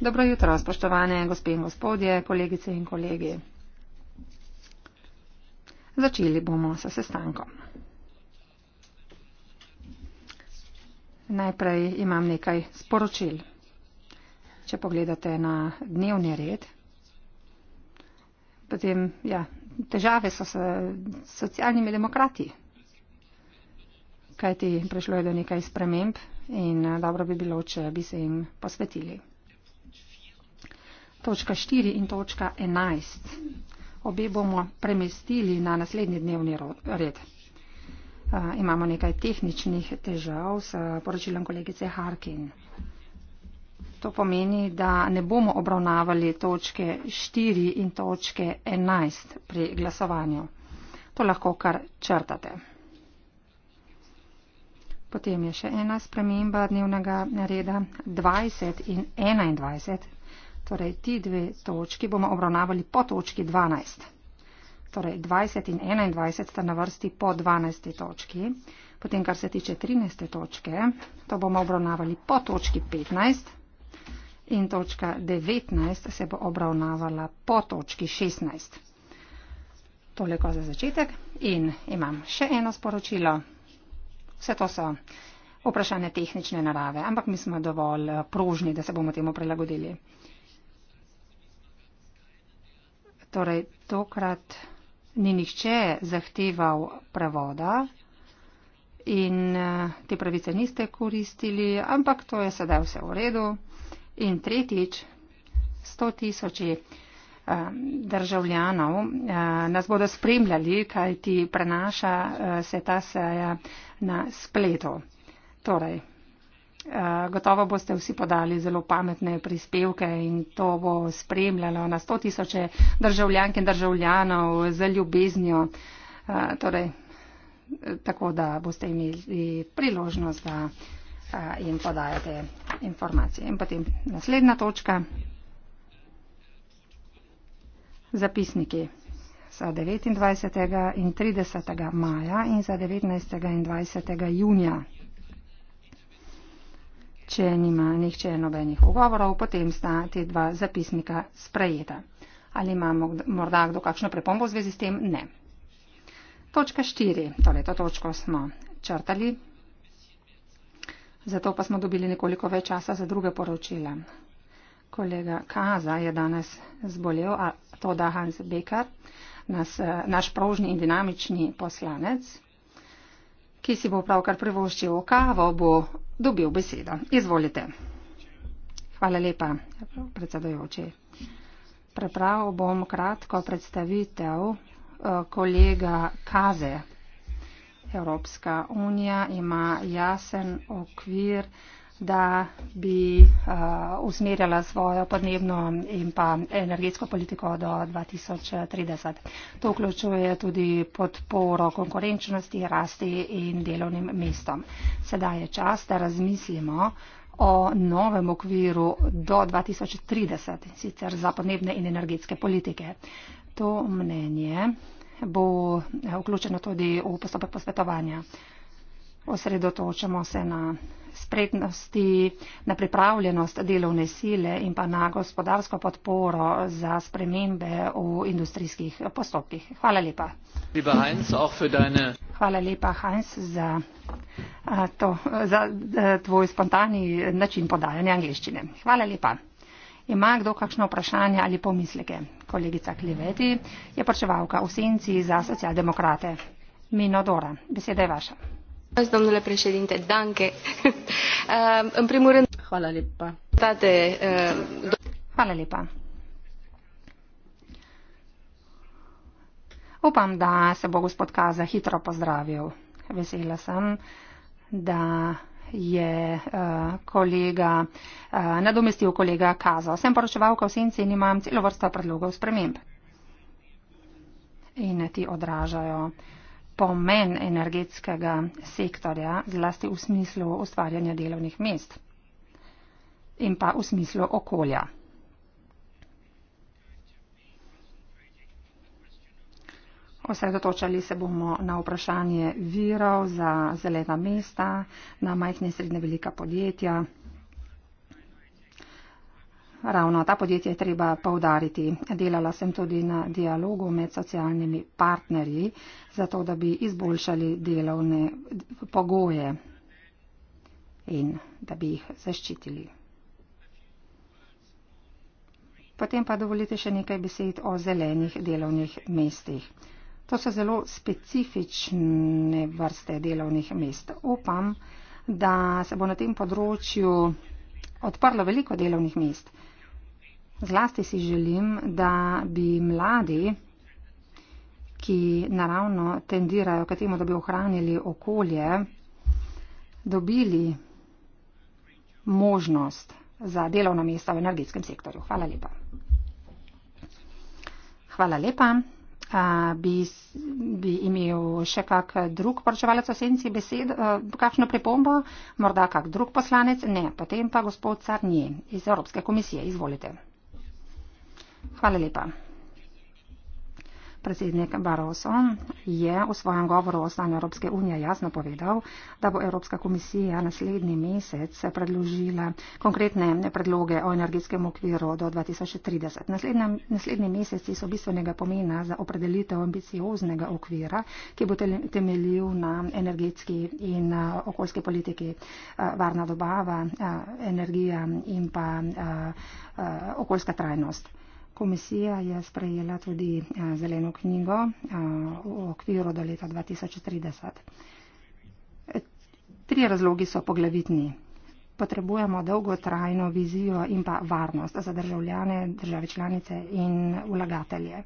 Dobro jutro, spoštovane gospe in gospodje, kolegice in kolegi. Začeli bomo s sestankom. Najprej imam nekaj sporočil. Če pogledate na dnevni red, potem, ja, težave so s socialnimi demokrati kajti prišlo je do nekaj sprememb in eh, dobro bi bilo, če bi se jim posvetili. Točka 4 in točka 11. Obe bomo premestili na naslednji dnevni red. Uh, imamo nekaj tehničnih težav s poročilom kolegice Harkin. To pomeni, da ne bomo obravnavali točke 4 in točke 11 pri glasovanju. To lahko kar črtate. Potem je še ena sprememba dnevnega reda 20 in 21. Torej, ti dve točki bomo obravnavali po točki 12. Torej, 20 in 21 sta na vrsti po 12. točki. Potem, kar se tiče 13. točke, to bomo obravnavali po točki 15. In točka 19 se bo obravnavala po točki 16. Toliko za začetek. In imam še eno sporočilo vse to so vprašanje tehnične narave, ampak mi smo dovolj eh, prožni, da se bomo temu prilagodili. Torej, tokrat ni nihče zahteval prevoda in eh, te pravice niste koristili, ampak to je sedaj vse v redu. In tretjič, sto tisoči. Um, državljanov uh, nas bodo spremljali, kaj ti prenaša uh, se ta seja na spletu. Torej, uh, gotovo boste vsi podali zelo pametne prispevke in to bo spremljalo na sto tisoče državljank in državljanov z ljubeznjo. Torej, tako da boste imeli priložnost, da jim podajate informacije. In potem naslednja točka. Zapisniki za 29. in 30. maja in za 19. in 20. junija. Če nima nihče nobenih ugovorov, potem sta te dva zapisnika sprejeta. Ali imamo morda kdo kakšno prepombo v zvezi s tem? Ne. Točka 4, torej to točko smo črtali, zato pa smo dobili nekoliko več časa za druge poročila kolega Kaza je danes zbolel, a to da Hans Becker, nas, eh, naš prožni in dinamični poslanec, ki si bo pravkar privoščil kavo, bo dobil besedo. Izvolite. Hvala lepa, predsedojoči. Prepravil bom kratko predstavitev eh, kolega Kaze. Evropska unija ima jasen okvir da bi uh, usmerjala svojo podnebno in pa energetsko politiko do 2030. To vključuje tudi podporo konkurenčnosti, rasti in delovnim mestom. Sedaj je čas, da razmislimo o novem okviru do 2030, sicer za podnebne in energetske politike. To mnenje bo vključeno tudi v postopek posvetovanja. Osredotočamo se na spretnosti, na pripravljenost delovne sile in pa na gospodarsko podporo za spremembe v industrijskih postopkih. Hvala lepa. Heinz, deine... Hvala lepa, Heinz, za, to, za tvoj spontani način podajanja angliščine. Hvala lepa. Ima kdo kakšno vprašanje ali pomisleke? Kolegica Kliveti je počevalka v senci za socialdemokrate. Minodora, beseda je vaša domnule președinte danke. Uh, în primul rând Hvala lepa. Toate, uh, Hvala lepa. Upam, da se bo gospod Kaza hitro pozdravil. Vesela sem, da je uh, kolega, uh, nadomestil kolega Kaza. Sem poročevalka v senci in imam celo vrsto predlogov sprememb. In ti odražajo uh, pomen energetskega sektorja, zlasti v smislu ustvarjanja delovnih mest in pa v smislu okolja. Osredotočali se bomo na vprašanje virov za zelena mesta, na majhne in srednje velika podjetja ravno ta podjetja je treba povdariti. Delala sem tudi na dialogu med socialnimi partnerji, zato da bi izboljšali delovne pogoje in da bi jih zaščitili. Potem pa dovolite še nekaj besed o zelenih delovnih mestih. To so zelo specifične vrste delovnih mest. Upam, da se bo na tem področju odprlo veliko delovnih mest. Zlasti si želim, da bi mladi, ki naravno tendirajo k temu, da bi ohranili okolje, dobili možnost za delovna mesta v energetskem sektorju. Hvala lepa. Hvala lepa. A, bi, bi imel še kak drug poročevalec o senci besed, kakšno pripombo, morda kak drug poslanec? Ne, potem pa gospod Carnje iz Evropske komisije. Izvolite. Hvala lepa. Predsednik Barroso je v svojem govoru o stanju Evropske unije jasno povedal, da bo Evropska komisija naslednji mesec predložila konkretne predloge o energetskem okviru do 2030. Naslednje, naslednji mesec so bistvenega pomena za opredelitev ambicioznega okvira, ki bo temeljil na energetski in okoljski politiki, varna dobava, energija in pa okoljska trajnost. Komisija je sprejela tudi eh, zeleno knjigo eh, v okviru do leta 2030. Tri razlogi so poglavitni. Potrebujemo dolgotrajno vizijo in pa varnost za državljane, države članice in vlagatelje.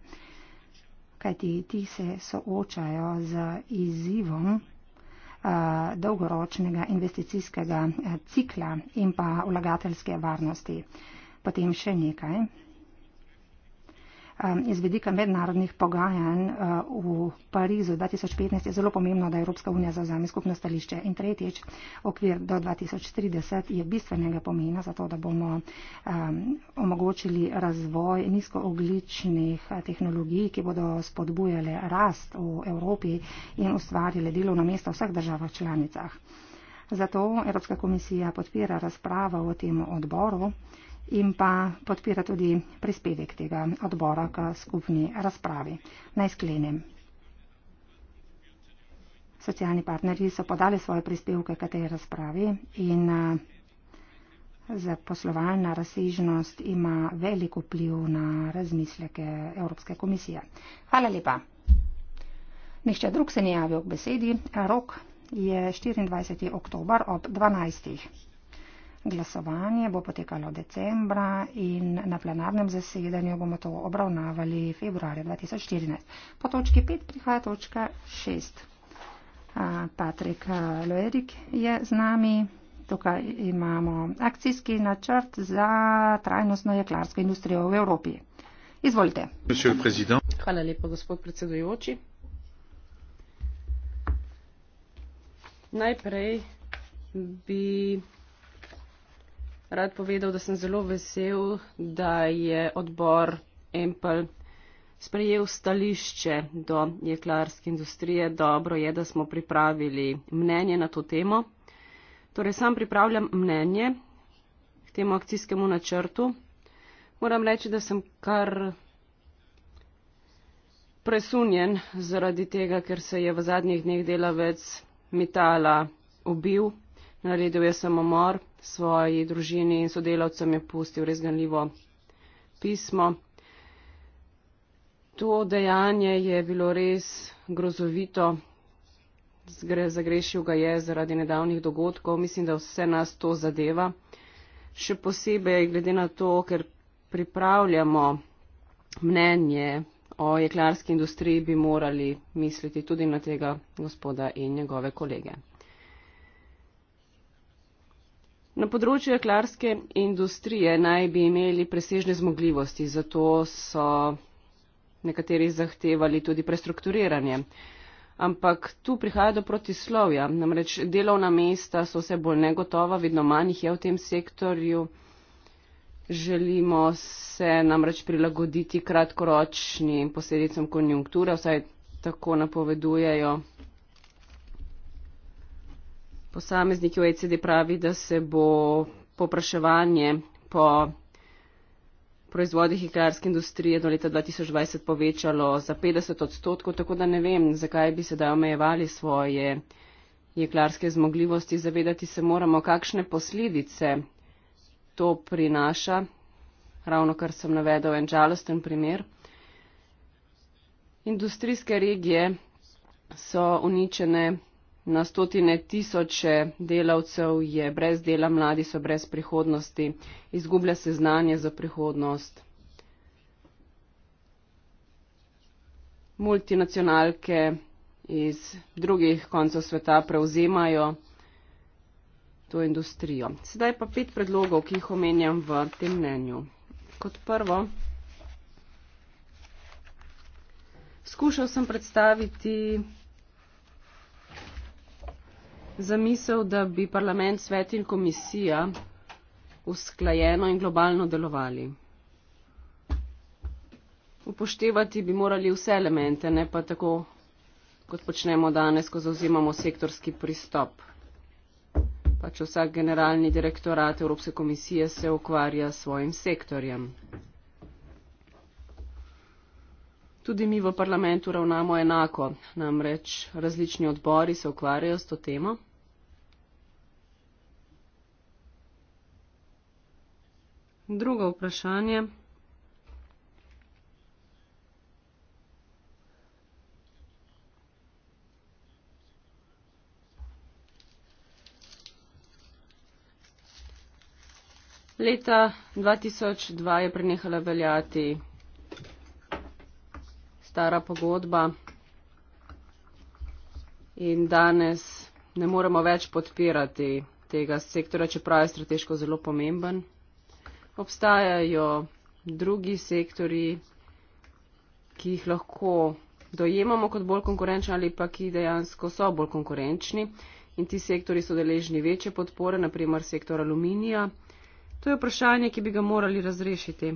Kajti ti se soočajo z izzivom eh, dolgoročnega investicijskega cikla in pa vlagateljske varnosti. Potem še nekaj. Um, izvedika mednarodnih pogajanj uh, v Parizu 2015 je zelo pomembno, da Evropska unija zazame skupno stališče. In tretjič, okvir do 2030 je bistvenega pomena za to, da bomo um, omogočili razvoj nizkoogličnih uh, tehnologij, ki bodo spodbujale rast v Evropi in ustvarjale delovno mesto vseh državah članicah. Zato Evropska komisija podpira razpravo o tem odboru in pa podpira tudi prispevek tega odbora k skupni razpravi. Naj sklenem. Socialni partnerji so podali svoje prispevke k tej razpravi in zaposlovalna razsežnost ima veliko vpliv na razmisleke Evropske komisije. Hvala lepa. Nihče drug se ni javil k besedi. Rok je 24. oktober ob 12. Glasovanje bo potekalo decembra in na plenarnem zasedanju bomo to obravnavali februarja 2014. Po točki 5 prihaja točka 6. Patrik Loerik je z nami. Tukaj imamo akcijski načrt za trajnostno jeklarsko industrijo v Evropi. Izvolite. Hvala lepa, gospod predsedujoči. Najprej bi rad povedal, da sem zelo vesel, da je odbor Empel sprejel stališče do jeklarske industrije. Dobro je, da smo pripravili mnenje na to temo. Torej, sam pripravljam mnenje k temu akcijskemu načrtu. Moram reči, da sem kar presunjen zaradi tega, ker se je v zadnjih dneh delavec metala ubil Naredil je samomor, svoji družini in sodelavcem je pustil rezganljivo pismo. To dejanje je bilo res grozovito. Zagrešil ga je zaradi nedavnih dogodkov. Mislim, da vse nas to zadeva. Še posebej glede na to, ker pripravljamo mnenje o jeklarski industriji, bi morali misliti tudi na tega gospoda in njegove kolege. Na področju jeklarske industrije naj bi imeli presežne zmogljivosti, zato so nekateri zahtevali tudi prestrukturiranje. Ampak tu prihaja do protislovja, namreč delovna mesta so vse bolj negotova, vedno manj jih je v tem sektorju. Želimo se namreč prilagoditi kratkoročnim posledicam konjunkture, vsaj tako napovedujejo posamezniki OECD pravi, da se bo popraševanje po proizvodih jeklarske industrije do leta 2020 povečalo za 50 odstotkov, tako da ne vem, zakaj bi sedaj omejevali svoje jeklarske zmogljivosti. Zavedati se moramo, kakšne posledice to prinaša. Ravno kar sem navedel en žalosten primer. Industrijske regije so uničene Na stotine tisoče delavcev je brez dela, mladi so brez prihodnosti, izgublja se znanje za prihodnost. Multinacionalke iz drugih koncev sveta prevzemajo to industrijo. Sedaj pa pet predlogov, ki jih omenjam v tem mnenju. Kot prvo, skušal sem predstaviti zamisel, da bi parlament, svet in komisija usklajeno in globalno delovali. Upoštevati bi morali vse elemente, ne pa tako, kot počnemo danes, ko zauzimamo sektorski pristop. Pač vsak generalni direktorat Evropske komisije se ukvarja s svojim sektorjem. Tudi mi v parlamentu ravnamo enako, namreč različni odbori se ukvarjajo s to temo. Drugo vprašanje. Leta 2002 je prenehala veljati stara pogodba in danes ne moremo več podpirati tega sektora, čeprav je strateško zelo pomemben. Obstajajo drugi sektori, ki jih lahko dojemamo kot bolj konkurenčni ali pa ki dejansko so bolj konkurenčni in ti sektori so deležni večje podpore, naprimer sektor aluminija. To je vprašanje, ki bi ga morali razrešiti.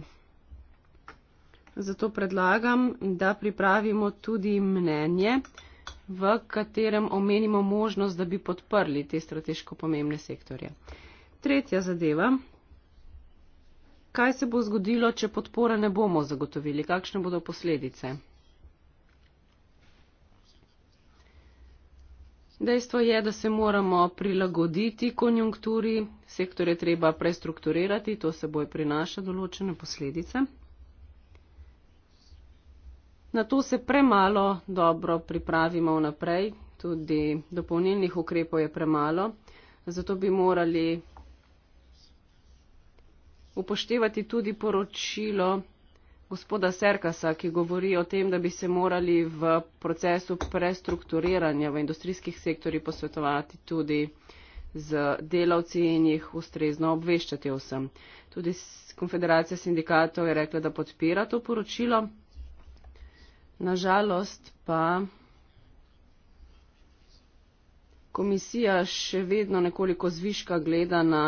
Zato predlagam, da pripravimo tudi mnenje, v katerem omenimo možnost, da bi podprli te strateško pomembne sektorje. Tretja zadeva. Kaj se bo zgodilo, če podpore ne bomo zagotovili? Kakšne bodo posledice? Dejstvo je, da se moramo prilagoditi konjunkturi, sektor je treba prestrukturirati, to se boje prinaša določene posledice. Na to se premalo dobro pripravimo vnaprej, tudi dopolnilnih ukrepov je premalo, zato bi morali upoštevati tudi poročilo gospoda Serkasa, ki govori o tem, da bi se morali v procesu prestrukturiranja v industrijskih sektorjih posvetovati tudi z delavci in jih ustrezno obveščati o vsem. Tudi Konfederacija sindikatov je rekla, da podpira to poročilo. Na žalost pa komisija še vedno nekoliko zviška gleda na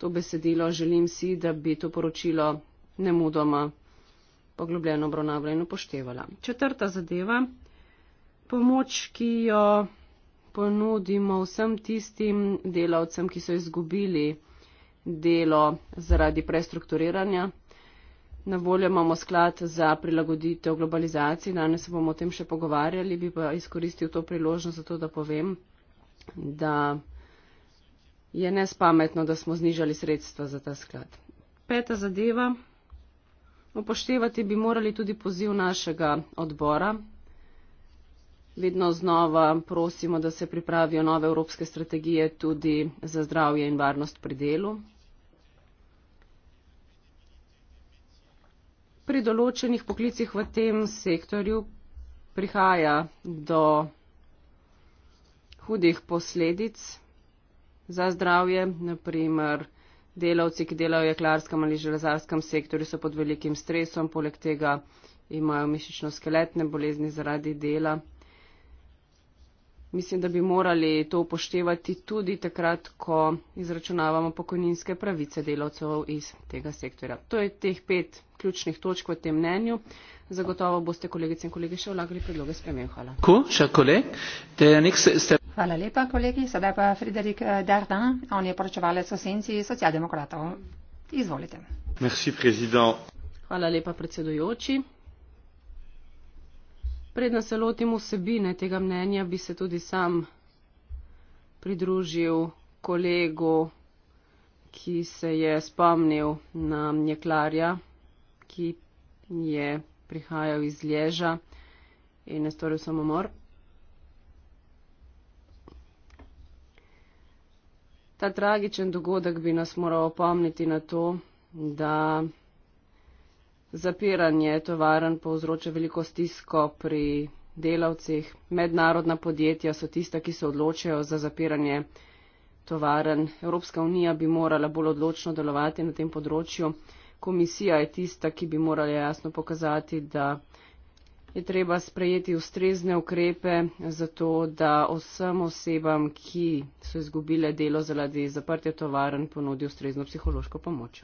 to besedilo. Želim si, da bi to poročilo nemudoma poglobljeno obravnavala in upoštevala. Četrta zadeva. Pomoč, ki jo ponudimo vsem tistim delavcem, ki so izgubili delo zaradi prestrukturiranja. Na voljo imamo sklad za prilagoditev globalizaciji, danes se bomo o tem še pogovarjali, bi pa izkoristil to priložnost za to, da povem, da je nespametno, da smo znižali sredstva za ta sklad. Peta zadeva. Upoštevati bi morali tudi poziv našega odbora. Vedno znova prosimo, da se pripravijo nove evropske strategije tudi za zdravje in varnost pri delu. pri določenih poklicih v tem sektorju prihaja do hudih posledic za zdravje. Naprimer, delavci, ki delajo v jeklarskem ali železarskem sektorju, so pod velikim stresom, poleg tega imajo mišično-skeletne bolezni zaradi dela mislim, da bi morali to upoštevati tudi takrat, ko izračunavamo pokojninske pravice delavcev iz tega sektorja. To je teh pet ključnih točk v tem mnenju. Zagotovo boste, kolegice in kolegi, še vlagali predloge spremenj. Hvala. Hvala lepa, kolegi. Sedaj pa Frederik eh, Dardan. On je poročevalec osenci socialdemokratov. Izvolite. Hvala lepa, predsedujoči predna se lotim vsebine tega mnenja, bi se tudi sam pridružil kolegu, ki se je spomnil na mjeklarja, ki je prihajal iz lježa in je storil samomor. Ta tragičen dogodek bi nas moral opomniti na to, da zapiranje tovaren povzroča veliko stisko pri delavcih. Mednarodna podjetja so tista, ki se odločajo za zapiranje tovaren. Evropska unija bi morala bolj odločno delovati na tem področju. Komisija je tista, ki bi morala jasno pokazati, da je treba sprejeti ustrezne ukrepe za to, da vsem osebam, ki so izgubile delo zaradi zaprtja tovaren, ponudi ustrezno psihološko pomoč.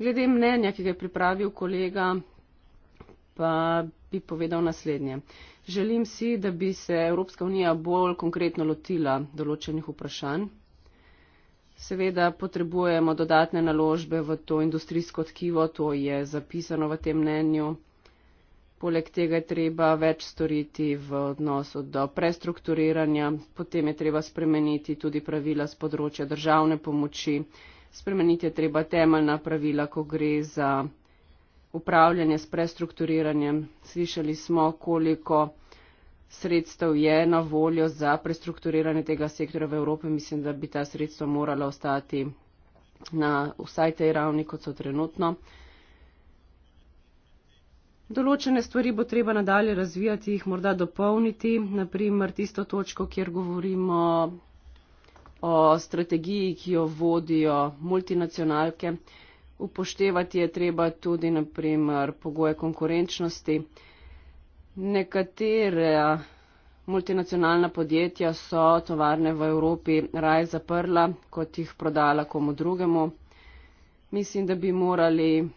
Glede mnenja, ki ga je pripravil kolega, pa bi povedal naslednje. Želim si, da bi se Evropska unija bolj konkretno lotila določenih vprašanj. Seveda potrebujemo dodatne naložbe v to industrijsko tkivo, to je zapisano v tem mnenju. Poleg tega je treba več storiti v odnosu do prestrukturiranja, potem je treba spremeniti tudi pravila z področja državne pomoči spremeniti je treba temeljna pravila, ko gre za upravljanje s prestrukturiranjem. Slišali smo, koliko sredstev je na voljo za prestrukturiranje tega sektora v Evropi. Mislim, da bi ta sredstva morala ostati na vsaj tej ravni, kot so trenutno. Določene stvari bo treba nadalje razvijati, jih morda dopolniti, naprimer tisto točko, kjer govorimo o strategiji, ki jo vodijo multinacionalke. Upoštevati je treba tudi, naprimer, pogoje konkurenčnosti. Nekatere multinacionalna podjetja so tovarne v Evropi raj zaprla, kot jih prodala komu drugemu. Mislim, da bi morali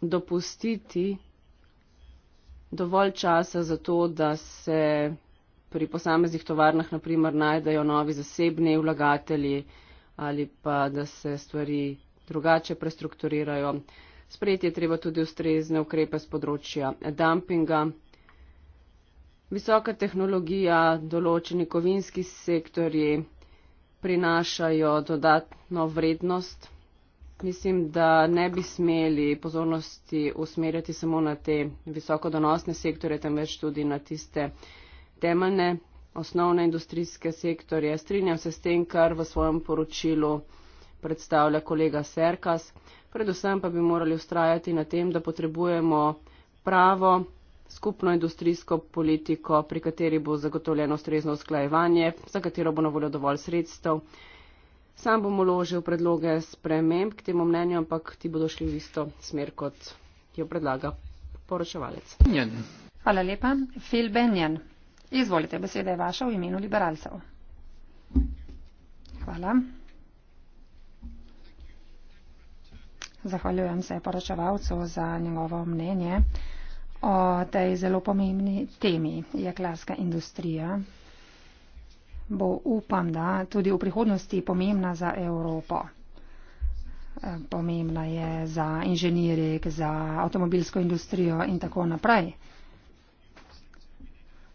dopustiti dovolj časa za to, da se pri posameznih tovarnah naprimer najdejo novi zasebni vlagatelji ali pa da se stvari drugače prestrukturirajo. Sprejeti je treba tudi ustrezne ukrepe z področja dumpinga. Visoka tehnologija, določeni kovinski sektorji prinašajo dodatno vrednost. Mislim, da ne bi smeli pozornosti usmerjati samo na te visokodonosne sektore, temveč tudi na tiste, ki temeljne osnovne industrijske sektorje. Strinjam se s tem, kar v svojem poročilu predstavlja kolega Serkas. Predvsem pa bi morali ustrajati na tem, da potrebujemo pravo skupno industrijsko politiko, pri kateri bo zagotovljeno ustrezno usklajevanje, za katero bo na voljo dovolj sredstev. Sam bom uložil predloge sprememb k temu mnenju, ampak ti bodo šli v isto smer, kot jo predlaga poročevalec. Hvala lepa. Phil Benjan. Izvolite, beseda je vaša v imenu liberalcev. Hvala. Zahvaljujem se poročevalcu za njegovo mnenje o tej zelo pomembni temi jeklarska industrija. Bo upam, da tudi v prihodnosti pomembna za Evropo. Pomembna je za inženirik, za avtomobilsko industrijo in tako naprej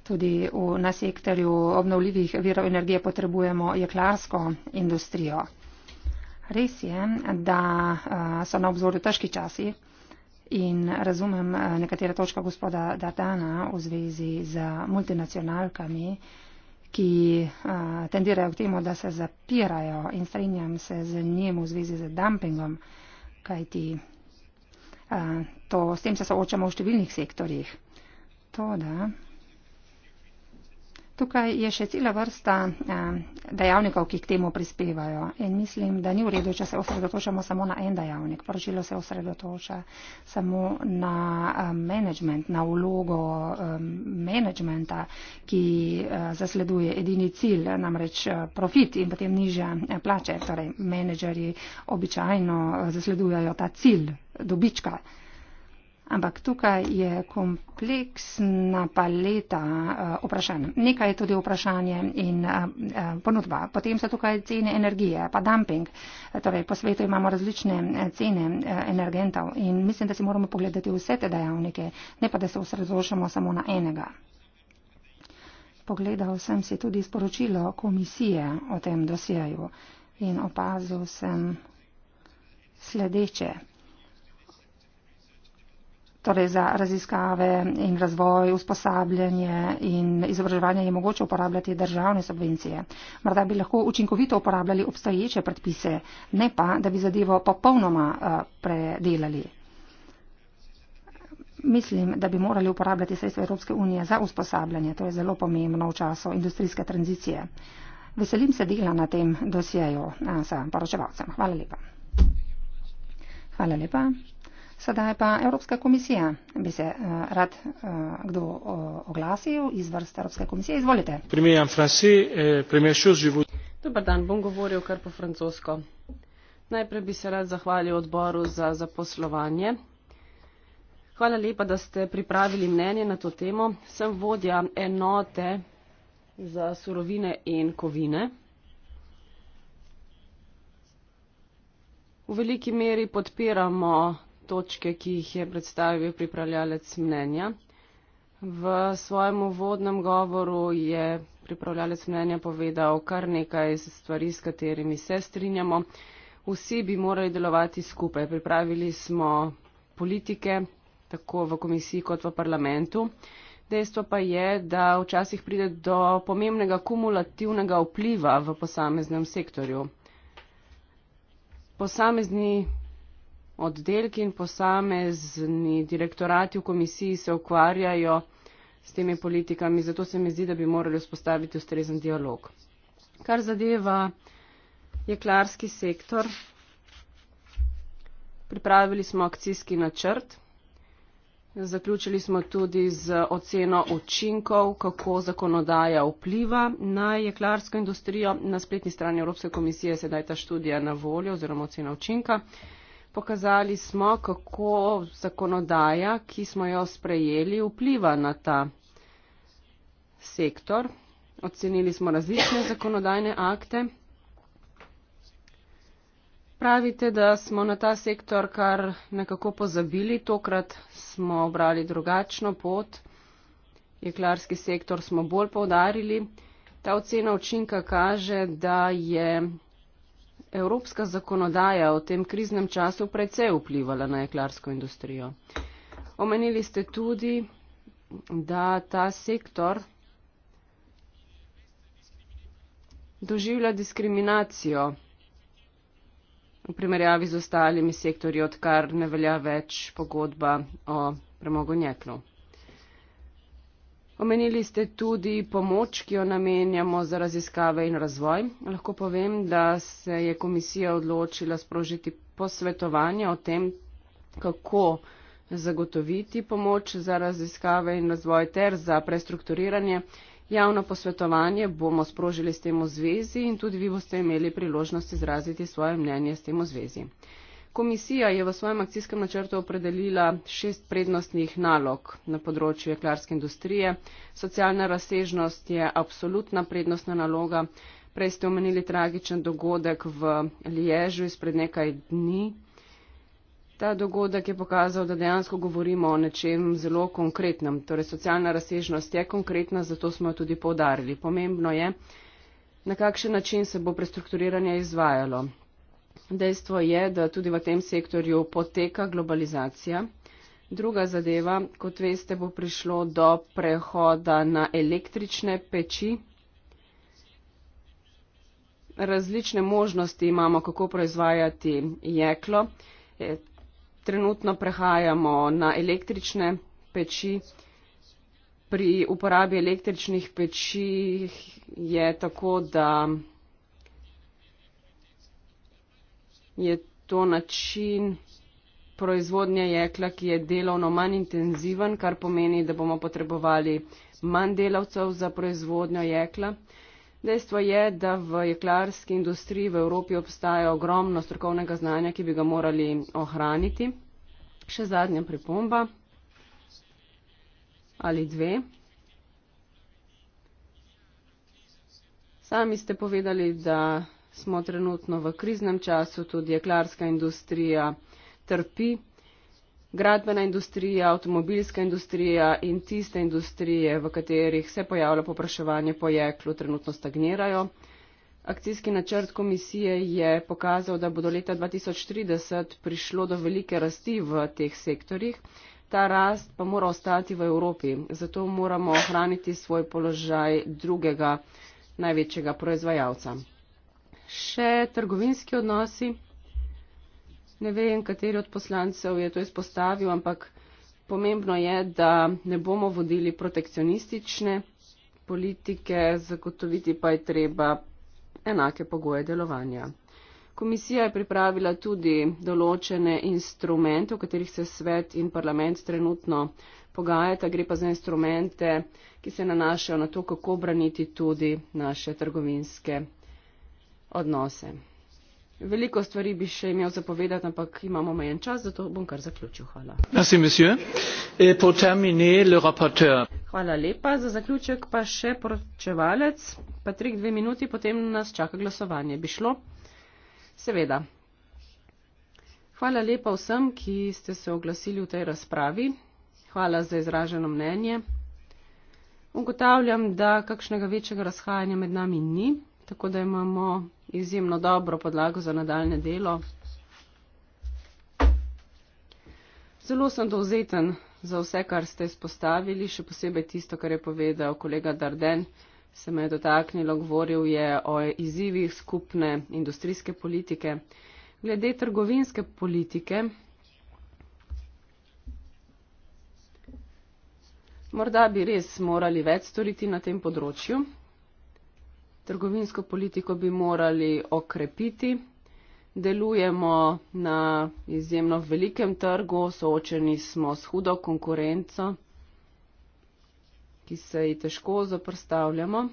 tudi v, na sektorju obnovljivih virov energije potrebujemo jeklarsko industrijo. Res je, da so na obzorju težki časi in razumem nekatera točka gospoda Datana v zvezi z multinacionalkami, ki tendirajo k temu, da se zapirajo in strinjam se z njim v zvezi z dumpingom, kajti to, s tem se soočamo v številnih sektorjih. Toda, Tukaj je še cela vrsta eh, dejavnikov, ki k temu prispevajo. In mislim, da ni v redu, če se osredotočamo samo na en dejavnik. Poročilo se osredotoča samo na eh, management, na vlogo eh, managementa, ki zasleduje edini cilj, namreč profit in potem nižja plače. Torej, menedžeri običajno zasledujajo ta cilj dobička. Ampak tukaj je kompleksna paleta uh, vprašanj. Nekaj je tudi vprašanje in uh, ponudba. Potem so tukaj cene energije, pa dumping. Torej, po svetu imamo različne cene uh, energentov in mislim, da si moramo pogledati vse te dejavnike, ne pa da se osredotočamo samo na enega. Pogledal sem si tudi sporočilo komisije o tem dosjeju in opazil sem sledeče torej za raziskave in razvoj, usposabljanje in izobraževanje je mogoče uporabljati državne subvencije. Morda bi lahko učinkovito uporabljali obstoječe predpise, ne pa, da bi zadevo popolnoma eh, predelali. Mislim, da bi morali uporabljati sredstva Evropske unije za usposabljanje. To je zelo pomembno v času industrijske tranzicije. Veselim se dela na tem dosjeju eh, sa poročevalcem. Hvala lepa. Hvala lepa. Sedaj pa Evropska komisija. Bi se uh, rad uh, kdo uh, oglasil iz vrst Evropske komisije. Izvolite. Dobar dan, bom govoril kar po francosko. Najprej bi se rad zahvalil odboru za zaposlovanje. Hvala lepa, da ste pripravili mnenje na to temo. Sem vodja enote za surovine in kovine. V veliki meri podpiramo točke, ki jih je predstavil pripravljalec mnenja. V svojem uvodnem govoru je pripravljalec mnenja povedal kar nekaj stvari, s katerimi se strinjamo. Vsi bi morali delovati skupaj. Pripravili smo politike, tako v komisiji kot v parlamentu. Dejstvo pa je, da včasih pride do pomembnega kumulativnega vpliva v posameznem sektorju. Posamezni oddelki in posamezni direktorati v komisiji se ukvarjajo s temi politikami, zato se mi zdi, da bi morali vzpostaviti ustrezen dialog. Kar zadeva jeklarski sektor, pripravili smo akcijski načrt, zaključili smo tudi z oceno učinkov, kako zakonodaja vpliva na jeklarsko industrijo. Na spletni strani Evropske komisije sedaj ta študija na voljo oziroma ocena učinka pokazali smo, kako zakonodaja, ki smo jo sprejeli, vpliva na ta sektor. Ocenili smo različne zakonodajne akte. Pravite, da smo na ta sektor kar nekako pozabili, tokrat smo obrali drugačno pot, jeklarski sektor smo bolj povdarili. Ta ocena učinka kaže, da je evropska zakonodaja v tem kriznem času precej vplivala na jeklarsko industrijo. Omenili ste tudi, da ta sektor doživlja diskriminacijo v primerjavi z ostalimi sektorji, odkar ne velja več pogodba o premogonjeklu. Omenili ste tudi pomoč, ki jo namenjamo za raziskave in razvoj. Lahko povem, da se je komisija odločila sprožiti posvetovanje o tem, kako zagotoviti pomoč za raziskave in razvoj ter za prestrukturiranje. Javno posvetovanje bomo sprožili s tem v zvezi in tudi vi boste imeli priložnost izraziti svoje mnenje s tem v zvezi. Komisija je v svojem akcijskem načrtu opredelila šest prednostnih nalog na področju jeklarske industrije. Socialna razsežnost je absolutna prednostna naloga. Prej ste omenili tragičen dogodek v Liježu izpred nekaj dni. Ta dogodek je pokazal, da dejansko govorimo o nečem zelo konkretnem. Torej, socialna razsežnost je konkretna, zato smo jo tudi povdarili. Pomembno je, na kakšen način se bo prestrukturiranje izvajalo. Dejstvo je, da tudi v tem sektorju poteka globalizacija. Druga zadeva, kot veste, bo prišlo do prehoda na električne peči. Različne možnosti imamo, kako proizvajati jeklo. E, trenutno prehajamo na električne peči. Pri uporabi električnih peči je tako, da je to način proizvodnje jekla, ki je delovno manj intenziven, kar pomeni, da bomo potrebovali manj delavcev za proizvodnjo jekla. Dejstvo je, da v jeklarski industriji v Evropi obstaja ogromno strokovnega znanja, ki bi ga morali ohraniti. Še zadnja pripomba ali dve. Sami ste povedali, da smo trenutno v kriznem času, tudi jeklarska industrija trpi, gradbena industrija, avtomobilska industrija in tiste industrije, v katerih se pojavlja popraševanje po jeklu, trenutno stagnirajo. Akcijski načrt komisije je pokazal, da bo do leta 2030 prišlo do velike rasti v teh sektorjih. Ta rast pa mora ostati v Evropi, zato moramo ohraniti svoj položaj drugega največjega proizvajalca še trgovinski odnosi. Ne vem, kateri od poslancev je to izpostavil, ampak pomembno je, da ne bomo vodili protekcionistične politike, zagotoviti pa je treba enake pogoje delovanja. Komisija je pripravila tudi določene instrumente, v katerih se svet in parlament trenutno pogajata. Gre pa za instrumente, ki se nanašajo na to, kako braniti tudi naše trgovinske odnose. Veliko stvari bi še imel zapovedati, ampak imamo majen čas, zato bom kar zaključil. Hvala. Hvala lepa. Za zaključek pa še poročevalec. Patrik, dve minuti, potem nas čaka glasovanje. Bi šlo? Seveda. Hvala lepa vsem, ki ste se oglasili v tej razpravi. Hvala za izraženo mnenje. Ugotavljam, da kakšnega večjega razhajanja med nami ni tako da imamo izjemno dobro podlago za nadaljne delo. Zelo sem dovzeten za vse, kar ste izpostavili, še posebej tisto, kar je povedal kolega Darden, se me je dotaknilo, govoril je o izzivih skupne industrijske politike. Glede trgovinske politike, morda bi res morali več storiti na tem področju trgovinsko politiko bi morali okrepiti. Delujemo na izjemno velikem trgu, soočeni smo s hudo konkurenco, ki se ji težko zaprstavljamo.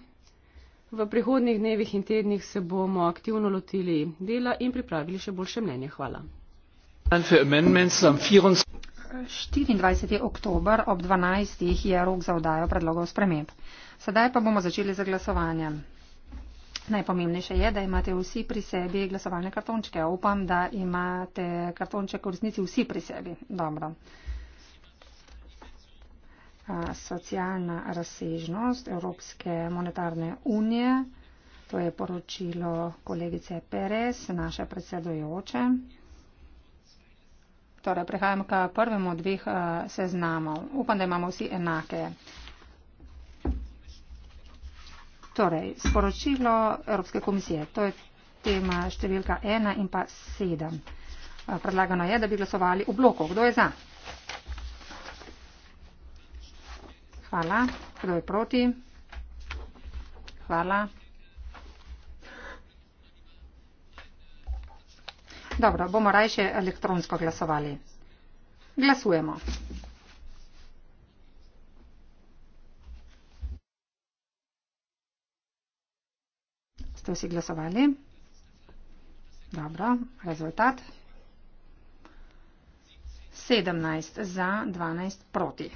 V prihodnih dnevih in tednih se bomo aktivno lotili dela in pripravili še boljše mnenje. Hvala. 24. oktober ob 12. je rok za vdajo predlogov sprememb. Sedaj pa bomo začeli z glasovanjem. Najpomembnejše je, da imate vsi pri sebi glasovalne kartončke. Upam, da imate kartonček v resnici vsi pri sebi. Dobro. Socialna razsežnost Evropske monetarne unije. To je poročilo kolegice Perez, naše predsedojoče. Torej, prehajamo k prvemu od dveh seznamov. Upam, da imamo vsi enake. Torej, sporočilo Evropske komisije, to je tema številka 1 in pa 7. Predlagano je, da bi glasovali v bloku. Kdo je za? Hvala. Kdo je proti? Hvala. Dobro, bomo rajše elektronsko glasovali. Glasujemo. Ste vsi glasovali? Dobro, rezultat. 17 za, 12 proti.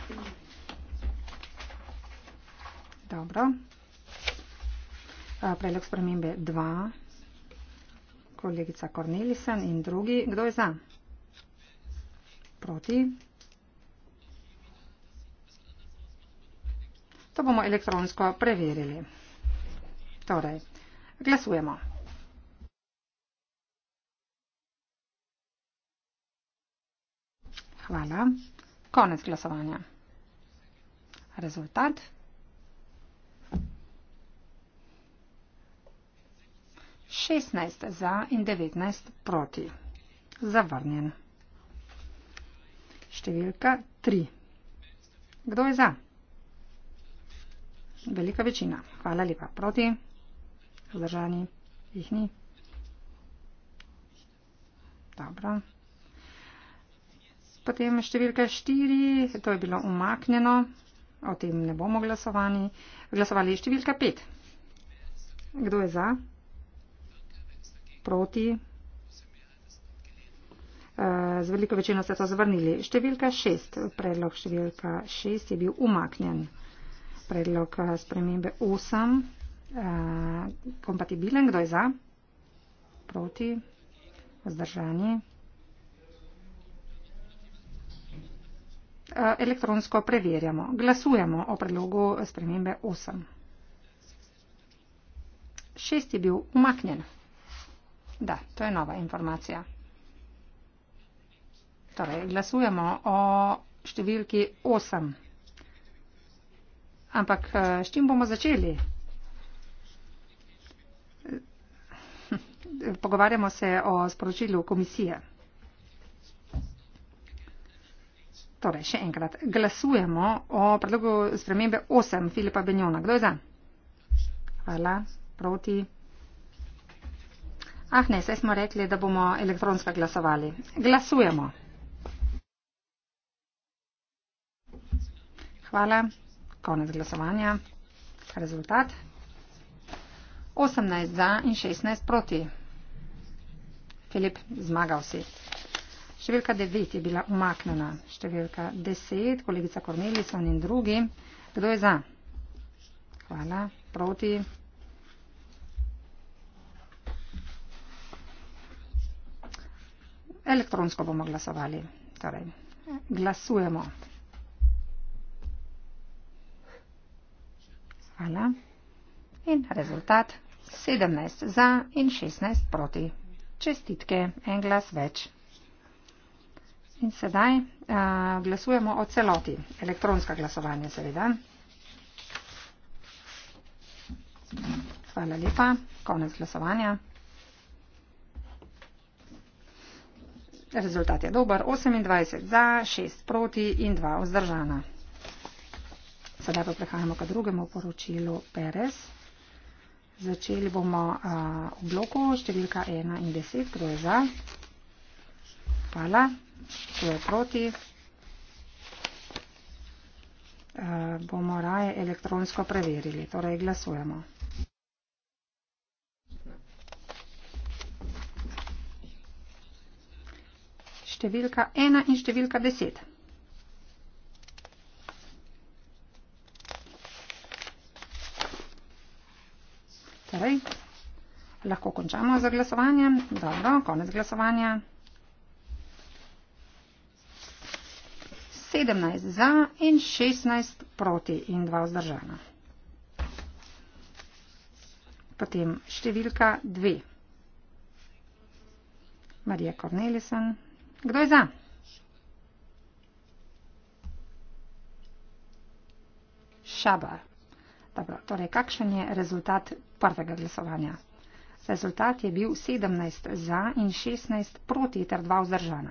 Dobro. Predlog spremembe 2. Kolegica Cornelisen in drugi. Kdo je za? Proti. To bomo elektronsko preverili. Torej, Glasujemo. Hvala. Konec glasovanja. Rezultat. Šestnajst za in devetnajst proti. Zavrnjen. Številka tri. Kdo je za? Velika večina. Hvala lepa. Proti zadržani jih ni. Dobro. Potem številka štiri, to je bilo umaknjeno, o tem ne bomo glasovali. Glasovali je številka pet. Kdo je za? Proti? Eh, z veliko večino ste to zavrnili. Številka šest, predlog številka šest je bil umaknjen. Predlog eh, spremembe osem kompatibilen, kdo je za, proti, vzdržani. Elektronsko preverjamo. Glasujemo o predlogu spremembe 8. Šest je bil umaknjen. Da, to je nova informacija. Torej, glasujemo o številki 8. Ampak s čim bomo začeli? pogovarjamo se o sporočilu komisije. Torej, še enkrat. Glasujemo o predlogu spremembe 8 Filipa Benjona. Kdo je za? Hvala. Proti. Ah ne, saj smo rekli, da bomo elektronsko glasovali. Glasujemo. Hvala. Konec glasovanja. Rezultat. 18 za in 16 proti. Filip zmagal si. Številka devet je bila umaknjena. Številka deset, kolegica Kornelison in drugi. Kdo je za? Hvala. Proti? Elektronsko bomo glasovali. Torej, glasujemo. Hvala. In rezultat 17 za in 16 proti. Čestitke, en glas več. In sedaj a, glasujemo o celoti. Elektronska glasovanja, seveda. Hvala lepa, konec glasovanja. Rezultat je dober, 28 za, 6 proti in 2 vzdržana. Sedaj pa prehajamo k drugemu poročilu Perez. Začeli bomo uh, v bloku številka 1 in 10, kdo je za. Hvala, kdo je proti. Uh, bomo raje elektronsko preverili, torej glasujemo. Številka 1 in številka 10. Okay. Lahko končamo z glasovanjem. Dobro, konec glasovanja. 17 za in 16 proti in 2 vzdržana. Potem številka 2. Marija Kornelisen. Kdo je za? Šabar. Dobro, torej, kakšen je rezultat prvega glasovanja? Rezultat je bil 17 za in 16 proti ter 2 vzdržana.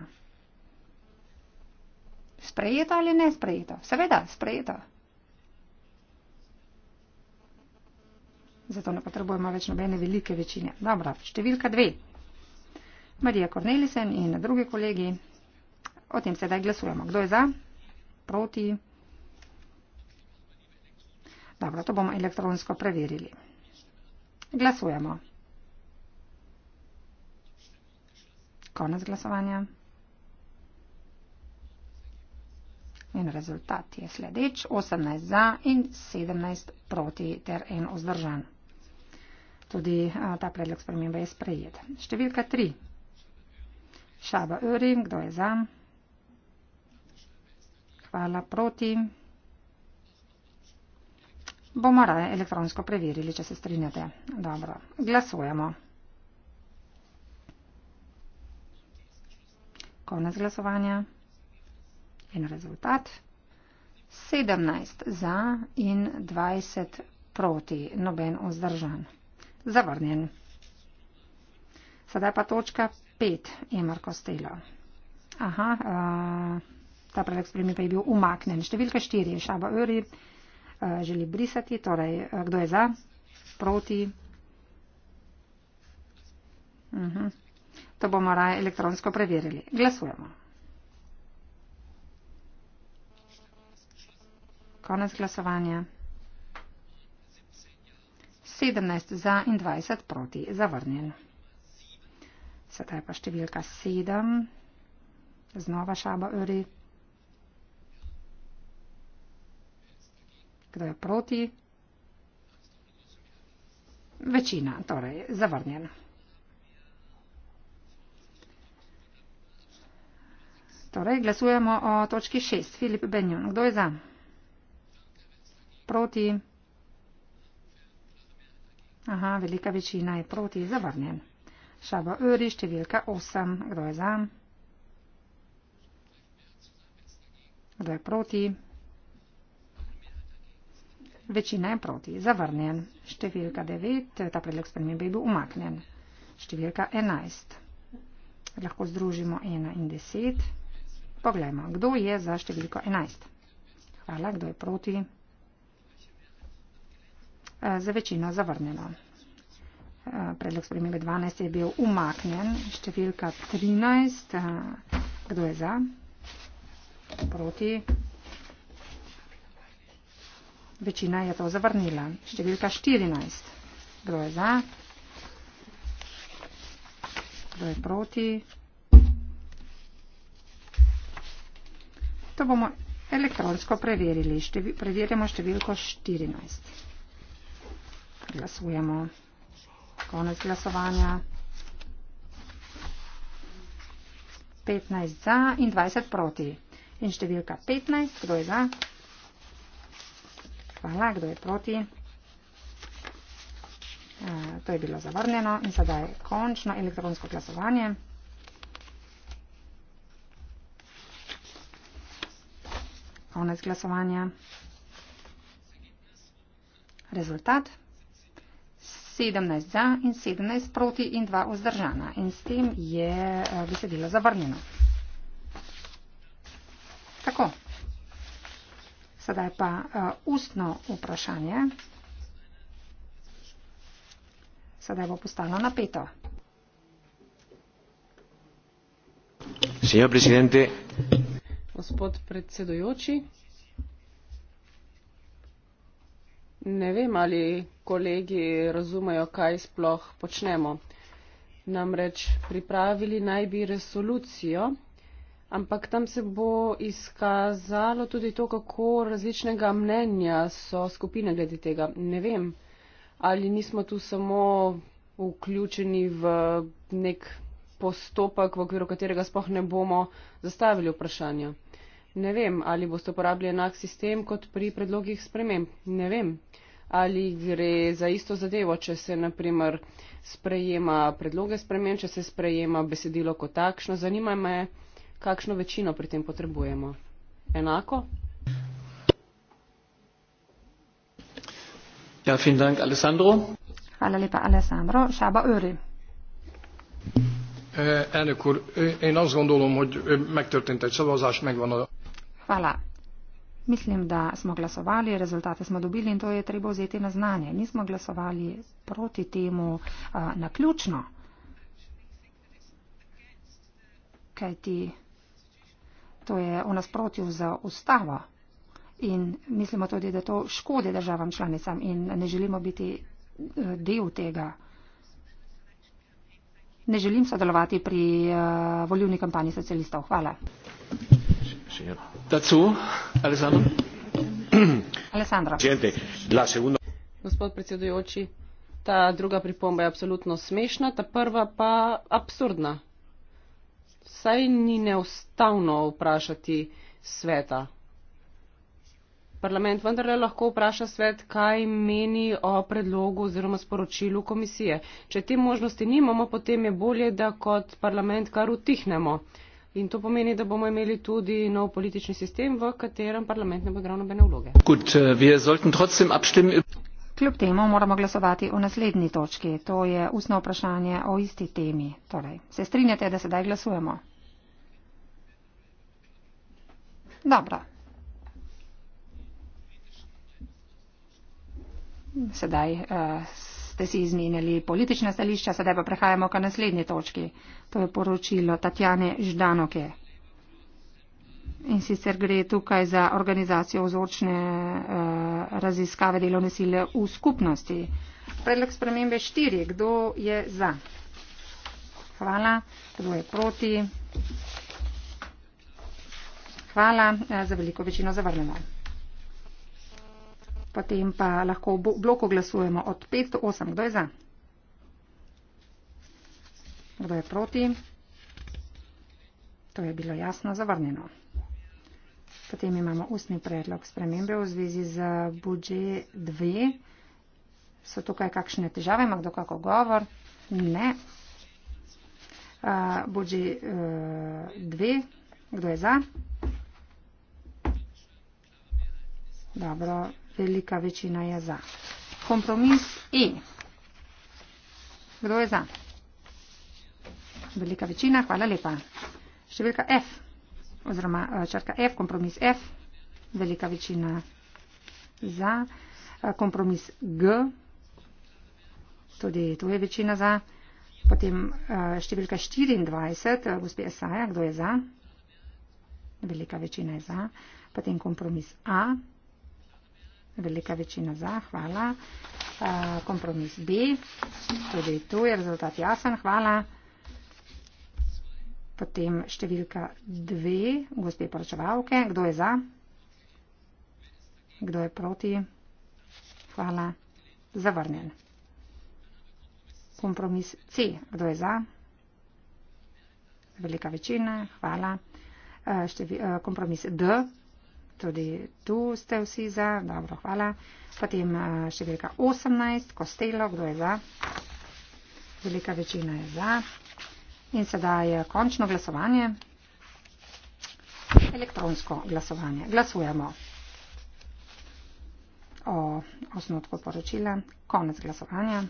Sprejeto ali ne sprejeto? Seveda, sprejeto. Zato ne potrebujemo več nobene velike večine. Dobro, številka dve. Marija Kornelisen in drugi kolegi. O tem sedaj glasujemo. Kdo je za? Proti? Dobro, to bomo elektronsko preverili. Glasujemo. Konec glasovanja. In rezultat je sledeč, 18 za in 17 proti ter en vzdržan. Tudi a, ta predlog spremembe je sprejet. Številka 3. Šaba Öring, kdo je za? Hvala proti bomo raje elektronsko preverili, če se strinjate. Dobro, glasujemo. Konec glasovanja. In rezultat. 17 za in 20 proti, noben ozdržan. Zavrnjen. Sedaj pa točka 5, Emar Kostelo. Aha, uh, ta prvi eksperiment pa je bil umaknen. Številka 4, Šaba Uri. Eh, želi brisati. Torej, eh, kdo je za? Proti? Uh mhm. -huh. To bomo raje elektronsko preverili. Glasujemo. Konec glasovanja. 17 za in 20 proti. Zavrnjen. Sedaj pa številka 7. Znova šaba uri. kdo je proti? Večina, torej zavrnjen. Torej, glasujemo o točki 6. Filip Benjon, kdo je za? Proti. Aha, velika večina je proti, zavrnjen. Šaba Öri, številka 8, kdo je za? Kdo je proti? Večina je proti. Zavrnjen. Številka 9. Ta predlog spremembe je bil umaknjen. Številka 11. Lahko združimo 1 in 10. Poglejmo, kdo je za številko 11. Hvala, kdo je proti. Eh, za večino zavrnjeno. Eh, predlog spremembe 12 je bil umaknjen. Številka 13. Eh, kdo je za? Proti. Večina je to zavrnila. Številka 14. Kdo je za? Kdo je proti? To bomo elektronsko preverili. Števi, preverjamo številko 14. Glasujemo. Konec glasovanja. 15 za in 20 proti. In številka 15. Kdo je za? Hvala, kdo je proti? E, to je bilo zavrnjeno in sedaj končno elektronsko glasovanje. Konec glasovanja. Rezultat. 17 za in 17 proti in 2 vzdržana. In s tem je e, besedilo zavrnjeno. Tako. Sedaj pa uh, ustno vprašanje. Sedaj bo postalo napeto. Gospod predsedujoči, ne vem, ali kolegi razumejo, kaj sploh počnemo. Namreč pripravili naj bi resolucijo Ampak tam se bo izkazalo tudi to, kako različnega mnenja so skupine glede tega. Ne vem, ali nismo tu samo vključeni v nek postopek, v okviru katerega spoh ne bomo zastavili vprašanja. Ne vem, ali boste uporabili enak sistem kot pri predlogih sprememb. Ne vem, ali gre za isto zadevo, če se naprimer sprejema predloge sprememb, če se sprejema besedilo kot takšno. Zanima me kakšno večino pri tem potrebujemo. Enako? Ja, vielen Dank, Alessandro. Hvala lepa, Alessandro. Saba Öri. Eh, elnök úr, eh, én azt gondolom, hogy eh, megtörtént egy szavazás, megvan a... Hvala. Mislim, da smo glasovali, rezultate smo dobili in to je treba vzeti na znanje. Nismo glasovali proti temu uh, naključno. Kaj ti? To je v nasprotju z ustavo in mislimo tudi, da to škode državam članicam in ne želimo biti eh, del tega. Ne želim sodelovati pri uh, eh, voljivni kampanji socialistov. Hvala. Dacu, Alessandro. Alessandro. Gospod predsedujoči, ta druga pripomba je absolutno smešna, ta prva pa absurdna saj ni neustavno vprašati sveta. Parlament vendarle lahko vpraša svet, kaj meni o predlogu oziroma sporočilu komisije. Če te možnosti nimamo, potem je bolje, da kot parlament kar utihnemo. In to pomeni, da bomo imeli tudi nov politični sistem, v katerem parlament ne bo igral nobene vloge. Gut, äh, Kljub temu moramo glasovati o naslednji točki, to je ustno vprašanje o isti temi. Torej, se strinjate, da sedaj glasujemo? Dobro. Sedaj uh, ste si izmenili politična stališča, sedaj pa prehajamo k naslednji točki. To je poročilo Tatjane Ždanoke. In sicer gre tukaj za organizacijo vzročne eh, raziskave delovne sile v skupnosti. Predlog spremembe štiri. Kdo je za? Hvala. Kdo je proti? Hvala. Eh, za veliko večino zavrnemo. Potem pa lahko v bloku glasujemo od 5 do 8. Kdo je za? Kdo je proti? To je bilo jasno zavrnjeno. Potem imamo ustni predlog spremembe v zvezi z budžet 2. So tukaj kakšne težave, ima kdo kako govor? Ne. Uh, budžet 2, uh, kdo je za? Dobro, velika večina je za. Kompromis E. Kdo je za? Velika večina, hvala lepa. Številka F oziroma eh, črka F, kompromis F, velika večina za, eh, kompromis G, tudi tu je večina za, potem eh, številka 24, gospe Esaja, kdo je za, velika večina je za, potem kompromis A, velika večina za, hvala, kompromis B, tudi tu je rezultat jasen, hvala. Potem številka dve, gospe poročevalke. Kdo je za? Kdo je proti? Hvala. Zavrnjen. Kompromis C. Kdo je za? Velika večina. Hvala. E, števi, e, kompromis D. Tudi tu ste vsi za. Dobro, hvala. Potem e, številka 18. Kostelo. Kdo je za? Velika večina je za. In sedaj je končno glasovanje. Elektronsko glasovanje. Glasujemo o osnutku poročila. Konec glasovanja.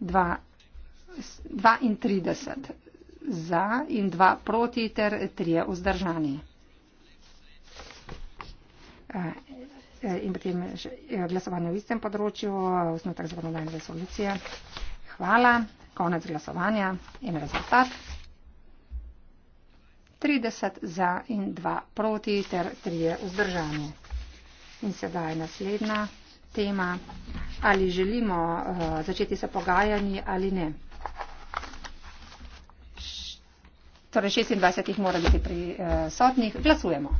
32 za in 2 proti ter 3 vzdržani. Eh, eh, in potem eh, glasovanje v istem področju, osnutek zakonodajne resolucije. Hvala. Konec glasovanja in rezultat. 30 za in 2 proti ter 3 vzdržani. In sedaj naslednja tema, ali želimo uh, začeti se pogajanji ali ne. Torej 26 jih mora biti prisotnih. Eh, uh, Glasujemo.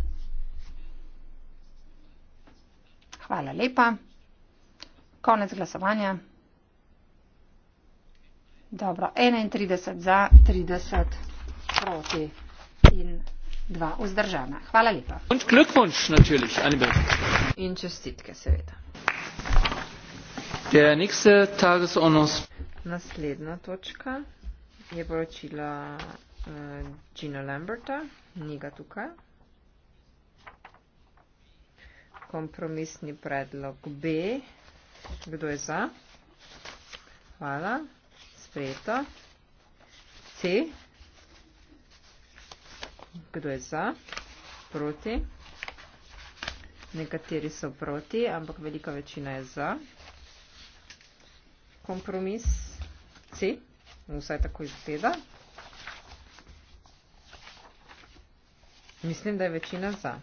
Hvala lepa. Konec glasovanja. Dobro, 31 za, 30 proti in 2 vzdržana. Hvala lepa. Glückwunsch, natürlich, Annibel. In čestitke, seveda. Der nächste Tagesordnungs. Naslednja točka je poročila uh, eh, Gina Lamberta, ni ga tukaj. Kompromisni predlog B. Kdo je za? Hvala sprejeto. C. Kdo je za? Proti. Nekateri so proti, ampak velika večina je za. Kompromis C. Vsaj tako izgleda. Mislim, da je večina za.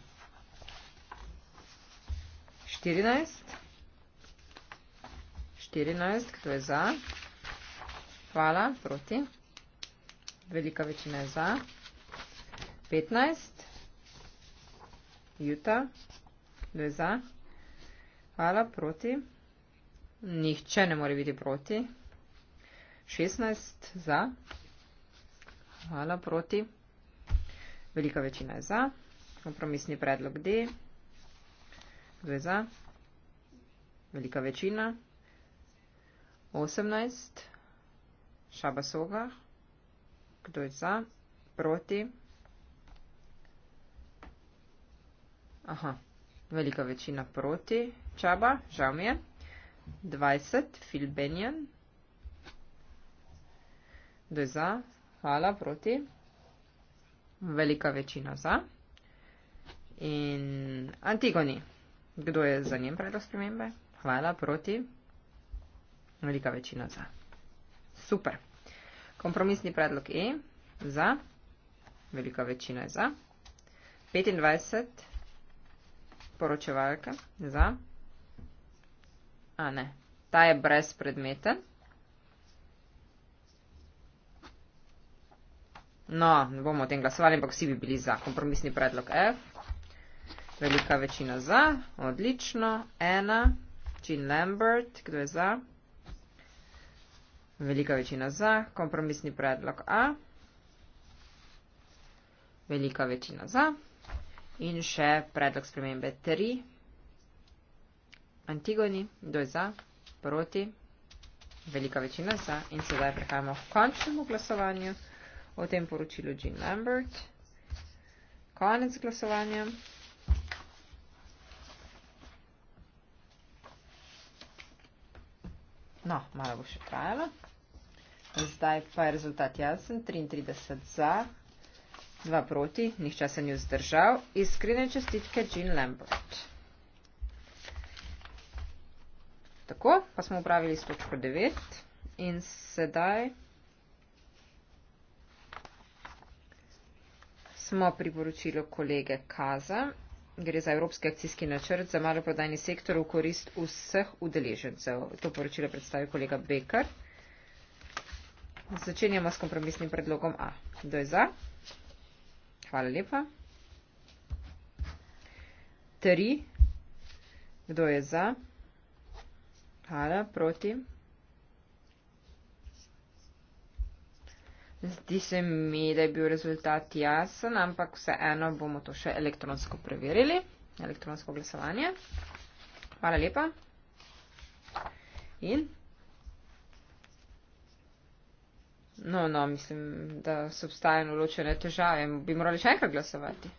14. 14, kdo je za? Hvala, proti. Velika večina je za. 15. Juta. Kdo je za? Hvala, proti. Nihče ne more biti proti. 16. Za. Hvala, proti. Velika večina je za. Kompromisni predlog D. Kdo je za? Velika večina. 18 šabasoga, kdo je za, proti. Aha, velika večina proti čaba, žal mi je. 20, Phil Benjen. Kdo je za, hvala, proti. Velika večina za. In Antigoni, kdo je za njem predlog spremembe? Hvala, proti. Velika večina za. Super. Kompromisni predlog E, za, velika večina je za, 25 poročevalke, za, a ne, ta je brez predmeten. No, ne bomo o tem glasovali, ampak vsi bi bili za. Kompromisni predlog F, velika večina za, odlično, ena, Jean Lambert, kdo je za, Velika večina za, kompromisni predlog A. Velika večina za. In še predlog spremembe 3. Antigoni, kdo je za, proti, velika večina za. In sedaj prehajamo v končnemu glasovanju o tem poročilu Jean Lambert. Konec glasovanja. No, malo bo še trajalo. Zdaj pa je rezultat jasen. 33 za, 2 proti, nihče se ni vzdržal. Iskrene čestitke Jean Lambert. Tako, pa smo upravili s točko 9 in sedaj smo priporočili kolege Kaza. Gre za Evropski akcijski načrt za maloprodajni sektor v korist vseh udeležencev. To poročilo predstavi kolega Bekar. Začenjamo s kompromisnim predlogom A. Kdo je za? Hvala lepa. Tri. Kdo je za? Hvala, proti. Zdi se mi, da je bil rezultat jasen, ampak vseeno bomo to še elektronsko preverili, elektronsko glasovanje. Hvala lepa. In No, no, mislim, da so obstajale določene težave in bi morali še enkrat glasovati.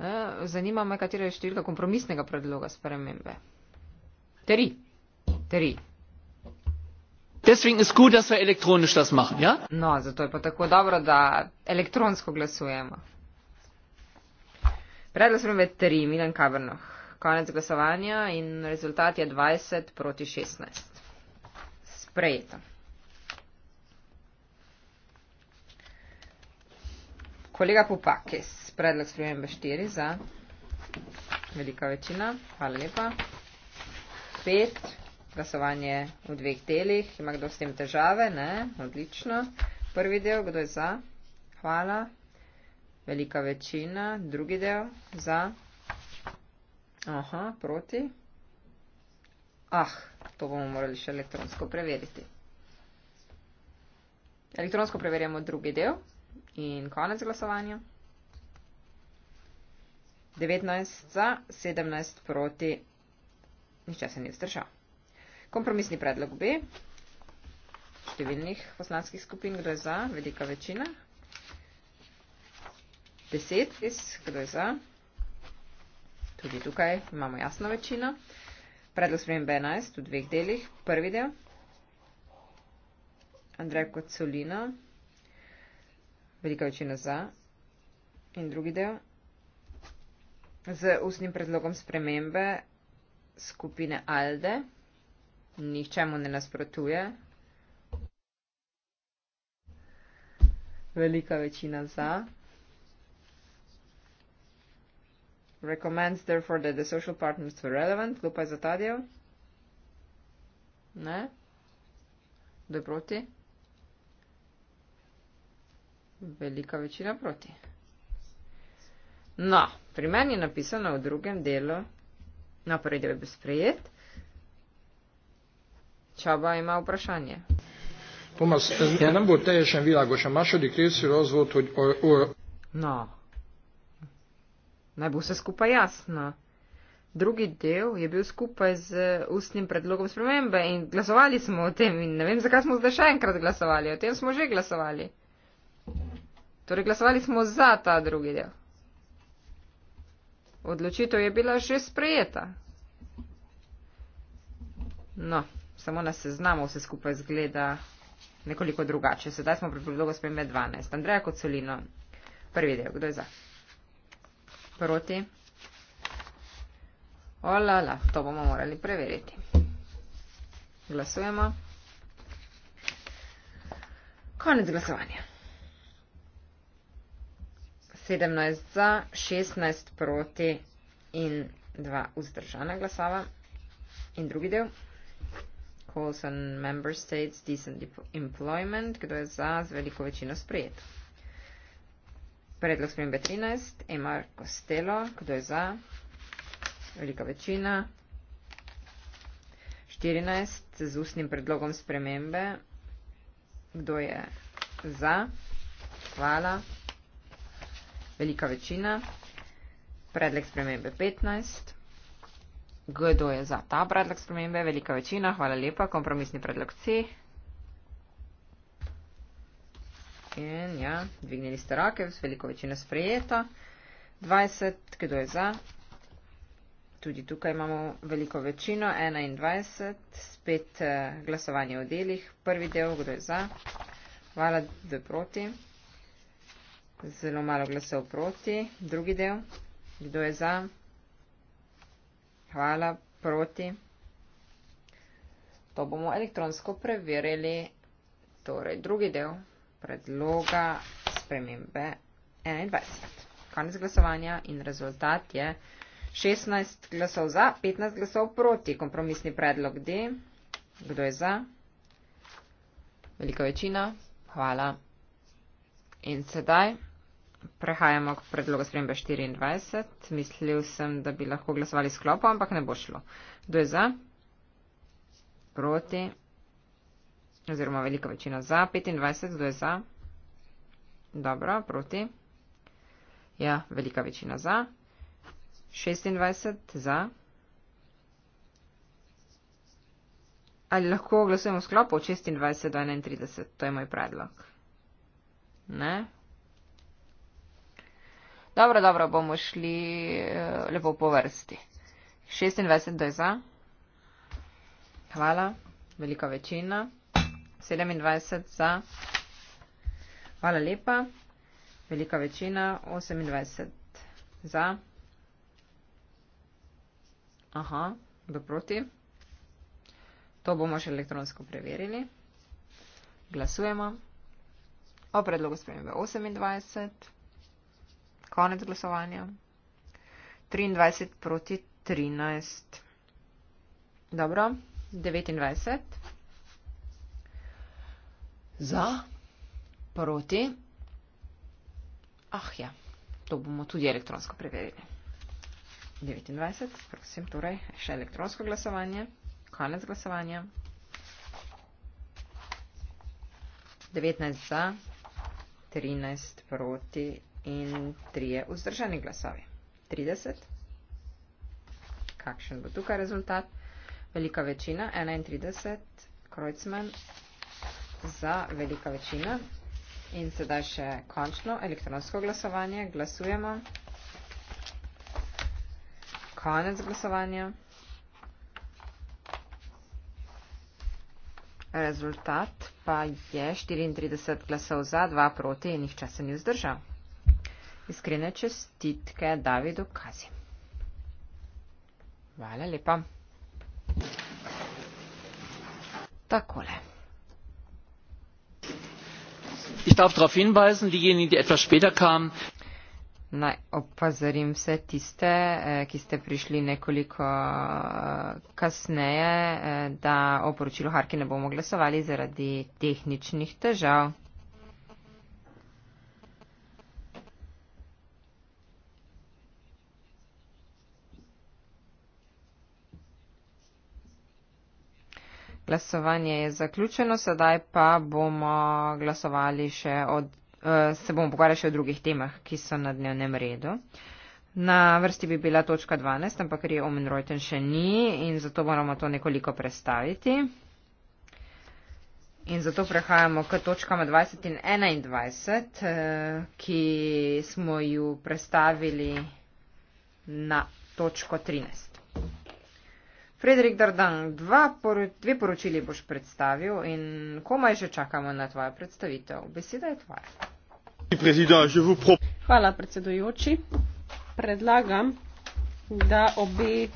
E, zanima me, katera je številka kompromisnega predloga spremembe. Tri. Tri. Deswegen ist gut, dass wir elektronisch das machen, ja? No, zato je pa tako dobro, da elektronsko glasujemo. Predlog spremembe 3, Milan Kavrnoh konec glasovanja in rezultat je 20 proti 16. Sprejeto. Kolega Pupakis, predlog spremembe 4 za. Velika večina. Hvala lepa. Pet. Glasovanje v dveh delih. Ima kdo s tem težave? Ne. Odlično. Prvi del, kdo je za? Hvala. Velika večina. Drugi del, za. Aha, proti. Ah, to bomo morali še elektronsko preveriti. Elektronsko preverjamo drugi del in konec glasovanja. 19 za, 17 proti, nič se ni vzdržal. Kompromisni predlog B, številnih poslanskih skupin, kdo je za, velika večina. 10 iz, kdo je za, Tudi tukaj imamo jasno večino. Predlog sprejem B11 v dveh delih. Prvi del. Andrej Kocolino. Velika večina za. In drugi del. Z ustnim predlogom spremembe skupine ALDE. Nihče mu ne nasprotuje. Velika večina za. recommends therefore that the social partners were relevant, lupa za tadjev, ne, da je proti, velika večina proti. No, pri meni je napisano v drugem delu, na no, prvi del je bil sprejet, Čaba ima vprašanje. Tomas, nem volt teljesen világos, a második részről az volt, hogy... Uh, uh, Na, no naj bo vse skupaj jasno. Drugi del je bil skupaj z ustnim predlogom spremembe in glasovali smo o tem in ne vem, zakaj smo zdaj še enkrat glasovali, o tem smo že glasovali. Torej glasovali smo za ta drugi del. Odločitev je bila že sprejeta. No, samo na seznamu vse skupaj zgleda nekoliko drugače. Sedaj smo pri predlogu spremembe 12. Andreja Kocolino, prvi del, kdo je za? proti. Ola, oh, la, to bomo morali preveriti. Glasujemo. Konec glasovanja. 17 za, 16 proti in 2 vzdržana glasova. In drugi del. Calls on member states, decent employment. Kdo je za, z veliko večino sprejeto. Predlog spremembe 13, Emar Kostelo, kdo je za? Velika večina. 14, z ustnim predlogom spremembe, kdo je za? Hvala. Velika večina. Predlog spremembe 15. Kdo je za ta predlog spremembe? Velika večina. Hvala lepa. Kompromisni predlog C. In ja, dvignili ste rake, z veliko večino sprejeta. 20, kdo je za? Tudi tukaj imamo veliko večino, 21, spet eh, glasovanje v delih, prvi del, kdo je za, hvala, dve proti, zelo malo glasov proti, drugi del, kdo je za, hvala, proti. To bomo elektronsko preverili, torej drugi del predloga spremembe 21. Konec glasovanja in rezultat je 16 glasov za, 15 glasov proti. Kompromisni predlog D. Kdo je za? Velika večina. Hvala. In sedaj prehajamo k predlogu spremembe 24. Mislil sem, da bi lahko glasovali sklopo, ampak ne bo šlo. Kdo je za? Proti oziroma velika večina za, 25, kdo je za? Dobro, proti. Ja, velika večina za, 26 za. Ali lahko glasujemo v sklopu od 26 do 31, to je moj predlog. Ne? Dobro, dobro, bomo šli eh, lepo po vrsti. 26 do je za. Hvala, velika večina. 27 za. Hvala lepa. Velika večina, 28 za. Aha, kdo proti? To bomo še elektronsko preverili. Glasujemo. O predlogu spremembe 28. Konec glasovanja. 23 proti 13. Dobro, 29. Za, proti. Ah, ja, to bomo tudi elektronsko preverili. 29, prosim, torej še elektronsko glasovanje, konec glasovanja. 19 za, 13 proti in 3 vzdržani glasovi. 30. Kakšen bo tukaj rezultat? Velika večina, 31, Kreuzmann, za velika večina. In sedaj še končno elektronsko glasovanje. Glasujemo. Konec glasovanja. Rezultat pa je 34 glasov za, 2 proti in nihče se ni vzdržal. Iskrene čestitke Davidu Kazi. Hvala lepa. Takole ich darf darauf hinweisen diejenigen die etwas später kamen Naj opozorim vse tiste, eh, ki ste prišli nekoliko eh, kasneje, eh, da o poročilu Harkine bomo glasovali zaradi tehničnih težav. Glasovanje je zaključeno, sedaj pa bomo glasovali še o, eh, se bomo pogovarjali še o drugih temah, ki so na dnevnem redu. Na vrsti bi bila točka 12, ampak ker je Omen Reuten še ni in zato moramo to nekoliko predstaviti. In zato prehajamo k točkama 20 in 21, eh, ki smo ju predstavili na točko 13. Frederik Dardan, poro, dve poročili boš predstavil in komaj že čakamo na tvojo predstavitev. Beseda je tvoja. Hvala, predsedujoči. Predlagam, da obe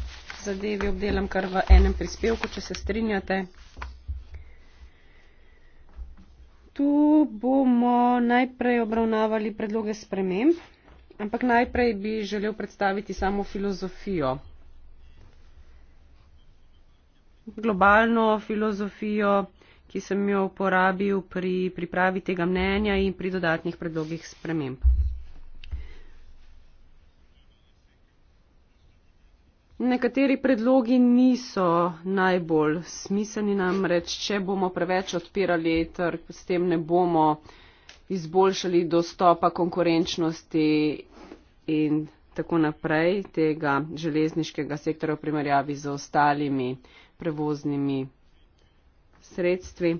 zadevi obdelam kar v enem prispevku, če se strinjate. Tu bomo najprej obravnavali predloge sprememb, ampak najprej bi želel predstaviti samo filozofijo globalno filozofijo, ki sem jo uporabil pri pripravi tega mnenja in pri dodatnih predlogih sprememb. Nekateri predlogi niso najbolj smiselni namreč, če bomo preveč odpirali trg, s tem ne bomo izboljšali dostopa konkurenčnosti in tako naprej tega železniškega sektora v primerjavi z ostalimi prevoznimi sredstvi.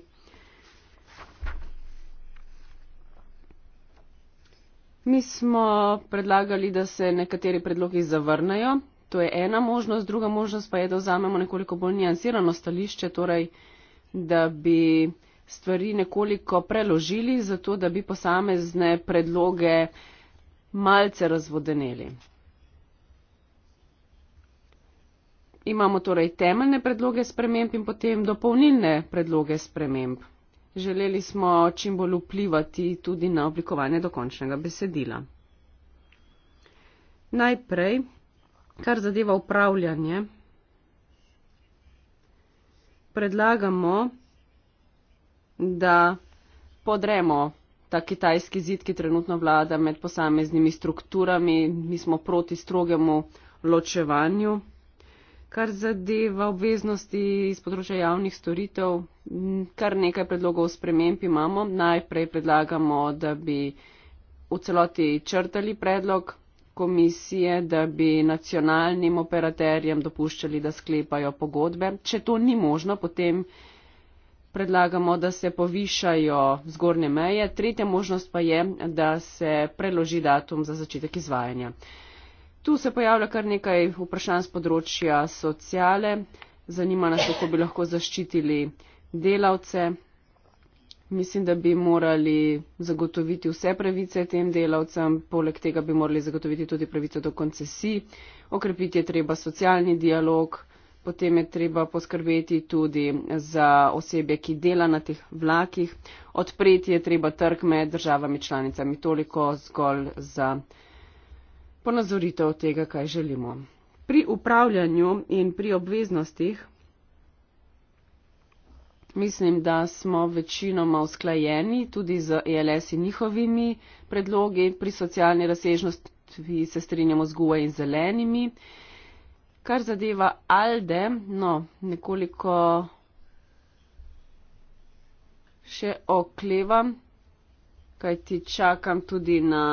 Mi smo predlagali, da se nekateri predlogi zavrnejo. To je ena možnost. Druga možnost pa je, da vzamemo nekoliko bolj nijansirano stališče, torej, da bi stvari nekoliko preložili, zato da bi posamezne predloge malce razvodeneli. Imamo torej temeljne predloge sprememb in potem dopolnilne predloge sprememb. Želeli smo čim bolj vplivati tudi na oblikovanje dokončnega besedila. Najprej, kar zadeva upravljanje, predlagamo, da podremo ta kitajski zid, ki trenutno vlada med posameznimi strukturami. Mi smo proti strogemu ločevanju. Kar zadeva obveznosti iz področja javnih storitev, kar nekaj predlogov sprememb imamo. Najprej predlagamo, da bi v celoti črtali predlog komisije, da bi nacionalnim operaterjem dopuščali, da sklepajo pogodbe. Če to ni možno, potem predlagamo, da se povišajo zgornje meje. Tretja možnost pa je, da se preloži datum za začetek izvajanja. Tu se pojavlja kar nekaj vprašanj z področja sociale. Zanima nas, kako bi lahko zaščitili delavce. Mislim, da bi morali zagotoviti vse pravice tem delavcem, poleg tega bi morali zagotoviti tudi pravico do koncesij. Okrepiti je treba socialni dialog, potem je treba poskrbeti tudi za osebe, ki dela na teh vlakih. Odpreti je treba trg med državami članicami. Toliko zgolj za ponazoritev tega, kaj želimo. Pri upravljanju in pri obveznostih mislim, da smo večinoma usklajeni tudi z ELS in njihovimi predlogi. Pri socialni razsežnosti se strinjamo z GUE in zelenimi. Kar zadeva ALDE, no, nekoliko še okleva, kajti čakam tudi na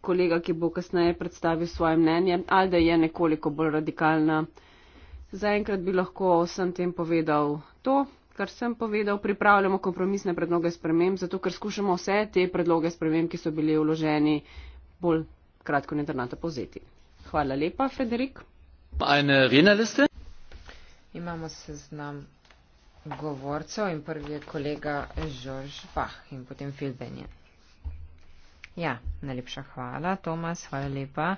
kolega, ki bo kasneje predstavil svoje mnenje, ali da je nekoliko bolj radikalna. Zaenkrat bi lahko vsem tem povedal to, kar sem povedal. Pripravljamo kompromisne predloge sprememb, zato ker skušamo vse te predloge sprememb, ki so bili vloženi, bolj kratko in internato povzeti. Hvala lepa, Frederik. Imamo seznam govorcev in prvi je kolega Žorž Bah in potem Filbenje. Ja, najlepša hvala, Tomas, hvala lepa.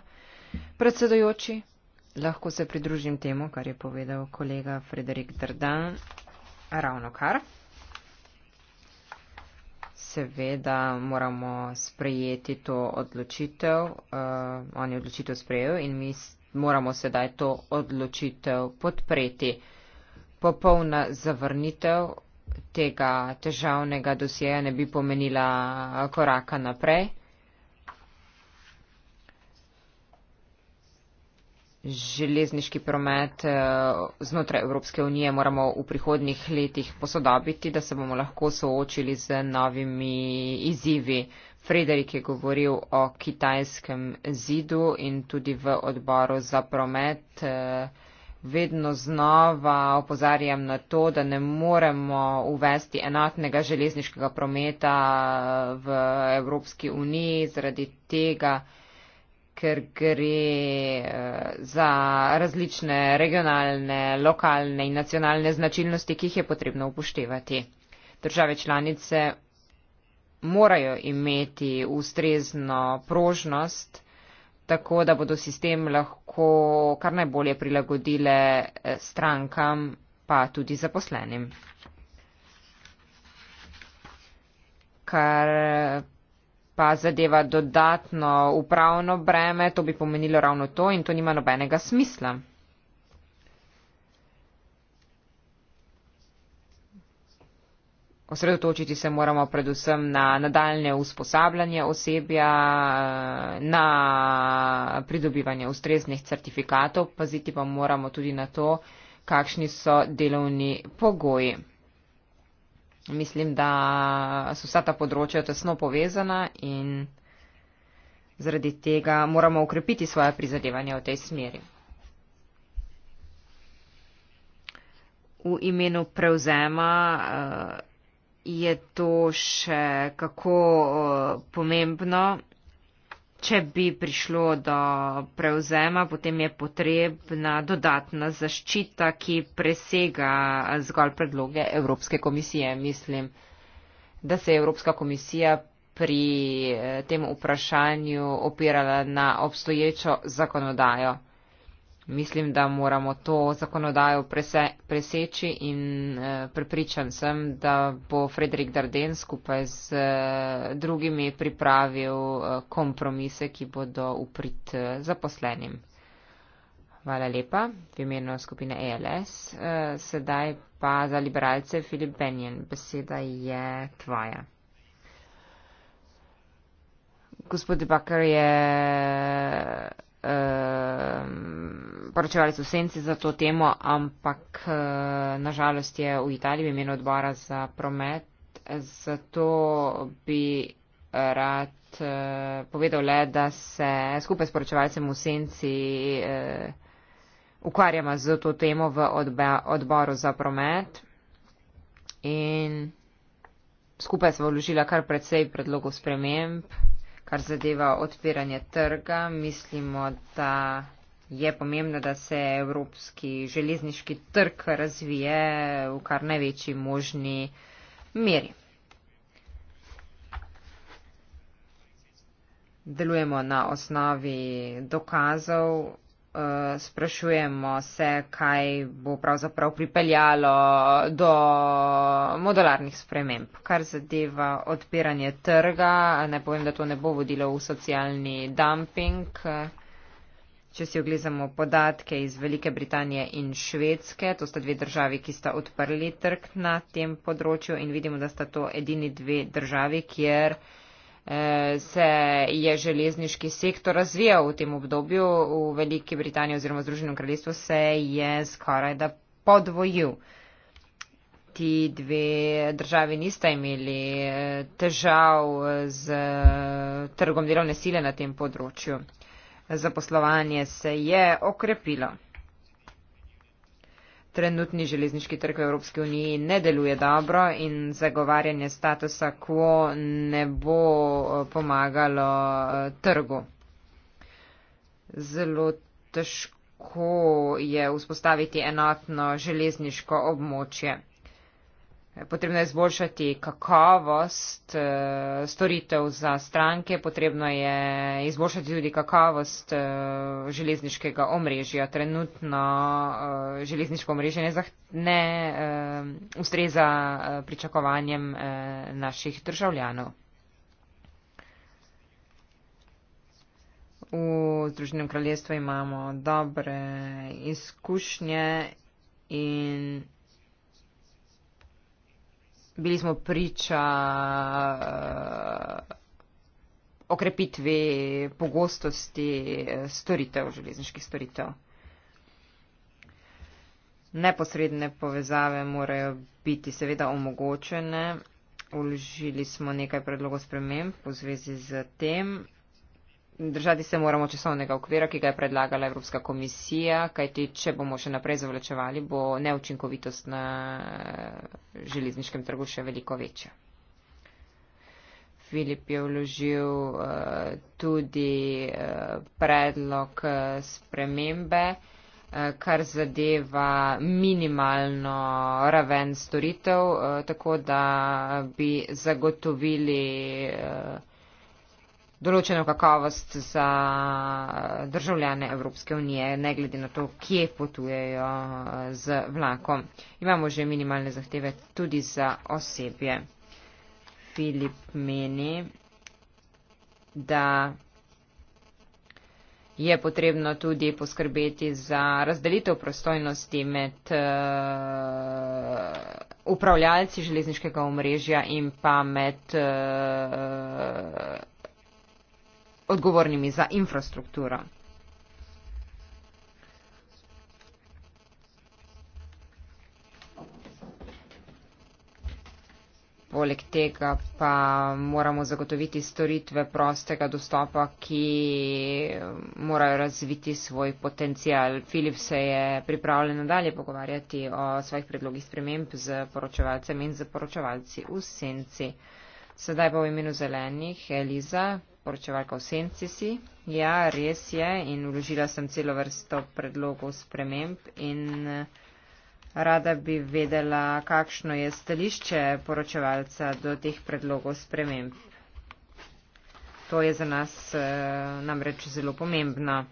Predsedojoči, lahko se pridružim temu, kar je povedal kolega Frederik Drdan ravno kar. Seveda moramo sprejeti to odločitev, uh, on je odločitev sprejel in mi moramo sedaj to odločitev podpreti. Popolna zavrnitev tega težavnega dosjeja ne bi pomenila koraka naprej. železniški promet eh, znotraj Evropske unije moramo v prihodnih letih posodobiti, da se bomo lahko soočili z novimi izzivi. Frederik je govoril o kitajskem zidu in tudi v odboru za promet. Eh, vedno znova opozarjam na to, da ne moremo uvesti enotnega železniškega prometa eh, v Evropski uniji zaradi tega, ker gre eh, za različne regionalne, lokalne in nacionalne značilnosti, ki jih je potrebno upoštevati. Države članice morajo imeti ustrezno prožnost, tako da bodo sistem lahko kar najbolje prilagodile eh, strankam, pa tudi zaposlenim. Kar pa zadeva dodatno upravno breme, to bi pomenilo ravno to in to nima nobenega smisla. Osredotočiti se moramo predvsem na nadaljne usposabljanje osebja, na pridobivanje ustreznih certifikatov, paziti pa moramo tudi na to, kakšni so delovni pogoji mislim, da so vsa ta področja tesno povezana in zaradi tega moramo ukrepiti svoje prizadevanje v tej smeri. V imenu prevzema eh, je to še kako eh, pomembno. Če bi prišlo do prevzema, potem je potrebna dodatna zaščita, ki presega zgolj predloge Evropske komisije. Mislim, da se je Evropska komisija pri eh, tem vprašanju opirala na obstoječo zakonodajo mislim, da moramo to zakonodajo prese, preseči in eh, prepričan sem, da bo Frederik Darden skupaj z eh, drugimi pripravil eh, kompromise, ki bodo uprit eh, zaposlenim. Hvala lepa v imenu skupine ELS. Eh, sedaj pa za liberalce Filip Benjen. Beseda je tvoja. Gospod Bakar je. Ehm, poročevali so senci za to temo, ampak eh, nažalost je v Italiji v imenu odbora za promet. Zato bi rad eh, povedal le, da se skupaj s poročevalcem v senci eh, ukvarjamo z to temo v odba, odboru za promet. In skupaj smo vložila kar precej predlogov sprememb kar zadeva odpiranje trga, mislimo, da je pomembno, da se evropski železniški trg razvije v kar največji možni meri. Delujemo na osnovi dokazov Eh, sprašujemo se, kaj bo pravzaprav pripeljalo do modularnih sprememb. Kar zadeva odpiranje trga, ne povem, da to ne bo vodilo v socialni dumping. Če si oglizamo podatke iz Velike Britanije in Švedske, to sta dve državi, ki sta odprli trg na tem področju in vidimo, da sta to edini dve državi, kjer uh, Eh, se je železniški sektor razvijal v tem obdobju, v Veliki Britaniji oziroma Združenem kraljestvu se je skoraj da podvojil. Ti dve državi nista imeli eh, težav z eh, trgom delovne sile na tem področju. Zaposlovanje se je okrepilo trenutni železniški trg v Evropski uniji ne deluje dobro in zagovarjanje statusa quo ne bo eh, pomagalo eh, trgu. Zelo težko je vzpostaviti enotno železniško območje. Eh, potrebno je izboljšati kakovost eh, storitev za stranke, potrebno je izboljšati tudi kakovost eh, železniškega omrežja. Trenutno železniško omrežje ne, ne ustreza pričakovanjem naših državljanov. V Združenem kraljestvu imamo dobre izkušnje in bili smo priča eh, okrepitvi pogostosti eh, storitev, železniških storitev. Neposredne povezave morajo biti seveda omogočene. Uložili smo nekaj predlogov sprememb v zvezi z tem držati se moramo časovnega okvira, ki ga je predlagala Evropska komisija, kajti če bomo še naprej zavlačevali, bo neučinkovitost na eh, železniškem trgu še veliko večja. Filip je vložil uh, tudi uh, predlog uh, spremembe, uh, kar zadeva minimalno raven storitev, uh, tako da bi zagotovili uh, določeno kakovost za državljane Evropske unije, ne glede na to, kje potujejo z vlakom. Imamo že minimalne zahteve tudi za osebje. Filip meni, da je potrebno tudi poskrbeti za razdelitev prostojnosti med upravljalci železniškega omrežja in pa med odgovornimi za infrastrukturo. Poleg tega pa moramo zagotoviti storitve prostega dostopa, ki eh, morajo razviti svoj potencial. Filip se je pripravljen nadalje pogovarjati o svojih predlogih sprememb z poročevalcem in z poročevalci v senci. Sedaj pa v imenu zelenih Eliza poročevalka v senci si. Ja, res je in vložila sem celo vrsto predlogov sprememb in eh, rada bi vedela, kakšno je stališče poročevalca do teh predlogov sprememb. To je za nas eh, namreč zelo pomembno.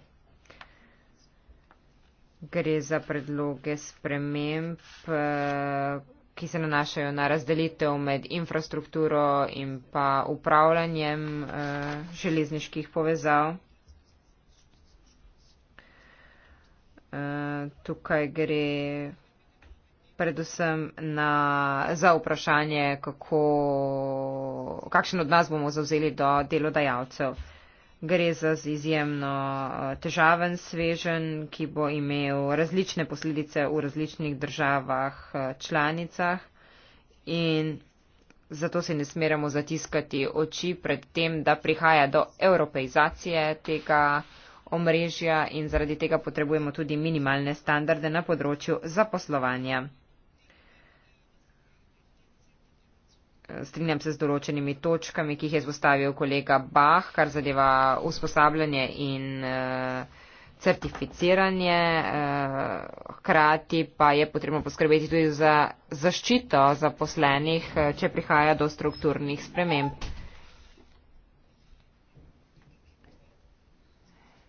Gre za predloge sprememb. Eh, ki se nanašajo na razdelitev med infrastrukturo in pa upravljanjem uh, železniških povezav. Uh, tukaj gre predvsem na, za vprašanje, kako, kakšen odnos bomo zauzeli do delodajalcev. Uh, Gre za izjemno eh, težaven svežen, ki bo imel različne posledice v različnih državah eh, članicah in zato se ne smeremo zatiskati oči pred tem, da prihaja do evropeizacije tega omrežja in zaradi tega potrebujemo tudi minimalne standarde na področju zaposlovanja. strinjam se z določenimi točkami, ki jih je izpostavil kolega Bah, kar zadeva usposabljanje in uh, certificiranje. Uh, hkrati pa je potrebno poskrbeti tudi za zaščito zaposlenih, eh, če prihaja do strukturnih sprememb.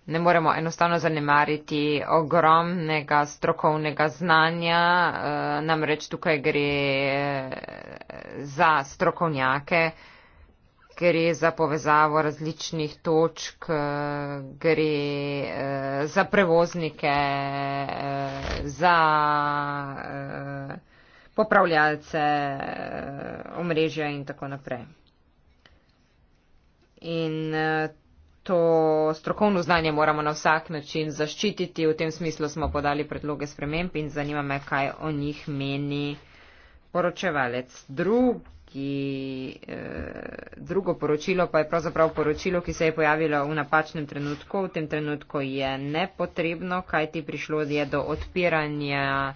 ne moremo enostavno zanemariti ogromnega strokovnega znanja, eh, namreč tukaj gre eh, za strokovnjake, gre za povezavo različnih točk, eh, gre za prevoznike, za popravljalce omrežja in tako naprej. In to strokovno znanje moramo na vsak način zaščititi. V tem smislu smo podali predloge sprememb in zanima me, kaj o njih meni poročevalec. Drugi, eh, drugo poročilo pa je pravzaprav poročilo, ki se je pojavilo v napačnem trenutku. V tem trenutku je nepotrebno, kaj ti prišlo je do odpiranja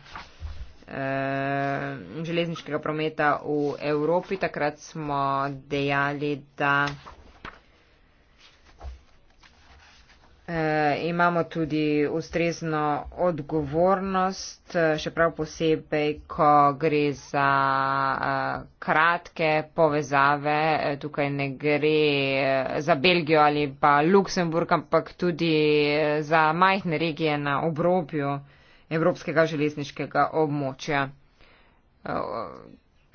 eh, železniškega prometa v Evropi. Takrat smo dejali, da E, imamo tudi ustrezno odgovornost, eh, še prav posebej, ko gre za e, kratke povezave. E, tukaj ne gre za Belgijo ali pa Luksemburg, ampak tudi za majhne regije na obrobju Evropskega železniškega območja. E,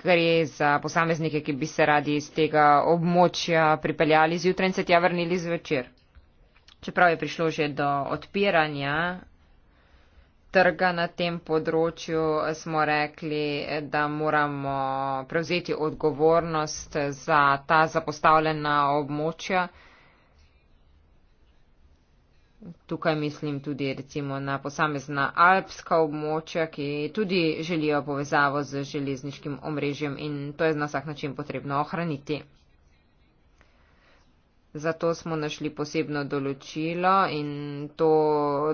gre za posameznike, ki bi se radi iz tega območja pripeljali zjutraj in se tja vrnili zvečer čeprav je prišlo že do odpiranja trga na tem področju, smo rekli, da moramo prevzeti odgovornost za ta zapostavljena območja. Tukaj mislim tudi recimo na posamezna alpska območja, ki tudi želijo povezavo z železniškim omrežjem in to je na vsak način potrebno ohraniti. Zato smo našli posebno določilo in to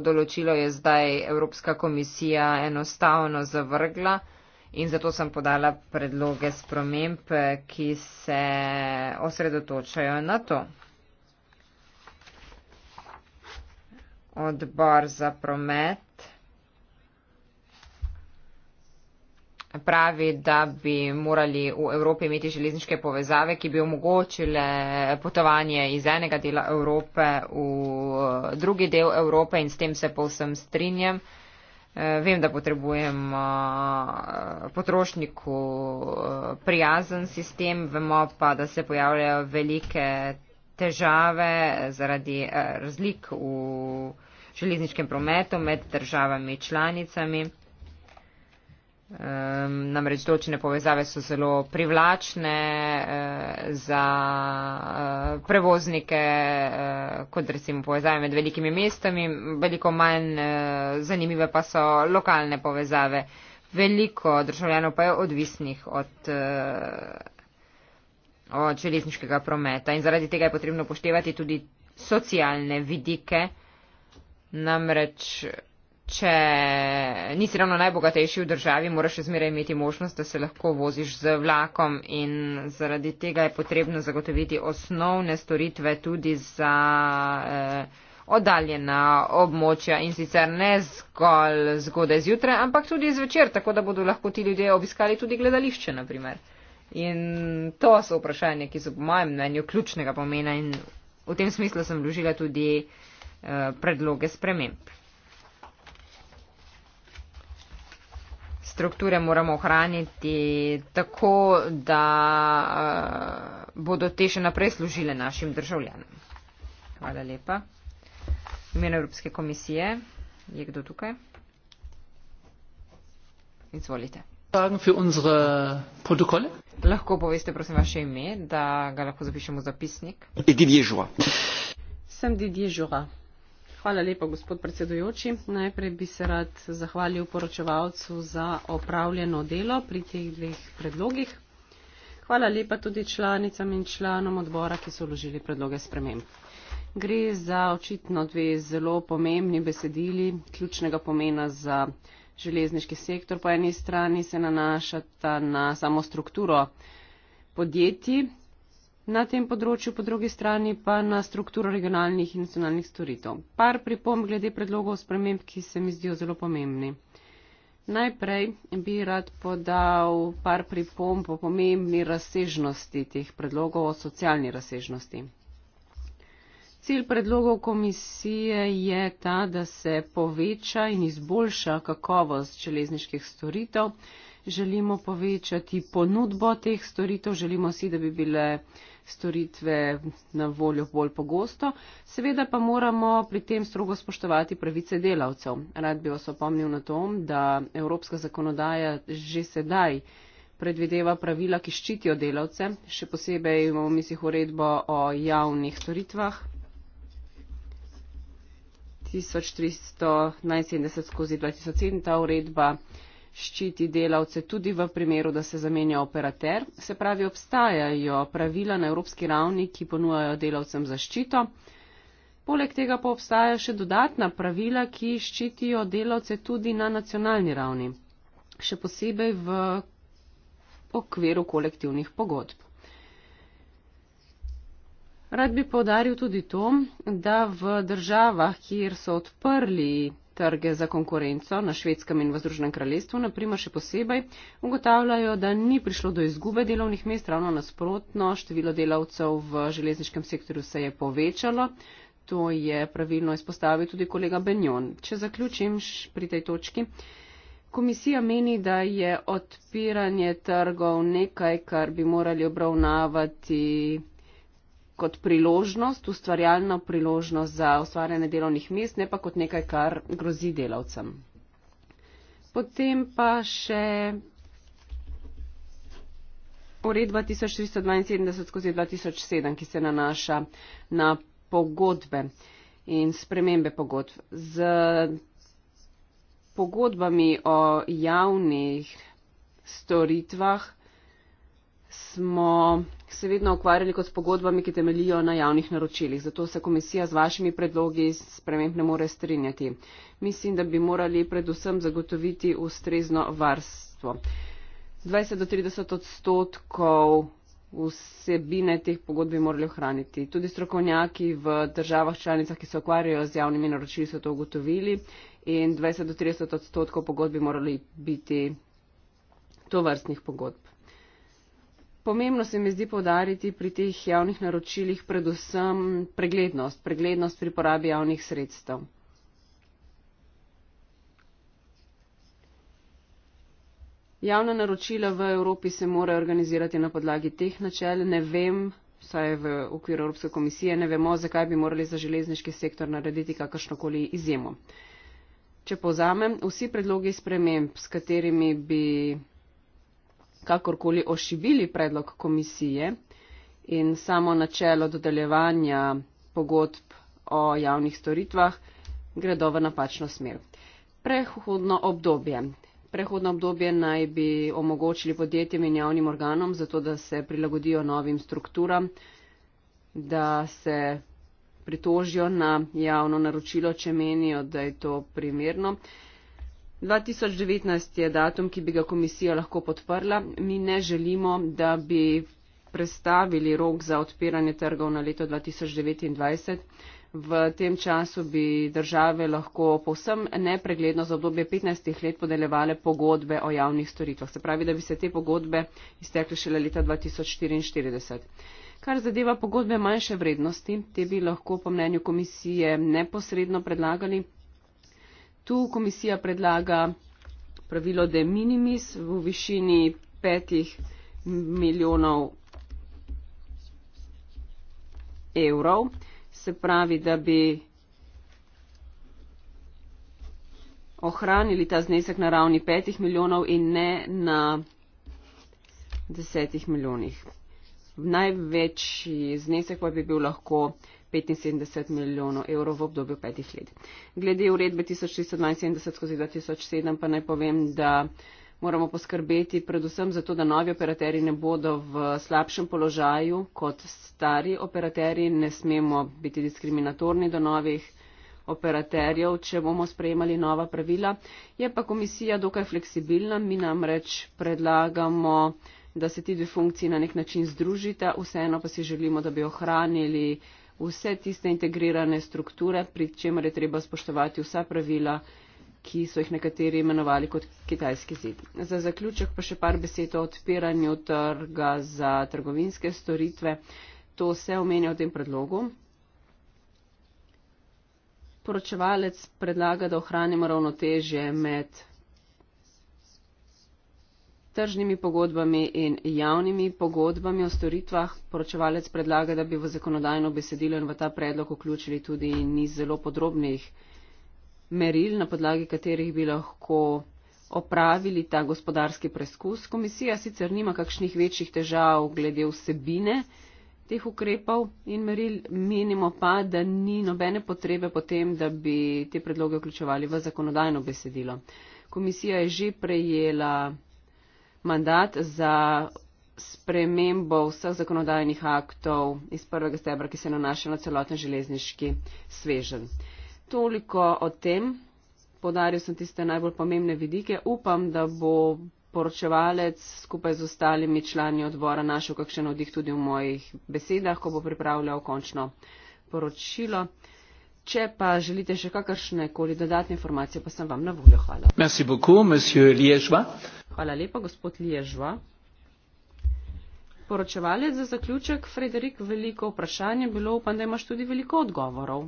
določilo je zdaj Evropska komisija enostavno zavrgla in zato sem podala predloge sprememb, ki se osredotočajo na to. Odbor za promet pravi, da bi morali v Evropi imeti železniške povezave, ki bi omogočile potovanje iz enega dela Evrope v drugi del Evrope in s tem se povsem strinjam. Eh, vem, da potrebujem eh, potrošniku eh, prijazen sistem, vemo pa, da se pojavljajo velike težave zaradi razlik v železničkem prometu med državami članicami. Um, namreč določene povezave so zelo privlačne uh, za uh, prevoznike, uh, kot recimo povezave med velikimi mestami, veliko manj uh, zanimive pa so lokalne povezave. Veliko državljanov pa je odvisnih od, uh, od železniškega prometa in zaradi tega je potrebno poštevati tudi socialne vidike. Namreč če nisi ravno najbogatejši v državi, moraš izmeraj imeti možnost, da se lahko voziš z vlakom in zaradi tega je potrebno zagotoviti osnovne storitve tudi za eh, oddaljena območja in sicer ne zgolj zgodaj zjutraj, ampak tudi zvečer, tako da bodo lahko ti ljudje obiskali tudi gledališče, naprimer. In to so vprašanja, ki so po mojem mnenju ključnega pomena in v tem smislu sem vložila tudi eh, predloge sprememb. strukture moramo ohraniti tako, da eh, bodo te še naprej služile našim državljanom. Hvala lepa. Imeno Evropske komisije. Je kdo tukaj? Izvolite. Lahko poveste, prosim, vaše ime, da ga lahko zapišemo v zapisnik. Didier Jura. Sem Didier Jura. Hvala lepa, gospod predsedujoči. Najprej bi se rad zahvalil poročevalcu za opravljeno delo pri teh dveh predlogih. Hvala lepa tudi članicam in članom odbora, ki so vložili predloge sprememb. Gre za očitno dve zelo pomembni besedili, ključnega pomena za železniški sektor. Po eni strani se nanašata na samo strukturo podjetij, na tem področju, po drugi strani pa na strukturo regionalnih in nacionalnih storitev. Par pripomb glede predlogov sprememb, ki se mi zdijo zelo pomembni. Najprej bi rad podal par pripomb o pomembni razsežnosti teh predlogov, o socialni razsežnosti. Cilj predlogov komisije je ta, da se poveča in izboljša kakovost železniških storitev. Želimo povečati ponudbo teh storitev, želimo si, da bi bile storitve na voljo bolj pogosto. Seveda pa moramo pri tem strogo spoštovati pravice delavcev. Rad bi vas opomnil na tom, da evropska zakonodaja že sedaj predvideva pravila, ki ščitijo delavce, še posebej imamo v mislih uredbo o javnih storitvah. 1370 skozi 2007 ta uredba ščiti delavce tudi v primeru, da se zamenja operater. Se pravi, obstajajo pravila na evropski ravni, ki ponujajo delavcem zaščito. Poleg tega pa obstajajo še dodatna pravila, ki ščitijo delavce tudi na nacionalni ravni, še posebej v okviru kolektivnih pogodb. Rad bi povdaril tudi to, da v državah, kjer so odprli trge za konkurenco na švedskem in v Združenem kraljestvu, naprimer še posebej, ugotavljajo, da ni prišlo do izgube delovnih mest, ravno nasprotno, število delavcev v železniškem sektorju se je povečalo. To je pravilno izpostavil tudi kolega Benjon. Če zaključim pri tej točki. Komisija meni, da je odpiranje trgov nekaj, kar bi morali obravnavati kot priložnost, ustvarjalno priložnost za ustvarjanje delovnih mest, ne pa kot nekaj, kar grozi delavcem. Potem pa še uredba 1372 skozi 2007, ki se nanaša na pogodbe in spremembe pogodb. Z pogodbami o javnih storitvah smo se vedno ukvarjali kot s pogodbami, ki temelijo na javnih naročilih. Zato se komisija z vašimi predlogi sprememb ne more strinjati. Mislim, da bi morali predvsem zagotoviti ustrezno varstvo. 20 do 30 odstotkov vsebine teh pogodb bi morali ohraniti. Tudi strokovnjaki v državah članicah, ki se ukvarjajo z javnimi naročili, so to ugotovili in 20 do 30 odstotkov pogodb bi morali biti to vrstnih pogodb. Pomembno se mi zdi povdariti pri teh javnih naročilih predvsem preglednost, preglednost pri porabi javnih sredstev. Javna naročila v Evropi se morajo organizirati na podlagi teh načel. Ne vem, saj v okviru Evropske komisije ne vemo, zakaj bi morali za železniški sektor narediti kakršnokoli izjemo. Če povzamem, vsi predlogi sprememb, s katerimi bi kakorkoli ošivili predlog komisije in samo načelo dodeljevanja pogodb o javnih storitvah gredo v napačno smer. Prehodno obdobje. Prehodno obdobje naj bi omogočili podjetjem in javnim organom, zato da se prilagodijo novim strukturam, da se pritožijo na javno naročilo, če menijo, da je to primerno. Uh, 2019 je datum, ki bi ga komisija lahko podprla. Mi ne želimo, da bi prestavili rok za odpiranje trgov na leto 2029. V tem času bi države lahko povsem nepregledno za obdobje 15 let podelevale pogodbe o javnih storitvah. Se pravi, da bi se te pogodbe iztekle šele leta 2044. Kar zadeva pogodbe manjše vrednosti, te bi lahko po mnenju komisije neposredno predlagali Tu komisija predlaga pravilo de minimis v višini petih milijonov evrov, se pravi, da bi ohranili ta znesek na ravni petih milijonov in ne na desetih milijonih. Največji znesek pa bi bil lahko petinsedemdeset milijonov evrov v obdobju petih let. Glede uredbe tisoč tristo dvainsedemdeset skozi dva tisoč sedem pa naj povem, da moramo poskrbeti predvsem zato, da novi operaterji ne bodo v slabšem položaju kot stari operaterji, ne smemo biti diskriminatorni do novih operaterjev, če bomo sprejemali nova pravila. Je pa komisija dokaj fleksibilna, mi namreč predlagamo, da se ti dve funkciji na nek način združita, vseeno pa si želimo, da bi ohranili uh, vse tiste integrirane strukture, pri čemer je treba spoštovati vsa pravila, ki so jih nekateri imenovali kot kitajski zid. Za zaključek pa še par besed o odpiranju trga za trgovinske storitve. To se omenja v tem predlogu. Poročevalec predlaga, da ohranimo ravnotežje med tržnimi pogodbami in javnimi pogodbami o storitvah. Poročevalec predlaga, da bi v zakonodajno besedilo in v ta predlog vključili tudi niz zelo podrobnih meril, na podlagi katerih bi lahko opravili ta gospodarski preskus. Komisija sicer nima kakšnih večjih težav glede vsebine teh ukrepov in meril, menimo pa, da ni nobene potrebe potem, da bi te predloge vključevali v zakonodajno besedilo. Komisija je že prejela mandat za spremembo vseh zakonodajnih aktov iz prvega stebra, ki se nanaša na celoten železniški svežen. Toliko o tem. Podaril sem tiste najbolj pomembne vidike. Upam, da bo poročevalec skupaj z ostalimi člani odbora našel kakšen odih tudi v mojih besedah, ko bo pripravljal končno poročilo. Če pa želite še kakršne koli dodatne informacije, pa sem vam na voljo. Hvala. Hvala lepa, gospod Liježva. Poročevalec za zaključek, Frederik, veliko vprašanj je bilo, upam, da imaš tudi veliko odgovorov.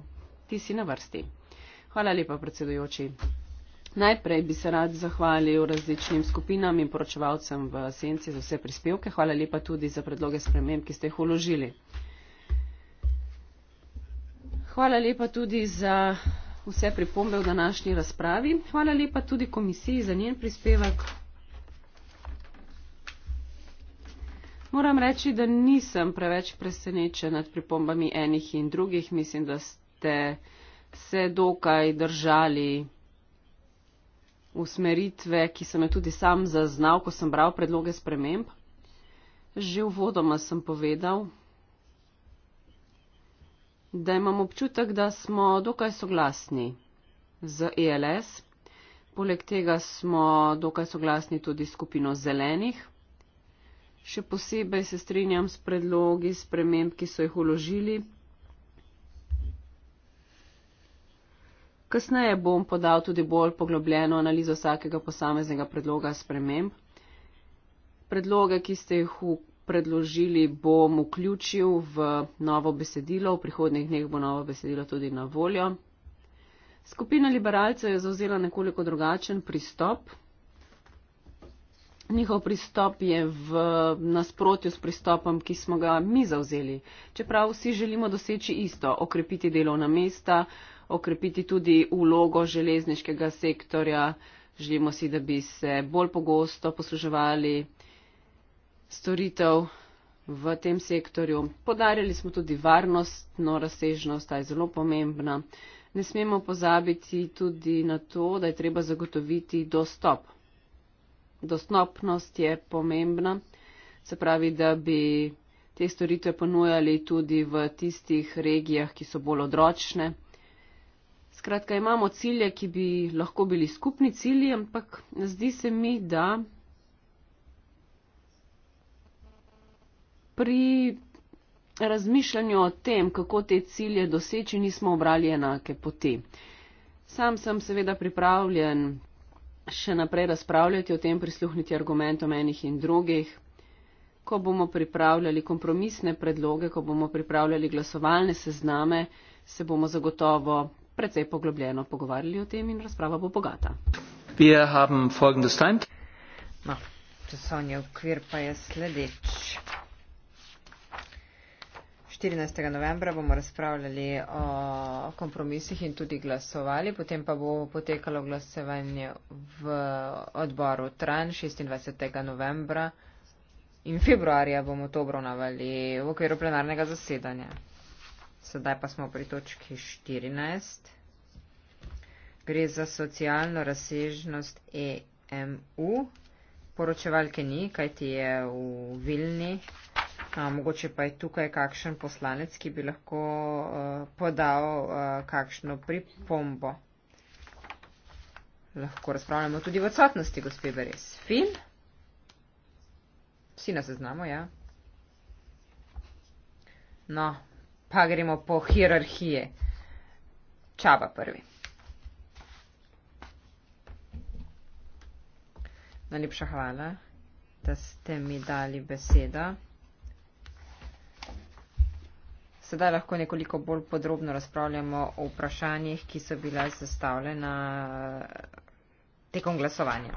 Ti si na vrsti. Hvala lepa, predsedujoči. Najprej bi se rad zahvalil različnim skupinam in poročevalcem v senci za vse prispevke. Hvala lepa tudi za predloge sprememb, ki ste jih uložili. Hvala lepa tudi za vse pripombe v današnji razpravi. Hvala lepa tudi komisiji za njen prispevek. Moram reči, da nisem preveč presenečen nad pripombami enih in drugih. Mislim, da ste se dokaj držali usmeritve, ki sem jo tudi sam zaznal, ko sem bral predloge sprememb. Že v vodoma sem povedal, da imam občutek, da smo dokaj soglasni z ELS. Poleg tega smo dokaj soglasni tudi skupino zelenih. Še posebej se strinjam s predlogi, s premem, ki so jih uložili. Kasneje bom podal tudi bolj poglobljeno analizo vsakega posameznega predloga sprememb. Predloge, ki ste jih predložili, bom vključil v novo besedilo. V prihodnih dneh bo novo besedilo tudi na voljo. Skupina liberalcev je zauzela nekoliko drugačen pristop. Njihov pristop je v nasprotju s pristopom, ki smo ga mi zauzeli. Čeprav vsi želimo doseči isto, okrepiti delovna mesta, okrepiti tudi ulogo železniškega sektorja, želimo si, da bi se bolj pogosto posluževali storitev v tem sektorju. Podarjali smo tudi varnostno razsežnost, ta je zelo pomembna. Ne smemo pozabiti tudi na to, da je treba zagotoviti dostop. Dostopnost je pomembna, se pravi, da bi te storitve ponujali tudi v tistih regijah, ki so bolj odročne. Skratka, imamo cilje, ki bi lahko bili skupni cilji, ampak zdi se mi, da pri razmišljanju o tem, kako te cilje doseči, nismo obrali enake poti. Sam sem seveda pripravljen še naprej razpravljati o tem, prisluhniti argumentom enih in drugih. Ko bomo pripravljali kompromisne predloge, ko bomo pripravljali glasovalne sezname, se bomo zagotovo precej poglobljeno pogovarjali o tem in razprava bo bogata. No, časovni okvir pa je sledeč. 14. novembra bomo razpravljali o kompromisih in tudi glasovali, potem pa bo potekalo glasovanje v odboru Tran 26. novembra in februarja bomo to obravnavali v okviru plenarnega zasedanja. Sedaj pa smo pri točki 14. Gre za socialno razsežnost EMU. Poročevalke ni, kajti je v Vilni. A, mogoče pa je tukaj kakšen poslanec, ki bi lahko a, e, podal a, e, kakšno pripombo. Lahko razpravljamo tudi v odsotnosti, gospe Beres. Fin? Vsi nas znamo, ja. No, pa gremo po hierarhije. Čaba prvi. Najlepša hvala, da ste mi dali besedo. Sedaj lahko nekoliko bolj podrobno razpravljamo o vprašanjih, ki so bila zastavljena eh, tekom glasovanja.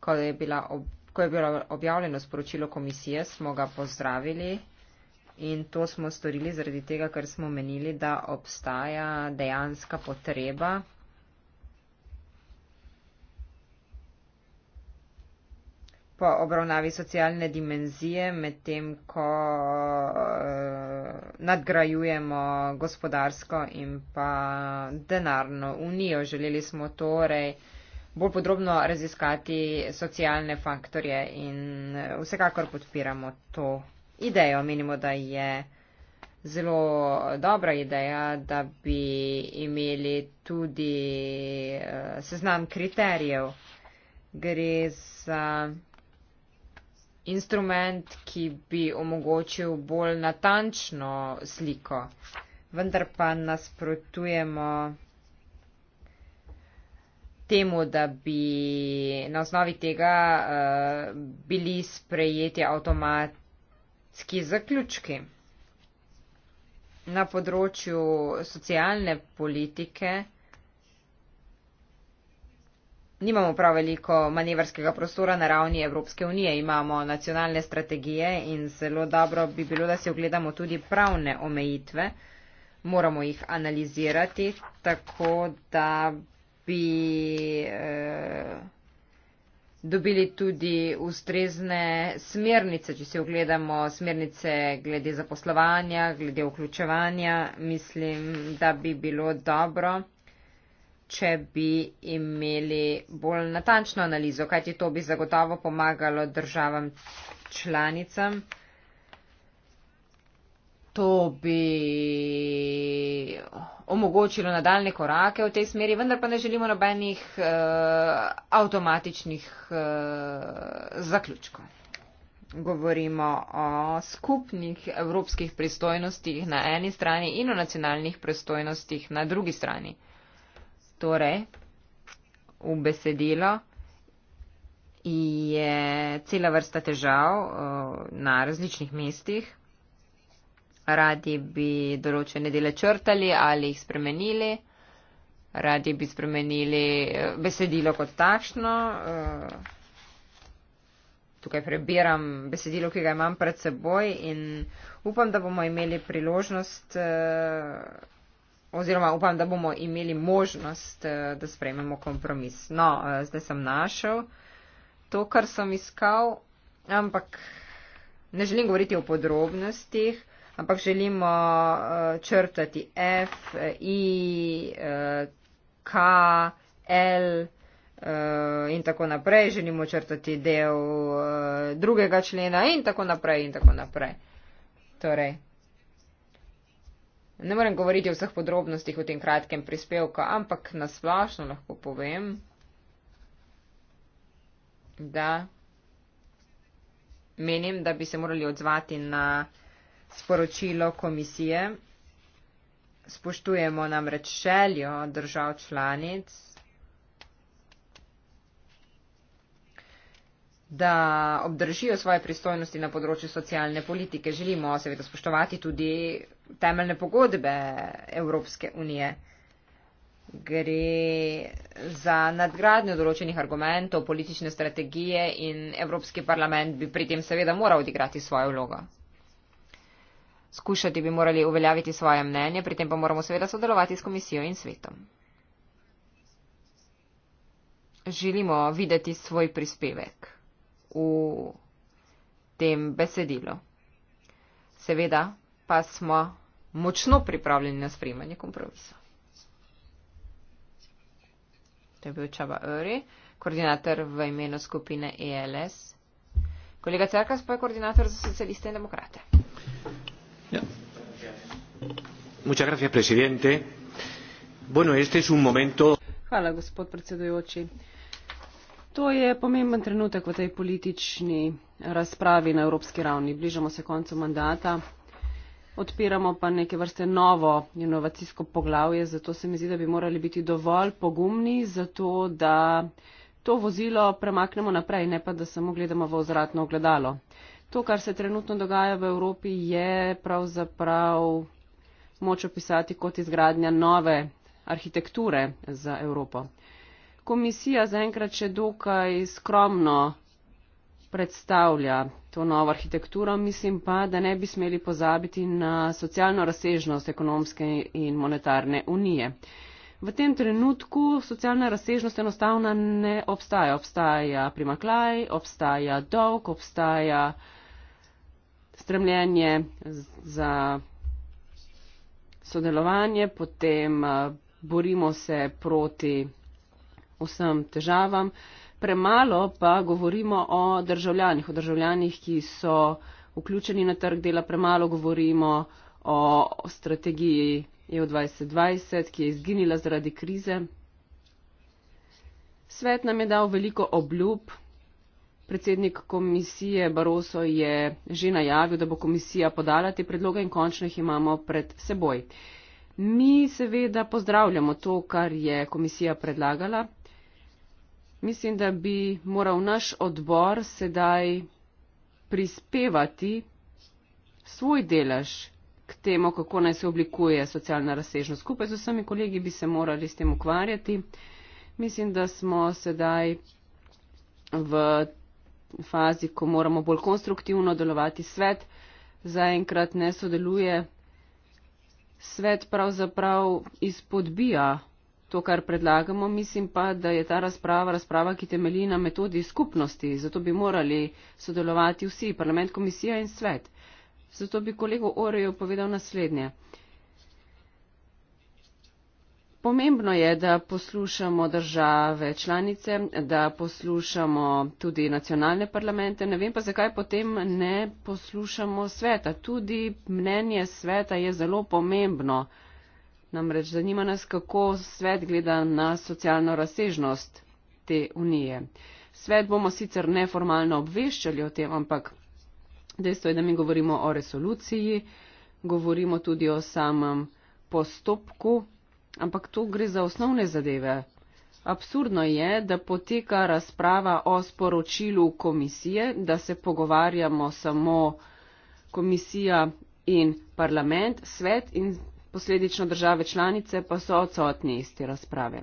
Ko je, bila ob, ko je bilo objavljeno sporočilo komisije, smo ga pozdravili in to smo storili zaradi tega, ker smo menili, da obstaja dejanska potreba po obravnavi socialne dimenzije, medtem ko uh, nadgrajujemo gospodarsko in pa denarno unijo. Želeli smo torej bolj podrobno raziskati socialne faktorje in eh, vsekakor podpiramo to idejo. Menimo, da je zelo dobra ideja, da bi imeli tudi uh, seznam kriterijev. Gre za. Uh, instrument, ki bi omogočil bolj natančno sliko, vendar pa nasprotujemo temu, da bi na osnovi tega uh, bili sprejeti avtomatski zaključki. Na področju socialne politike nimamo prav veliko manevrskega prostora na ravni Evropske unije. Imamo nacionalne strategije in zelo dobro bi bilo, da si ogledamo tudi pravne omejitve. Moramo jih analizirati, tako da bi eh, dobili tudi ustrezne smernice, če si ogledamo smernice glede zaposlovanja, glede vključevanja. Mislim, da bi bilo dobro če bi imeli bolj natančno analizo, kajti to bi zagotovo pomagalo državam članicam. To bi omogočilo nadaljne korake v tej smeri, vendar pa ne želimo nobenih eh, avtomatičnih eh, zaključkov. Govorimo o skupnih evropskih pristojnostih na eni strani in o nacionalnih pristojnostih na drugi strani torej v besedilo je cela vrsta težav eh, na različnih mestih. Radi bi določene dele črtali ali jih spremenili. Radi bi spremenili eh, besedilo kot takšno. Eh, tukaj prebiram besedilo, ki ga imam pred seboj in upam, da bomo imeli priložnost oziroma upam, da bomo imeli možnost, eh, da sprejmemo kompromis. No, eh, zdaj sem našel to, kar sem iskal, ampak ne želim govoriti o podrobnostih, ampak želimo eh, črtati F, I, K, L in tako naprej, želimo črtati del drugega člena in tako naprej in tako naprej. Torej, Ne morem govoriti o vseh podrobnostih v tem kratkem prispevku, ampak nasplošno lahko povem, da menim, da bi se morali odzvati na sporočilo komisije. Spoštujemo namreč željo držav članic da obdržijo svoje pristojnosti na področju socialne politike. Želimo seveda spoštovati tudi temeljne pogodbe Evropske unije. Gre za nadgradnjo določenih argumentov politične strategije in Evropski parlament bi pri tem seveda moral odigrati svojo vlogo. Skušati bi morali uveljaviti svoje mnenje, pri tem pa moramo seveda sodelovati s komisijo in svetom. Želimo videti svoj prispevek v tem besedilu. Seveda pa smo močno pripravljeni na sprejemanje kompromisa. To je bil Čaba Öri, koordinator v imenu skupine ELS. Kolega Cerkas pa je koordinator za socialiste in demokrate. Ja. Muchas gracias, presidente. Bueno, este es un momento. Hvala, gospod predsedujoči. Uh, To je pomemben trenutek v tej politični razpravi na evropski ravni. Bližamo se koncu mandata, odpiramo pa neke vrste novo inovacijsko poglavje, zato se mi zdi, da bi morali biti dovolj pogumni za to, da to vozilo premaknemo naprej, ne pa da samo gledamo v ozratno ogledalo. To, kar se trenutno dogaja v Evropi, je pravzaprav moč opisati kot izgradnja nove arhitekture za Evropo komisija zaenkrat še dokaj skromno predstavlja to novo arhitekturo, mislim pa, da ne bi smeli pozabiti na socialno razsežnost ekonomske in monetarne unije. V tem trenutku socialna razsežnost enostavna ne obstaja. Obstaja primaklaj, obstaja dolg, obstaja stremljenje za sodelovanje, potem eh, borimo se proti vsem težavam. Premalo pa govorimo o državljanih, o državljanih, ki so vključeni na trg dela, premalo govorimo o strategiji EU 2020, ki je izginila zaradi krize. Svet nam je dal veliko obljub. Predsednik komisije Baroso je že najavil, da bo komisija podala te predloge in končno jih imamo pred seboj. Mi seveda pozdravljamo to, kar je komisija predlagala. Mislim, da bi moral naš odbor sedaj prispevati svoj delež k temu, kako naj se oblikuje socialna razsežnost. Skupaj z vsemi kolegi bi se morali s tem ukvarjati. Mislim, da smo sedaj v fazi, ko moramo bolj konstruktivno delovati. Svet zaenkrat ne sodeluje. Svet pravzaprav izpodbija to, kar predlagamo. Mislim pa, da je ta razprava razprava, ki temelji na metodi skupnosti. Zato bi morali sodelovati vsi, parlament, komisija in svet. Zato bi kolego Oreju povedal naslednje. Pomembno je, da poslušamo države članice, da poslušamo tudi nacionalne parlamente. Ne vem pa, zakaj potem ne poslušamo sveta. Tudi mnenje sveta je zelo pomembno. Namreč zanima nas, kako svet gleda na socialno razsežnost te unije. Svet bomo sicer neformalno obveščali o tem, ampak dejstvo je, da mi govorimo o resoluciji, govorimo tudi o samem postopku, ampak tu gre za osnovne zadeve. Absurdno je, da poteka razprava o sporočilu komisije, da se pogovarjamo samo komisija in parlament, svet in posledično države članice pa so odsotni iz te razprave.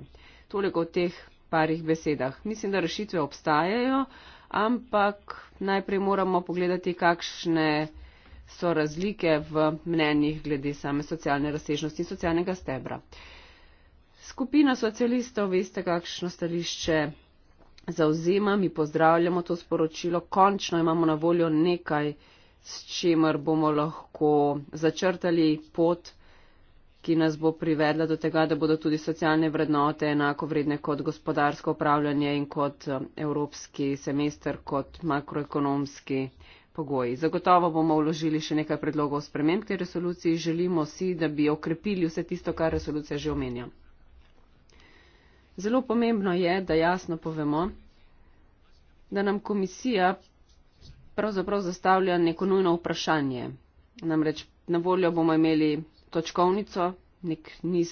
Toliko v teh parih besedah. Mislim, da rešitve obstajajo, ampak najprej moramo pogledati, kakšne so razlike v mnenjih glede same socialne razsežnosti in socialnega stebra. Skupina socialistov, veste, kakšno stališče zauzema, mi pozdravljamo to sporočilo, končno imamo na voljo nekaj, s čimer bomo lahko začrtali pot ki nas bo privedla do tega, da bodo tudi socialne vrednote enako vredne kot gospodarsko upravljanje in kot eh, evropski semester, kot makroekonomski pogoji. Zagotovo bomo vložili še nekaj predlogov sprememb te resoluciji. Želimo si, da bi okrepili vse tisto, kar resolucija že omenja. Zelo pomembno je, da jasno povemo, da nam komisija pravzaprav zastavlja neko nujno vprašanje. Namreč na voljo bomo imeli točkovnico, nek niz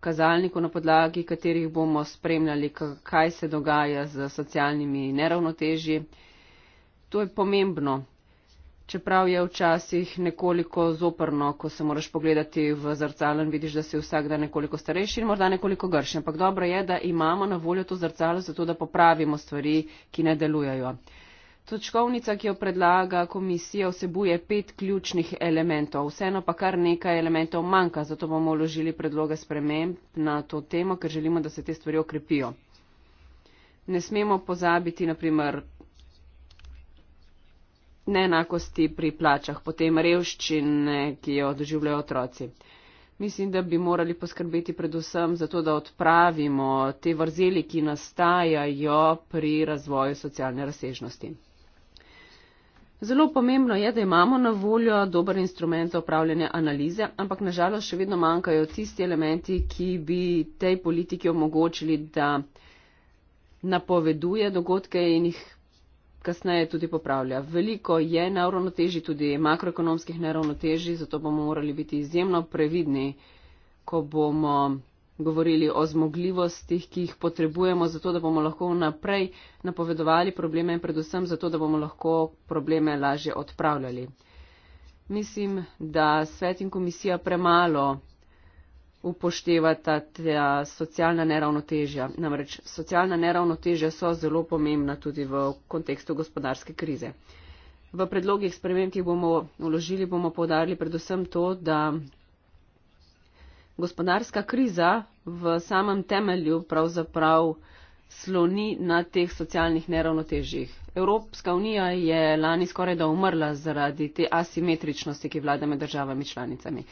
kazalnikov, na podlagi katerih bomo spremljali, kaj se dogaja z socialnimi neravnotežji. To je pomembno, čeprav je včasih nekoliko zoprno, ko se moraš pogledati v zrcalo in vidiš, da si vsak dan nekoliko starejši in morda nekoliko grši. Ampak dobro je, da imamo na voljo to zrcalo, zato da popravimo stvari, ki ne delujejo. Točkovnica, ki jo predlaga komisija, vsebuje pet ključnih elementov. Vseeno pa kar nekaj elementov manjka, zato bomo vložili predloge sprememb na to temo, ker želimo, da se te stvari okrepijo. Ne smemo pozabiti, naprimer, neenakosti pri plačah, potem revščine, ki jo doživljajo otroci. Mislim, da bi morali poskrbeti predvsem za to, da odpravimo te vrzeli, ki nastajajo pri razvoju socialne razsežnosti. Zelo pomembno je, da imamo na voljo dober instrument za upravljanje analize, ampak nažalost še vedno manjkajo tisti elementi, ki bi tej politiki omogočili, da napoveduje dogodke in jih kasneje tudi popravlja. Veliko je neravnoteži, tudi makroekonomskih neravnoteži, zato bomo morali biti izjemno previdni, ko bomo govorili o zmogljivostih, ki jih potrebujemo, zato da bomo lahko naprej napovedovali probleme in predvsem zato, da bomo lahko probleme lažje odpravljali. Mislim, da svet in komisija premalo upoštevata ta socialna neravnotežja. Namreč socialna neravnotežja so zelo pomembna tudi v kontekstu gospodarske krize. V predlogih sprememb, ki jih bomo uložili, bomo povdarili predvsem to, da gospodarska kriza v samem temelju pravzaprav sloni na teh socialnih neravnotežjih. Evropska unija je lani skoraj da umrla zaradi te asimetričnosti, ki vlada med državami članicami.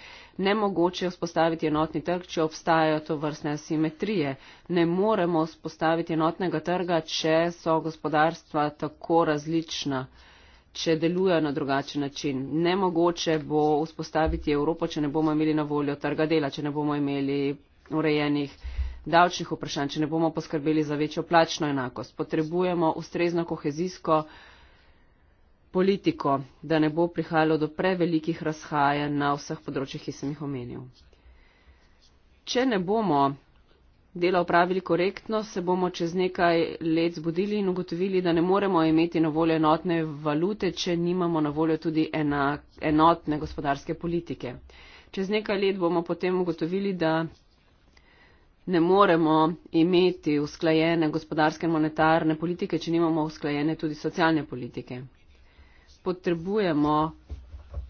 Nemogoče je vzpostaviti enotni trg, če obstajajo to vrstne asimetrije. Ne moremo vzpostaviti enotnega trga, če so gospodarstva tako različna če delujejo na drugačen način. Nemogoče bo vzpostaviti Evropo, če ne bomo imeli na voljo trga dela, če ne bomo imeli urejenih davčnih vprašanj, če ne bomo poskrbeli za večjo plačno enakost. Potrebujemo ustrezno kohezijsko politiko, da ne bo prihajalo do prevelikih razhajanj na vseh področjih, ki sem jih omenil. Če ne bomo delo opravili korektno, se bomo čez nekaj let zbudili in ugotovili, da ne moremo imeti na voljo enotne valute, če nimamo na voljo tudi ena, enotne gospodarske politike. Čez nekaj let bomo potem ugotovili, da ne moremo imeti usklajene gospodarske in monetarne politike, če nimamo usklajene tudi socialne politike. Potrebujemo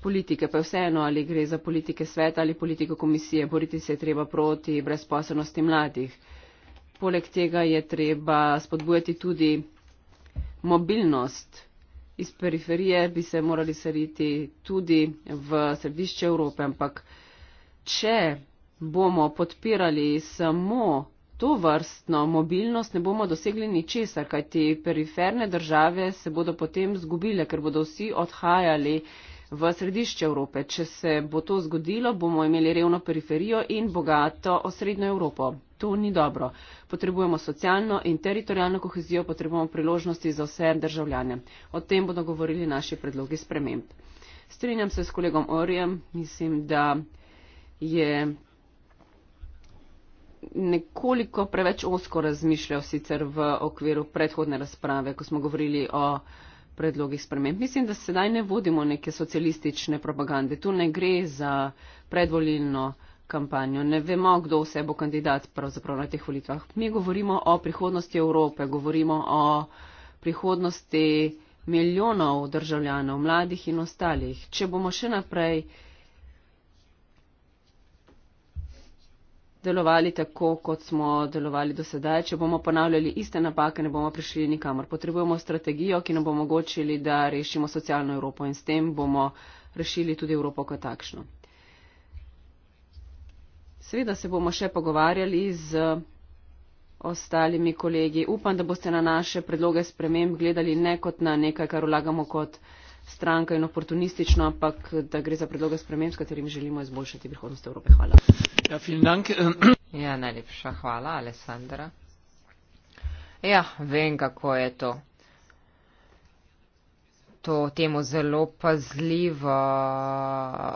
politike, pa vseeno, ali gre za politike sveta ali politike komisije, boriti se je treba proti brezposobnosti mladih. Poleg tega je treba spodbujati tudi mobilnost. Iz periferije bi se morali seriti tudi v središče Evrope, ampak če bomo podpirali samo to vrstno mobilnost, ne bomo dosegli ničesar, kajti periferne države se bodo potem zgubile, ker bodo vsi odhajali v središče Evrope. Če se bo to zgodilo, bomo imeli revno periferijo in bogato osrednjo Evropo. To ni dobro. Potrebujemo socialno in teritorijalno kohezijo, potrebujemo priložnosti za vse državljane. O tem bodo govorili naši predlogi sprememb. Strinjam se s kolegom Orjem, mislim, da je nekoliko preveč osko razmišljal sicer v okviru predhodne razprave, ko smo govorili o predlogih sprememb. Mislim, da sedaj ne vodimo neke socialistične propagande. Tu ne gre za predvolilno kampanjo. Ne vemo, kdo vse bo kandidat pravzaprav na teh volitvah. Mi govorimo o prihodnosti Evrope, govorimo o prihodnosti milijonov državljanov, mladih in ostalih. Če bomo še naprej delovali tako, kot smo delovali do sedaj. Če bomo ponavljali iste napake, ne bomo prišli nikamor. Potrebujemo strategijo, ki nam bo omogočili, da rešimo socialno Evropo in s tem bomo rešili tudi Evropo kot takšno. Seveda se bomo še pogovarjali z ostalimi kolegi. Upam, da boste na naše predloge sprememb gledali ne kot na nekaj, kar vlagamo kot stranka in oportunistično ampak da gre za predloge sprememb s katerimi želimo izboljšati prihodnost evrope. Hvala. Ja, dank. ja, najlepša hvala, Alessandra. Ja, vem, kako je to. To temo zelo pazljivo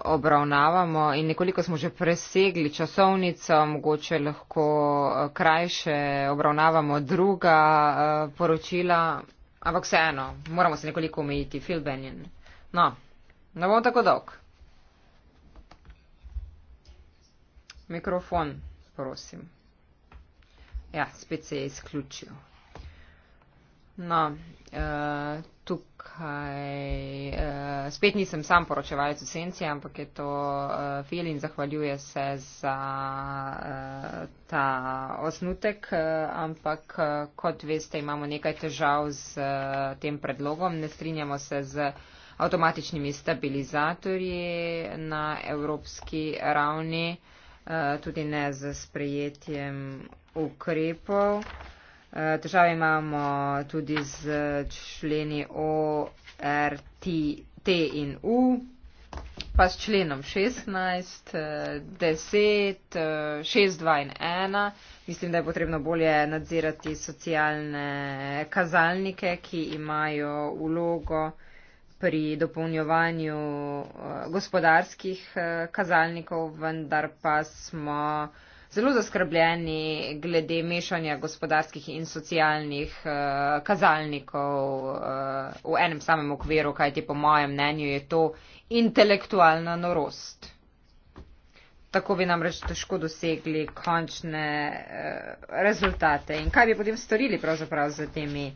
obravnavamo in nekoliko smo že presegli časovnico, mogoče lahko eh, krajše obravnavamo druga eh, poročila. Ampak vseeno, moramo se nekoliko omejiti, Phil Benjen. No, ne bom tako dolg. Mikrofon, prosim. Ja, spet se je izključil. No, uh, tukaj uh, spet nisem sam poročevalec v senci, ampak je to uh, fil in zahvaljuje se za uh, ta osnutek, uh, ampak uh, kot veste, imamo nekaj težav z uh, tem predlogom. Ne strinjamo se z avtomatičnimi stabilizatorji na evropski ravni, uh, tudi ne z sprejetjem ukrepov. Uh, Težave imamo tudi z členi O, R, T, T in U, pa s členom 16, 10, 6, 2 in 1. Mislim, da je potrebno bolje nadzirati socialne kazalnike, ki imajo ulogo pri dopolnjevanju eh, gospodarskih eh, kazalnikov, vendar pa smo zelo zaskrbljeni glede mešanja gospodarskih in socialnih uh, kazalnikov uh, v enem samem okviru, kajti po mojem mnenju je to intelektualna norost. Tako bi nam reč težko dosegli končne uh, rezultate. In kaj bi potem storili pravzaprav z temi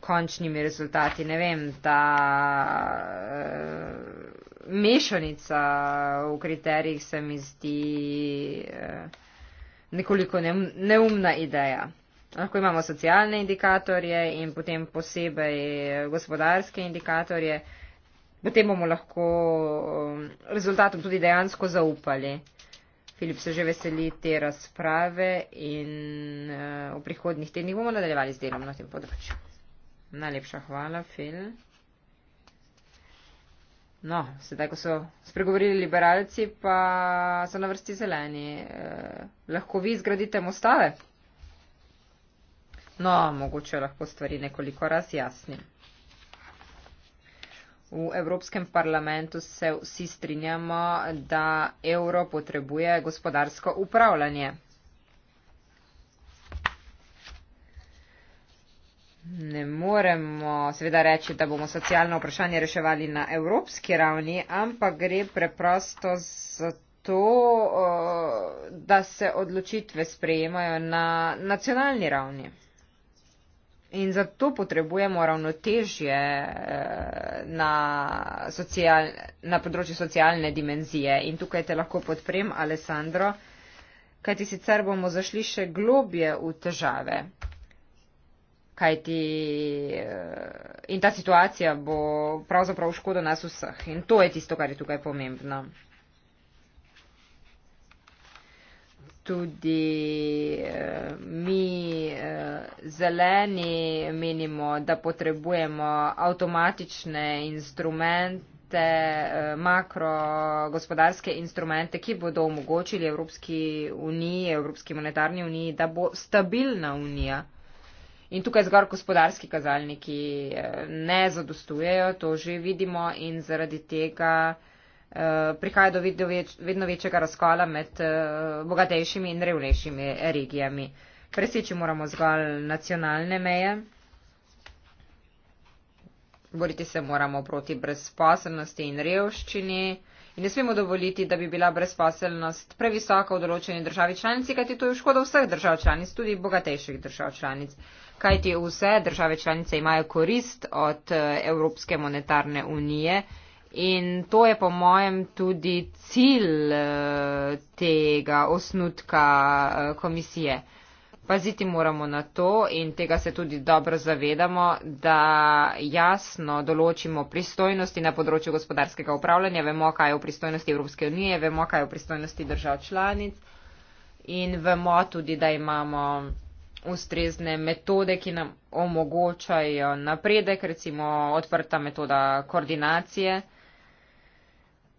končnimi rezultati? Ne vem, ta uh, mešanica v kriterijih se mi zdi. Uh, nekoliko neumna ideja. Lahko imamo socialne indikatorje in potem posebej eh, gospodarske indikatorje. Potem bomo lahko um, rezultatom tudi dejansko zaupali. Filip se že veseli te razprave in eh, v prihodnih tednih bomo nadaljevali z delom na tem področju. Najlepša hvala, Filip. No, sedaj, ko so spregovorili liberalci, pa so na vrsti zeleni. Eh, lahko vi zgradite mostave? No, mogoče lahko stvari nekoliko razjasnim. V Evropskem parlamentu se vsi strinjamo, da evro potrebuje gospodarsko upravljanje. Ne moremo seveda reči, da bomo socialno vprašanje reševali na evropski ravni, ampak gre preprosto za to, da se odločitve sprejemajo na nacionalni ravni. In zato potrebujemo ravnotežje e, na, social, na področju socialne dimenzije. In tukaj te lahko podprem, Alessandro, kajti sicer bomo zašli še globje v težave kajti eh, in ta situacija bo pravzaprav škoda nas vseh. In to je tisto, kar je tukaj pomembno. Tudi eh, mi eh, zeleni menimo, da potrebujemo avtomatične instrumente makrogospodarske instrumente, ki bodo omogočili Evropski uniji, Evropski monetarni uniji, da bo stabilna unija. In tukaj zgor gospodarski kazalniki eh, ne zadostujejo, to že vidimo in zaradi tega eh, prihaja do vedno večjega razkola med eh, bogatejšimi in revnejšimi regijami. Preseči moramo zgolj nacionalne meje. Boriti se moramo proti brezposelnosti in revščini. In ne smemo dovoliti, da bi bila brezposelnost previsoka v določeni državi članici, kajti to je škoda vseh držav članic, tudi bogatejših držav članic kajti vse države članice imajo korist od eh, Evropske monetarne unije in to je po mojem tudi cilj eh, tega osnutka eh, komisije. Paziti moramo na to in tega se tudi dobro zavedamo, da jasno določimo pristojnosti na področju gospodarskega upravljanja, vemo, kaj je v pristojnosti Evropske unije, vemo, kaj je v pristojnosti držav članic in vemo tudi, da imamo ustrezne metode, ki nam omogočajo napredek, recimo odprta metoda koordinacije,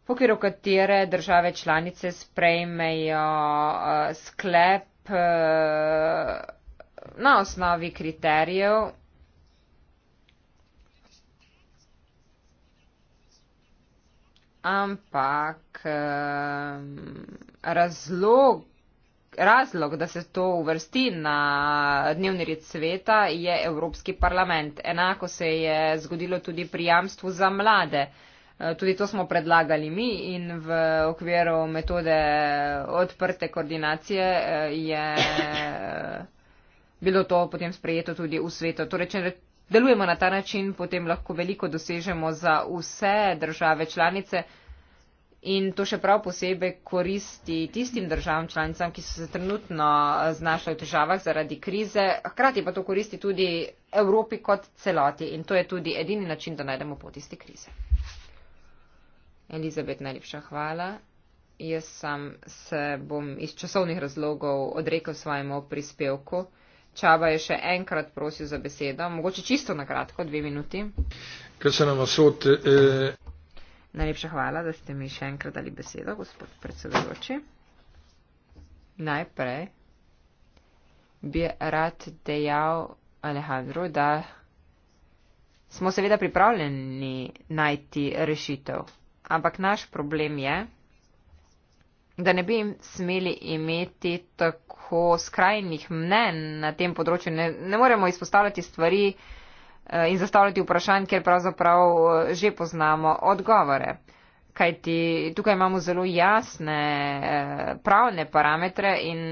po kjeru katere države članice sprejmejo eh, sklep eh, na osnovi kriterijev. Ampak eh, razlog, Razlog, da se to uvrsti na dnevni red sveta, je Evropski parlament. Enako se je zgodilo tudi pri jamstvu za mlade. E, tudi to smo predlagali mi in v okviru metode odprte koordinacije e, je e, bilo to potem sprejeto tudi v svetu. Torej, če delujemo na ta način, potem lahko veliko dosežemo za vse države članice, In to še prav posebej koristi tistim državam članicam, ki so se trenutno eh, znašli v težavah zaradi krize, hkrati pa to koristi tudi Evropi kot celoti in to je tudi edini način, da najdemo pot iz te krize. Elizabet, najlepša hvala. Jaz sem se bom iz časovnih razlogov odrekel svojemu prispevku. Čaba je še enkrat prosil za besedo, mogoče čisto na kratko, dve minuti. Ker se nam osod. Eh... Najlepša hvala, da ste mi še enkrat dali besedo, gospod predsedujoči. Najprej bi rad dejal Alejandru, da smo seveda pripravljeni najti rešitev, ampak naš problem je, da ne bi smeli imeti tako skrajnih mnen na tem področju. Ne, ne moremo izpostavljati stvari, Eh, in zastavljati vprašanj, ker pravzaprav eh, že poznamo odgovore. Kaj ti tukaj imamo zelo jasne eh, pravne parametre in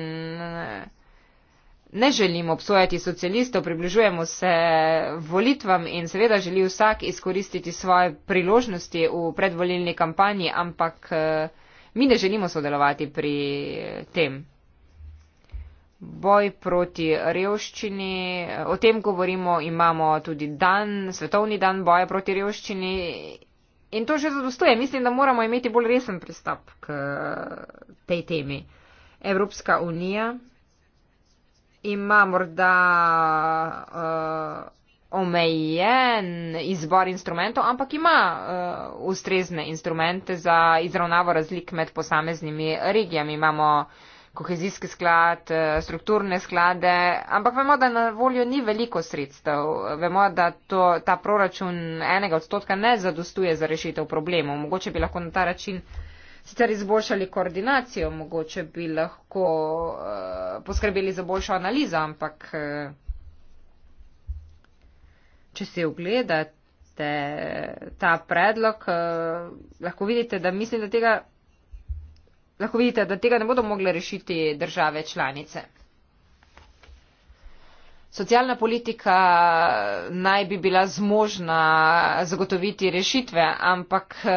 ne želimo obsojati socialistov, približujemo se volitvam in seveda želi vsak izkoristiti svoje priložnosti v predvolilni kampanji, ampak mi ne želimo sodelovati pri tem boj proti revščini. O tem govorimo, imamo tudi dan, svetovni dan boja proti revščini. In to že zadostuje. Mislim, da moramo imeti bolj resen pristop k tej temi. Evropska unija ima morda uh, omejen izbor instrumentov, ampak ima uh, ustrezne instrumente za izravnavo razlik med posameznimi regijami. Imamo uh, kohezijski sklad, eh, strukturne sklade, ampak vemo, da na voljo ni veliko sredstev. Vemo, da to, ta proračun enega odstotka ne zadostuje za rešitev problemov. Mogoče bi lahko na ta račin sicer izboljšali koordinacijo, mogoče bi lahko uh, poskrbeli za boljšo analizo, ampak uh, če si ogledate ta predlog, uh, lahko vidite, da mislim, da tega lahko vidite, da tega ne bodo mogli rešiti države članice. Socialna politika naj bi bila zmožna zagotoviti rešitve, ampak eh,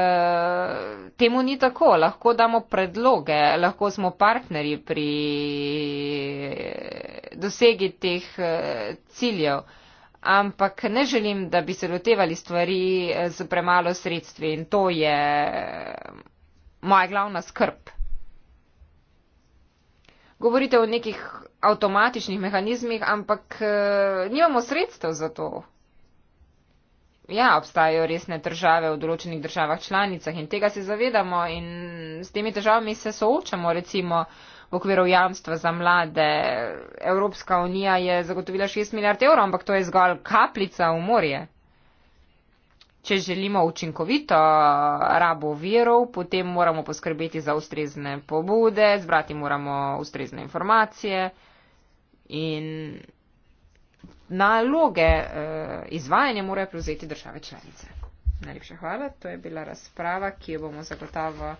temu ni tako. Lahko damo predloge, lahko smo partnerji pri eh, dosegi teh eh, ciljev, ampak ne želim, da bi se lotevali stvari z premalo sredstvi in to je moja glavna skrb govorite o nekih avtomatičnih mehanizmih, ampak e, nimamo sredstev za to. Ja, obstajajo resne države v določenih državah članicah in tega se zavedamo in s temi državami se soočamo, recimo v okviru jamstva za mlade. Evropska unija je zagotovila 6 milijard evrov, ampak to je zgolj kapljica v morje. Če želimo učinkovito rabo virov, potem moramo poskrbeti za ustrezne pobude, zbrati moramo ustrezne informacije in naloge eh, izvajanja morajo prevzeti države članice. Najlepša hvala, to je bila razprava, ki jo bomo zagotavljali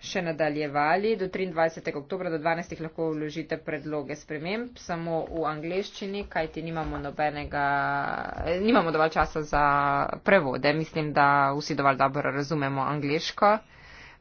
še nadaljevali. Do 23. oktobra do 12. lahko vložite predloge sprememb, samo v angleščini, kajti nimamo, nobenega, nimamo dovolj časa za prevode. Mislim, da vsi dovolj dobro razumemo angliško.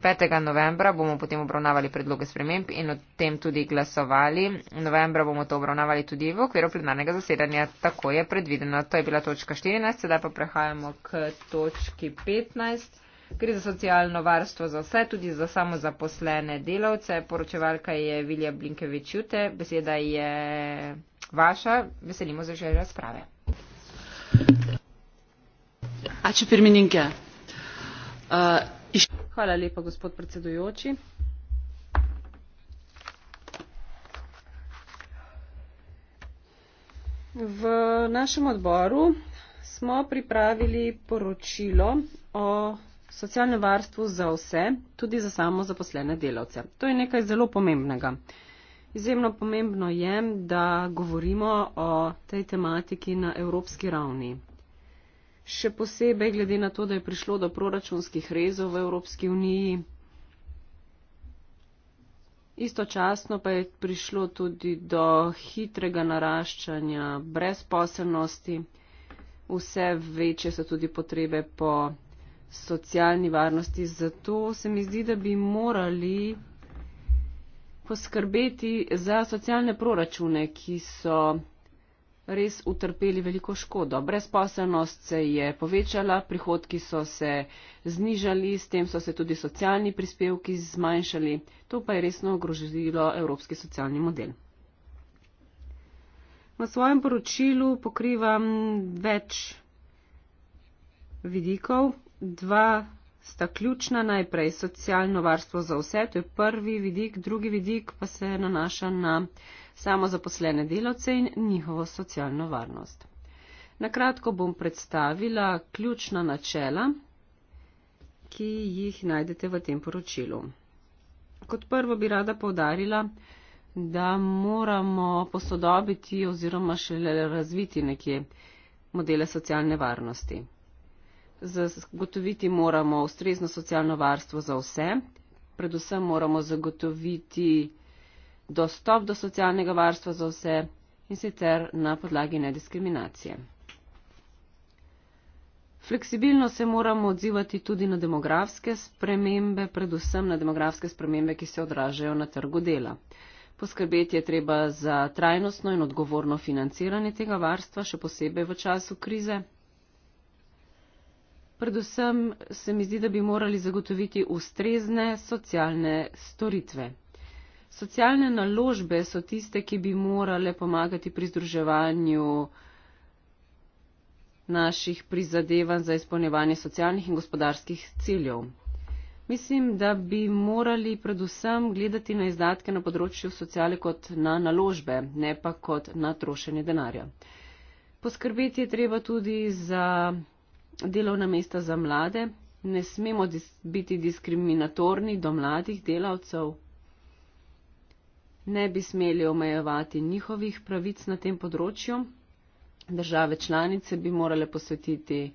5. novembra bomo potem obravnavali predloge sprememb in o tem tudi glasovali. Novembra bomo to obravnavali tudi v okviru plenarnega zasedanja, tako je predvideno. To je bila točka 14, sedaj pa prehajamo k točki 15. Gre za socialno varstvo za vse, tudi za samozaposlene delavce. Poročevalka je Vilja Blinkevičute, beseda je vaša, veselimo se že razprave. Ače firmininke. Uh, iš... Hvala lepa, gospod predsedujoči. V našem odboru smo pripravili poročilo o socialno varstvo za vse, tudi za samozaposlene delavce. To je nekaj zelo pomembnega. Izjemno pomembno je, da govorimo o tej tematiki na evropski ravni. Še posebej glede na to, da je prišlo do proračunskih rezov v Evropski uniji. Istočasno pa je prišlo tudi do hitrega naraščanja brezposelnosti. Vse večje so tudi potrebe po socialni varnosti. Zato se mi zdi, da bi morali poskrbeti za socialne proračune, ki so res utrpeli veliko škodo. Brezposelnost se je povečala, prihodki so se znižali, s tem so se tudi socialni prispevki zmanjšali. To pa je resno ogrožilo evropski socialni model. V svojem poročilu pokrivam več vidikov dva sta ključna, najprej socialno varstvo za vse, to je prvi vidik, drugi vidik pa se nanaša na samozaposlene delavce in njihovo socialno varnost. Nakratko bom predstavila ključna načela, ki jih najdete v tem poročilu. Kot prvo bi rada povdarila, da moramo posodobiti oziroma šele razviti nekje modele socialne varnosti zagotoviti moramo ustrezno socialno varstvo za vse, predvsem moramo zagotoviti dostop do socialnega varstva za vse in sicer na podlagi nediskriminacije. Fleksibilno se moramo odzivati tudi na demografske spremembe, predvsem na demografske spremembe, ki se odražajo na trgu dela. Poskrbeti je treba za trajnostno in odgovorno financiranje tega varstva, še posebej v času krize predvsem se mi zdi, da bi morali zagotoviti ustrezne socialne storitve. Socialne naložbe so tiste, ki bi morale pomagati pri združevanju naših prizadevanj za izpolnjevanje socialnih in gospodarskih ciljev. Mislim, da bi morali predvsem gledati na izdatke na področju sociale kot na naložbe, ne pa kot na trošenje denarja. Poskrbeti je treba tudi za delovna mesta za mlade, ne smemo dis biti diskriminatorni do mladih delavcev, ne bi smeli omejevati njihovih pravic na tem področju. Države članice bi morale posvetiti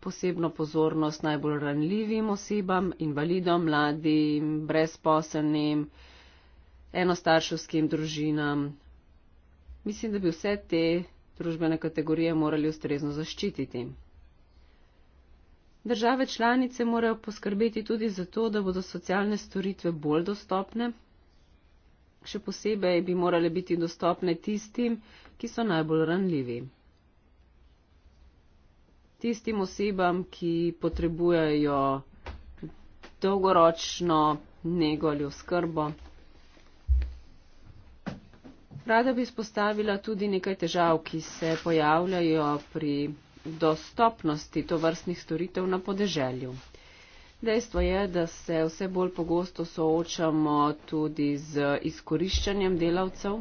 posebno pozornost najbolj ranljivim osebam, invalidom, mladim, brezposelnim, enostarševskim družinam. Mislim, da bi vse te družbene kategorije morali ustrezno zaščititi. Države članice morajo poskrbeti tudi za to, da bodo socialne storitve bolj dostopne. Še posebej bi morale biti dostopne tistim, ki so najbolj ranljivi. Tistim osebam, ki potrebujejo dolgoročno nego ali oskrbo. Rada bi spostavila tudi nekaj težav, ki se pojavljajo pri dostopnosti tovrstnih storitev na podeželju. Dejstvo je, da se vse bolj pogosto soočamo tudi z izkoriščanjem delavcev,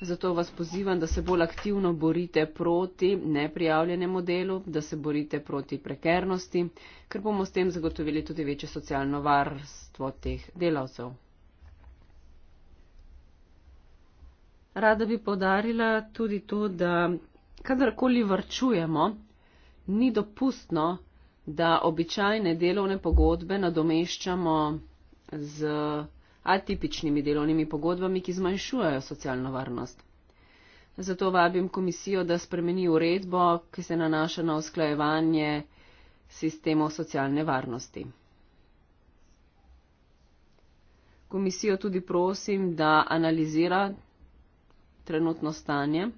zato vas pozivam, da se bolj aktivno borite proti neprijavljenemu delu, da se borite proti prekernosti, ker bomo s tem zagotovili tudi večje socialno varstvo teh delavcev. Rada bi podarila tudi to, da kadarkoli vrčujemo, ni dopustno, da običajne delovne pogodbe nadomeščamo z atipičnimi delovnimi pogodbami, ki zmanjšujejo socialno varnost. Zato vabim komisijo, da spremeni uredbo, ki se nanaša na usklajevanje sistemov socialne varnosti. Komisijo tudi prosim, da analizira trenutno stanje.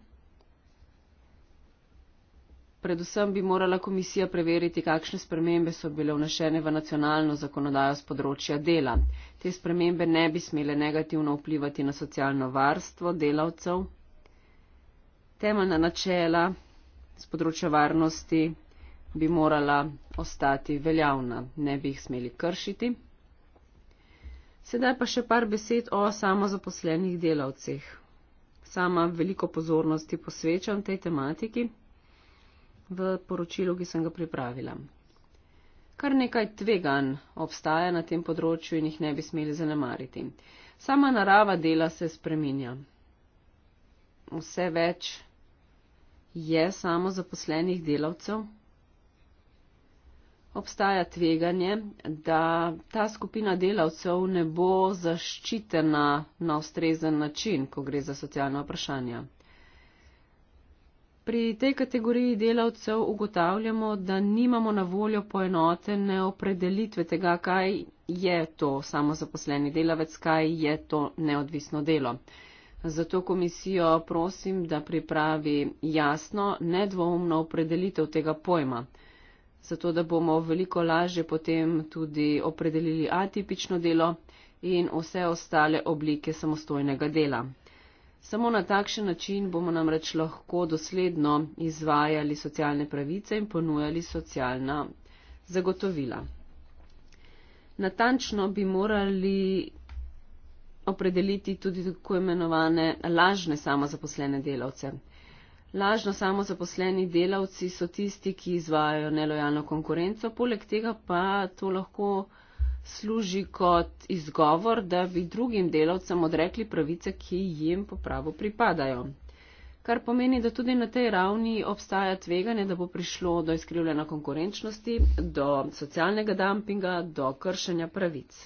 Predvsem bi morala komisija preveriti, kakšne spremembe so bile vnešene v nacionalno zakonodajo z področja dela. Te spremembe ne bi smele negativno vplivati na socialno varstvo delavcev. Temeljna načela z področja varnosti bi morala ostati veljavna, ne bi jih smeli kršiti. Sedaj pa še par besed o samozaposlenih delavcih. Sama veliko pozornosti posvečam tej tematiki v poročilu, ki sem ga pripravila. Kar nekaj tvegan obstaja na tem področju in jih ne bi smeli zanemariti. Sama narava dela se spreminja. Vse več je samo zaposlenih delavcev. Obstaja tveganje, da ta skupina delavcev ne bo zaščitena na ustrezen način, ko gre za socialno vprašanje. Pri tej kategoriji delavcev ugotavljamo, da nimamo na voljo poenotene opredelitve tega, kaj je to samozaposleni delavec, kaj je to neodvisno delo. Zato komisijo prosim, da pripravi jasno, nedvoumno opredelitev tega pojma, zato da bomo veliko lažje potem tudi opredelili atipično delo in vse ostale oblike samostojnega dela. Samo na takšen način bomo namreč lahko dosledno izvajali socialne pravice in ponujali socialna zagotovila. Natančno bi morali opredeliti tudi tako imenovane lažne samozaposlene delavce. Lažno samozaposleni delavci so tisti, ki izvajajo nelojalno konkurenco, poleg tega pa to lahko služi kot izgovor, da bi drugim delavcem odrekli pravice, ki jim po pravu pripadajo. Kar pomeni, da tudi na tej ravni obstaja tveganje, da bo prišlo do izkrivljena konkurenčnosti, do socialnega dumpinga, do kršenja pravic.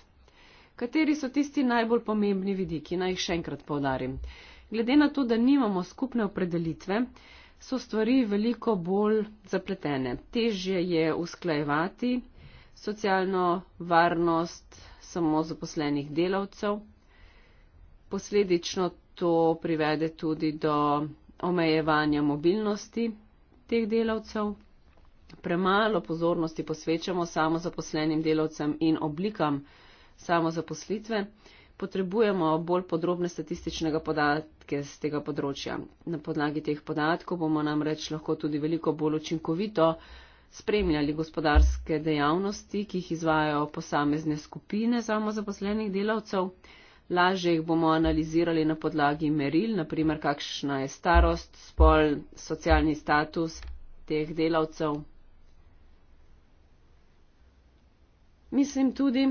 Kateri so tisti najbolj pomembni vidiki, naj jih še enkrat povdarim. Glede na to, da nimamo skupne opredelitve, so stvari veliko bolj zapletene. Težje je usklajevati socialno varnost samo zaposlenih delavcev. Posledično to privede tudi do omejevanja mobilnosti teh delavcev. Premalo pozornosti posvečamo samozaposlenim delavcem in oblikam samozaposlitve. Potrebujemo bolj podrobne statističnega podatke z tega področja. Na podlagi teh podatkov bomo namreč lahko tudi veliko bolj učinkovito spremljali gospodarske dejavnosti, ki jih izvajajo posamezne skupine samozaposlenih delavcev. Lažje jih bomo analizirali na podlagi meril, naprimer kakšna je starost, spol, socialni status teh delavcev. Mislim tudi,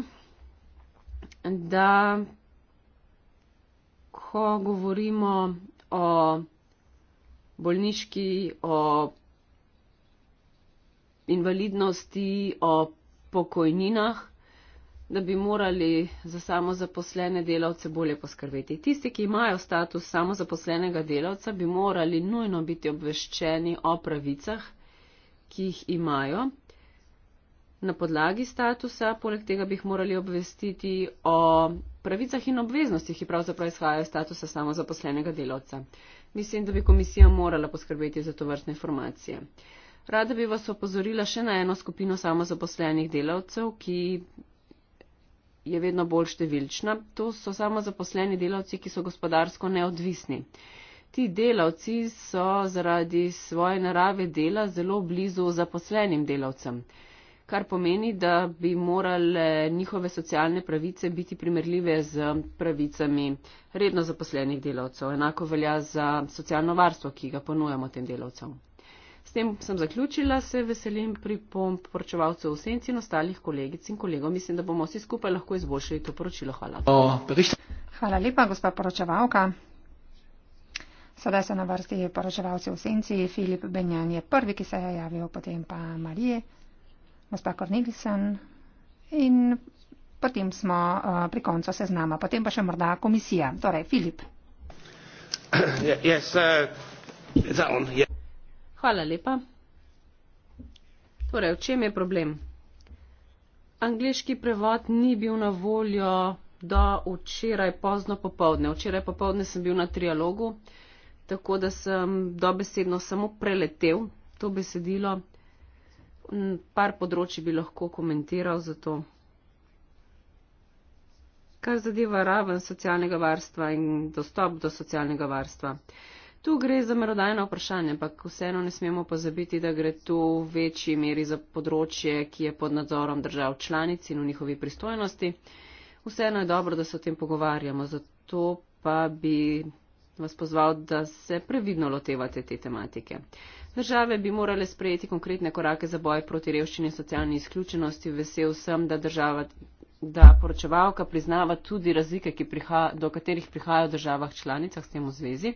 da ko govorimo o bolniški, o invalidnosti, o pokojninah, da bi morali za samozaposlene delavce bolje poskrbeti. Tisti, ki imajo status samozaposlenega delavca, bi morali nujno biti obveščeni o pravicah, ki jih imajo na podlagi statusa, poleg tega bi jih morali obvestiti o pravicah in obveznostih, ki pravzaprav izhajajo iz statusa samozaposlenega delavca. Mislim, da bi komisija morala poskrbeti za to vrstne informacije. Uh, Rada bi vas opozorila še na eno skupino samozaposlenih delavcev, ki je vedno bolj številčna. To so samozaposleni delavci, ki so gospodarsko neodvisni. Ti delavci so zaradi svoje narave dela zelo blizu zaposlenim delavcem, kar pomeni, da bi morale njihove socialne pravice biti primerljive z pravicami redno zaposlenih delavcev. Enako velja za socialno varstvo, ki ga ponujamo tem delavcem. S tem sem zaključila, se veselim pripomp poročevalcev v senci in ostalih kolegic in kolegov. Mislim, da bomo vsi skupaj lahko izboljšali to poročilo. Hvala. Hvala lepa, gospa poročevalka. Sedaj so na vrsti poročevalci v senci. Filip Benjan je prvi, ki se je javil, potem pa Marije, gospa Kornelisen in potem smo uh, pri koncu seznama, potem pa še morda komisija. Torej, Filip. Yes, uh, Hvala lepa. Torej, v čem je problem? Angliški prevod ni bil na voljo do včeraj pozno popovdne. Včeraj popovdne sem bil na trialogu, tako da sem dobesedno samo preletel to besedilo. Par področji bi lahko komentiral za to. Kar zadeva raven socialnega varstva in dostop do socialnega varstva. Uh, Tu gre za merodajno vprašanje, ampak vseeno ne smemo pozabiti, da gre tu v večji meri za področje, ki je pod nadzorom držav članic in v njihovi pristojnosti. Vseeno je dobro, da se o tem pogovarjamo, zato pa bi vas pozval, da se previdno lotevate te tematike. Države bi morale sprejeti konkretne korake za boj proti revščini in socialni izključenosti. Vesel sem, da, država, da poročevalka priznava tudi razlike, prihaja, do katerih prihajajo v državah članicah s tem v zvezi.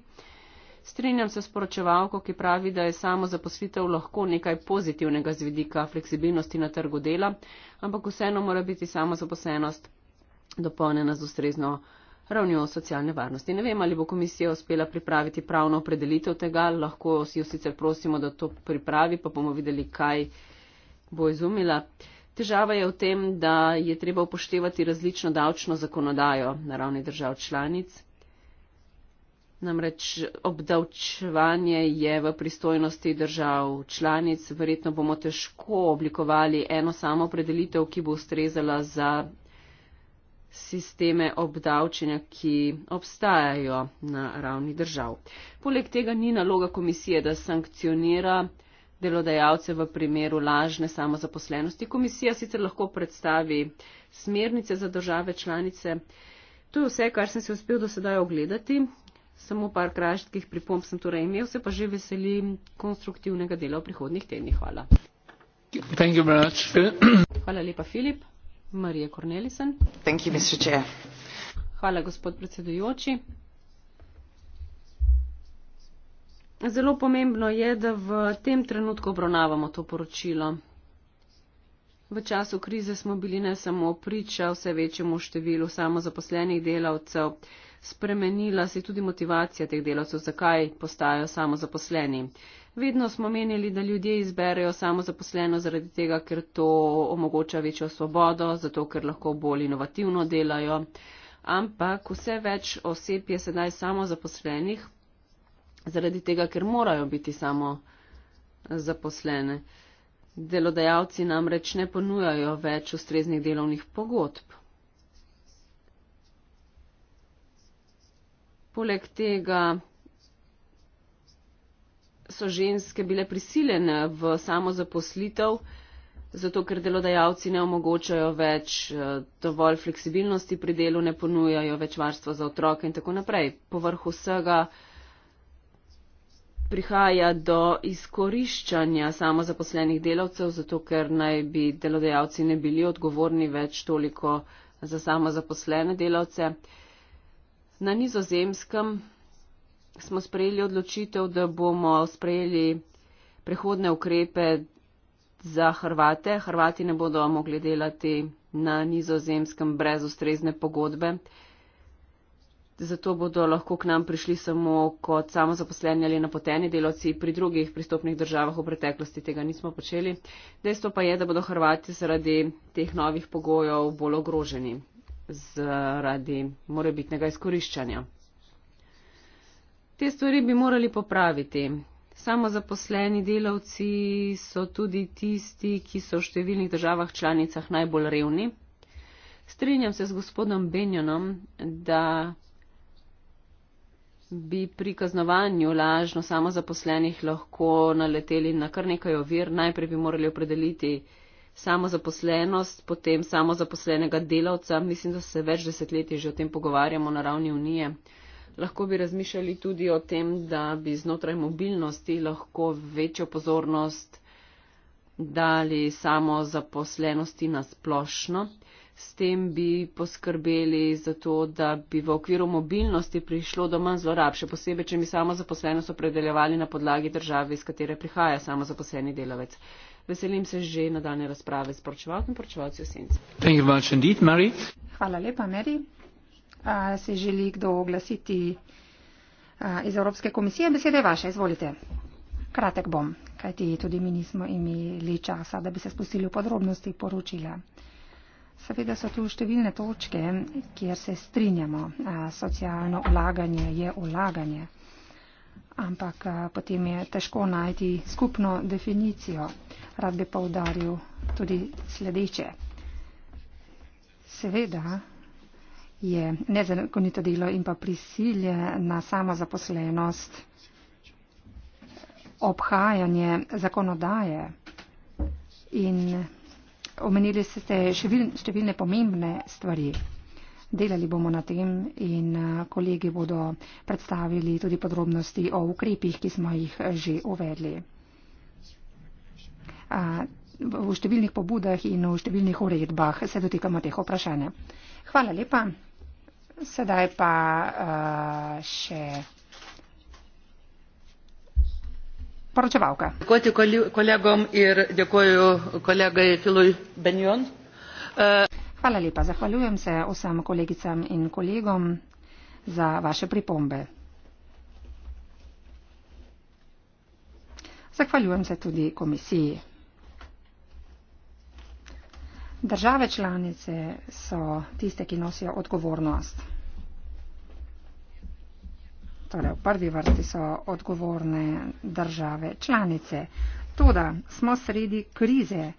Strinjam se s poročevalko, ki pravi, da je samo zaposlitev lahko nekaj pozitivnega z vidika fleksibilnosti na trgu dela, ampak vseeno mora biti samo zaposlenost dopolnjena z ustrezno ravnjo socialne varnosti. Ne vem, ali bo komisija uspela pripraviti pravno opredelitev tega, lahko si jo sicer prosimo, da to pripravi, pa bomo videli, kaj bo izumila. Težava je v tem, da je treba upoštevati različno davčno zakonodajo na ravni držav članic. Namreč obdavčevanje je v pristojnosti držav članic. Verjetno bomo težko oblikovali eno samo predelitev, ki bo ustrezala za sisteme obdavčenja, ki obstajajo na ravni držav. Poleg tega ni naloga komisije, da sankcionira delodajalce v primeru lažne samozaposlenosti. Komisija sicer lahko predstavi smernice za države članice. To je vse, kar sem se uspel do sedaj ogledati samo par kratkih pripomb sem torej imel, se pa že veselim konstruktivnega dela v prihodnih tednih. Hvala. Hvala lepa, Filip. Marija Kornelisen. Hvala, gospod predsedujoči. Zelo pomembno je, da v tem trenutku obravnavamo to poročilo. V času krize smo bili ne samo priča vse večjemu številu samozaposlenih delavcev, spremenila se je tudi motivacija teh delavcev, zakaj postajajo samozaposleni. Vedno smo menili, da ljudje izberejo samozaposleno zaradi tega, ker to omogoča večjo svobodo, zato ker lahko bolj inovativno delajo. Ampak vse več oseb je sedaj samozaposlenih zaradi tega, ker morajo biti samozaposlene. Delodajalci namreč ne ponujajo več ustreznih delovnih pogodb. Poleg tega so ženske bile prisiljene v samo zaposlitev, zato ker delodajalci ne omogočajo več eh, dovolj fleksibilnosti pri delu, ne ponujajo več varstva za otroke in tako naprej. Povrhu vsega prihaja do izkoriščanja samo zaposlenih delavcev, zato ker naj bi delodajalci ne bili odgovorni več toliko za samo zaposlene delavce. Na nizozemskem smo sprejeli odločitev, da bomo sprejeli prehodne ukrepe za Hrvate. Hrvati ne bodo mogli delati na nizozemskem brez ustrezne pogodbe. Zato bodo lahko k nam prišli samo kot samozaposleni ali napoteni delavci pri drugih pristopnih državah v preteklosti. Tega nismo počeli. Dejstvo pa je, da bodo Hrvati zaradi teh novih pogojev bolj ogroženi zaradi morebitnega izkoriščanja. Te stvari bi morali popraviti. Samo zaposleni delavci so tudi tisti, ki so v številnih državah članicah najbolj revni. Strinjam se z gospodom Benjonom, da bi pri kaznovanju lažno samozaposlenih lahko naleteli na kar nekaj ovir. Najprej bi morali opredeliti, samozaposlenost, potem samozaposlenega delavca. Mislim, da se več desetletij že o tem pogovarjamo na ravni unije. Lahko bi razmišljali tudi o tem, da bi znotraj mobilnosti lahko večjo pozornost dali samozaposlenosti na splošno. S tem bi poskrbeli za to, da bi v okviru mobilnosti prišlo do manj zlorab, še posebej, če bi samozaposlenost opredeljevali na podlagi države, iz katere prihaja samozaposleni delavec. Veselim se že nadaljne razprave s poročevalkami in poročevalci o senci. Hvala lepa, Mary. A, se želi kdo oglasiti a, iz Evropske komisije? Beseda je vaša, izvolite. Kratek bom, kajti tudi mi nismo imeli časa, da bi se spustili v podrobnosti poročila. Seveda so tu številne točke, kjer se strinjamo. A, socialno vlaganje je vlaganje ampak eh, potem je težko najti skupno definicijo. Rad bi povdaril tudi sledeče. Seveda je nezakonito delo in pa prisilje na samozaposlenost obhajanje zakonodaje in omenili ste številne pomembne stvari delali bomo na tem in eh, kolegi bodo predstavili tudi podrobnosti o ukrepih, ki smo jih že uvedli. Eh, v številnih pobudah in v številnih uredbah se dotikamo teh vprašanja. Hvala lepa. Sedaj pa eh, še. Poročevalka. Dekoju kolegom in dekoju kolegaj Filoj Benjon. Hvala lepa. Zahvaljujem se vsem kolegicam in kolegom za vaše pripombe. Zahvaljujem se tudi komisiji. Države članice so tiste, ki nosijo odgovornost. Torej, v prvi vrsti so odgovorne države članice. Toda smo sredi krize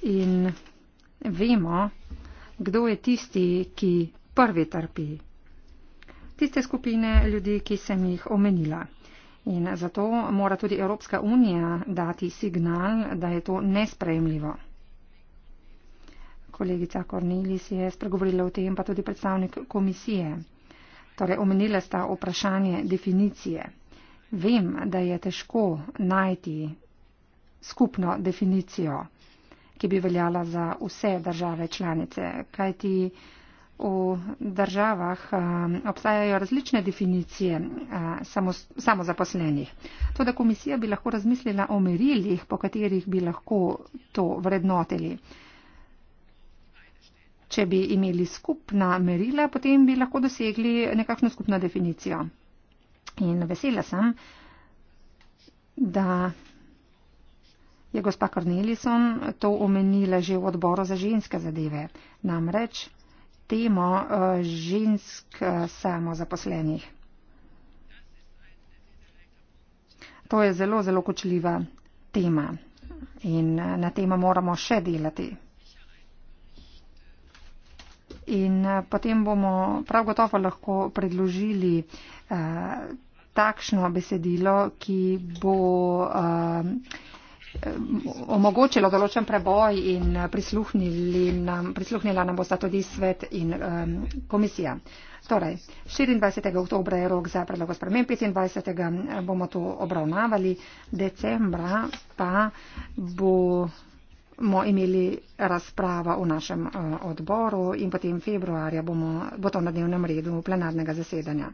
in vemo, kdo je tisti, ki prvi trpi. Tiste skupine ljudi, ki sem jih omenila. In zato mora tudi Evropska unija dati signal, da je to nespremljivo. Kolegica Kornilis je spregovorila o tem, pa tudi predstavnik komisije. Torej, omenila sta vprašanje definicije. Vem, da je težko najti skupno definicijo ki bi veljala za vse države članice. Kajti v državah obstajajo različne definicije samozaposlenih. Tudi komisija bi lahko razmislila o merilih, po katerih bi lahko to vrednotili. Če bi imeli skupna merila, potem bi lahko dosegli nekakšno skupno definicijo. In vesela sem, da je gospa Cornelison to omenila že v odboru za ženske zadeve. Namreč temo eh, žensk eh, samozaposlenih. To je zelo, zelo kočljiva tema in eh, na tema moramo še delati. In potem bomo prav gotovo lahko predložili uh, takšno besedilo, ki bo uh, Eh, omogočilo določen preboj in nam, prisluhnila nam bosta tudi svet in um, komisija. Torej, 24. oktober je rok za predlog sprememb, 25. Eh, bomo to obravnavali, decembra pa bomo imeli razprava v našem uh, odboru in potem februarja bomo, bo to na dnevnem redu plenarnega zasedanja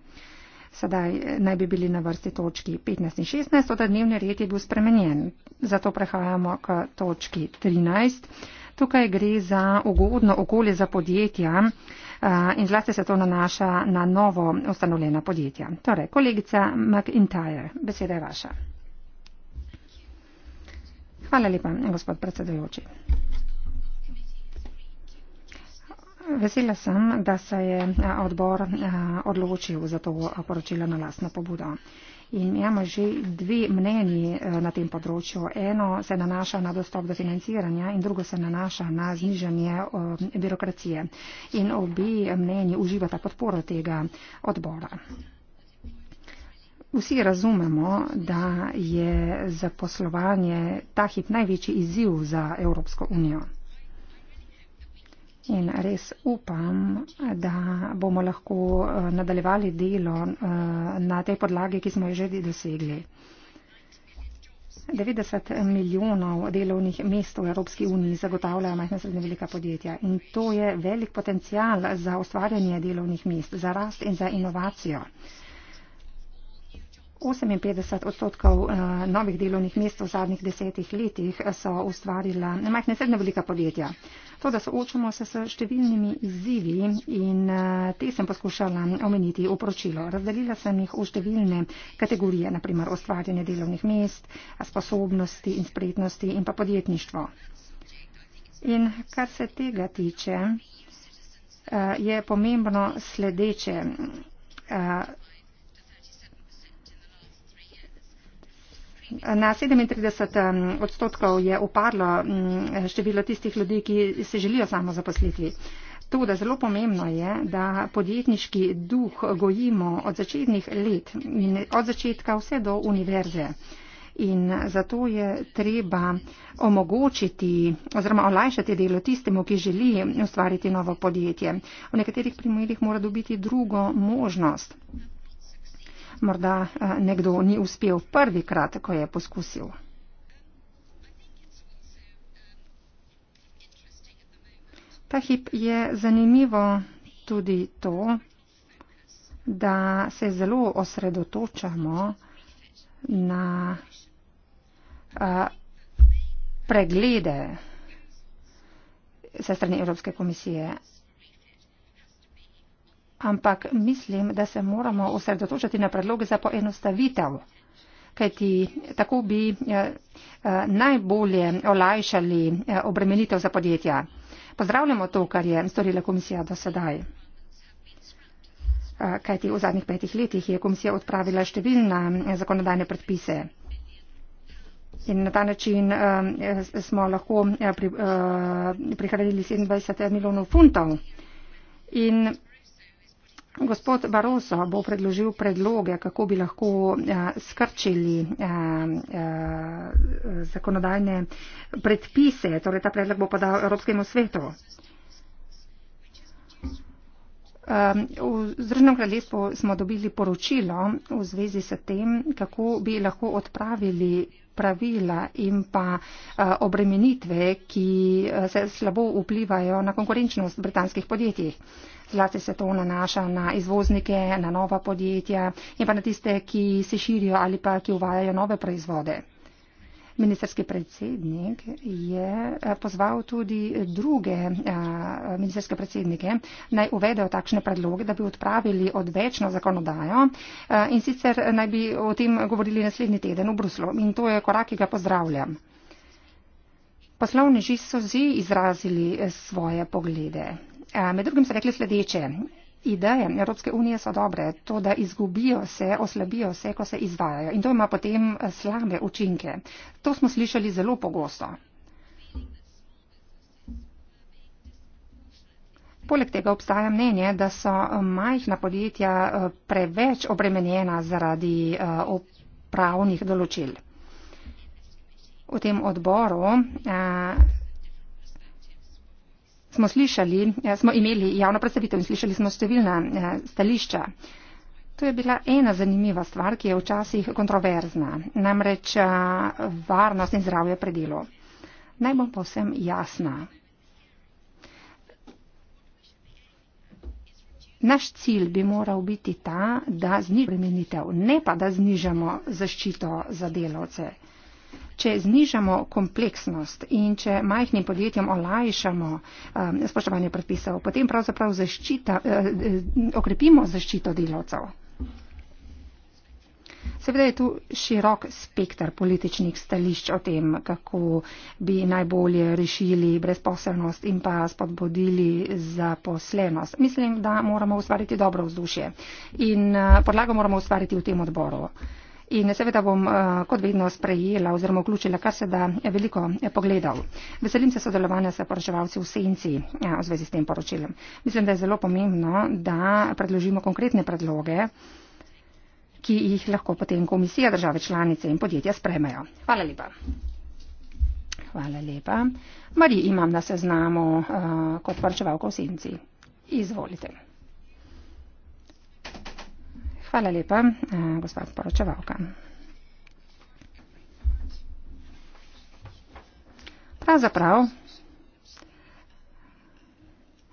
sedaj eh, naj bi bili na vrsti točki 15 in 16, toda dnevni red je bil spremenjen. Zato prehajamo k točki 13. Tukaj gre za ugodno okolje za podjetja eh, in zlasti se to nanaša na novo ustanovljena podjetja. Torej, kolegica McIntyre, beseda je vaša. Hvala lepa, gospod predsedojoči. Vesela sem, da se je eh, odbor eh, odločil za to eh, poročilo na lasno pobudo. In imamo že dve mnenji na tem področju. Eno se nanaša na dostop do financiranja in drugo se nanaša na znižanje birokracije. In obi mnenji uživata podporo tega odbora. Vsi razumemo, da je zaposlovanje ta hip največji izziv za Evropsko unijo. In res upam, da bomo lahko eh, nadaljevali delo eh, na tej podlagi, ki smo jo že dosegli. 90 milijonov delovnih mest v Evropski uniji zagotavljajo majhna srednja velika podjetja in to je velik potencial za ustvarjanje delovnih mest, za rast in za inovacijo. 58 odstotkov eh, novih delovnih mest v zadnjih desetih letih so ustvarila majhne srednje velika podjetja. To, da soočamo se s številnimi izzivi in eh, te sem poskušala omeniti v poročilo. Razdelila sem jih v številne kategorije, naprimer ustvarjanje delovnih mest, sposobnosti in spretnosti in pa podjetništvo. In kar se tega tiče, eh, je pomembno sledeče. Na 37 odstotkov je upadlo število tistih ljudi, ki se želijo samo zaposliti. To, da zelo pomembno je, da podjetniški duh gojimo od začetnih let in od začetka vse do univerze. In zato je treba omogočiti oziroma olajšati delo tistemu, ki želi ustvariti novo podjetje. V nekaterih primerjih mora dobiti drugo možnost morda eh, nekdo ni uspel prvikrat, ko je poskusil. Ta hip je zanimivo tudi to, da se zelo osredotočamo na eh, preglede se strani Evropske komisije ampak mislim, da se moramo osredotočiti na predloge za poenostavitev, kajti tako bi eh, eh, najbolje olajšali eh, obremenitev za podjetja. Pozdravljamo to, kar je storila komisija do sedaj. Kajti v zadnjih petih letih je komisija odpravila številne zakonodajne predpise. In na ta način uh, smo lahko uh, pri, uh, prihranili 27 milijonov funtov. In Gospod Baroso bo predložil predloge, kako bi lahko eh, skrčili eh, eh, zakonodajne predpise. Torej, ta predlog bo podal Evropskemu svetu. Ehm, v Združenem kraljestvu smo dobili poročilo v zvezi s tem, kako bi lahko odpravili pravila in pa eh, obremenitve, ki eh, se slabo vplivajo na konkurenčnost britanskih podjetij. Zlasti se to nanaša na izvoznike, na nova podjetja in pa na tiste, ki se širijo ali pa ki uvajajo nove proizvode. Ministrski predsednik je eh, pozval tudi eh, druge eh, ministerske predsednike naj uvedejo takšne predloge, da bi odpravili odvečno zakonodajo in sicer naj bi o tem govorili naslednji teden v Bruslu in to je korak, ki ga pozdravljam. Poslovneži so zdaj izrazili svoje poglede. Med drugim so rekli sledeče ideje Evropske unije so dobre, to, da izgubijo se, oslabijo se, ko se izvajajo. In to ima potem eh, slabe učinke. To smo slišali zelo pogosto. Poleg tega obstaja mnenje, da so eh, majhna podjetja eh, preveč obremenjena zaradi upravnih določil. V tem odboru smo slišali, eh, smo imeli javno predstavitev in slišali smo številna eh, stališča. To je bila ena zanimiva stvar, ki je včasih kontroverzna, namreč eh, varnost in zdravje pred delo. Naj bom povsem jasna. Naš cilj bi moral biti ta, da znižamo premenitev, ne pa da znižamo zaščito za delavce če znižamo kompleksnost in če majhnim podjetjem olajšamo um, spoštovanje predpisov, potem pravzaprav zaščita, uh, okrepimo zaščito delavcev. Seveda je tu širok spektr političnih stališč o tem, kako bi najbolje rešili brezposelnost in pa spodbudili zaposlenost. Mislim, da moramo ustvariti dobro vzdušje in eh, podlago moramo ustvariti v tem odboru. In seveda bom eh, kot vedno sprejela oziroma vključila, kar se da eh, veliko eh, pogledal. Veselim se sodelovanja s poročevalci v senci v zvezi s tem poročilom. Mislim, da je zelo pomembno, da predložimo konkretne predloge, ki jih lahko potem komisija države članice in podjetja spremejo. Hvala lepa. Hvala lepa. Mariji imam na seznamu uh, kot poročevalko v senci. Izvolite. Hvala lepa, eh, gospa poročevalka. Pravzaprav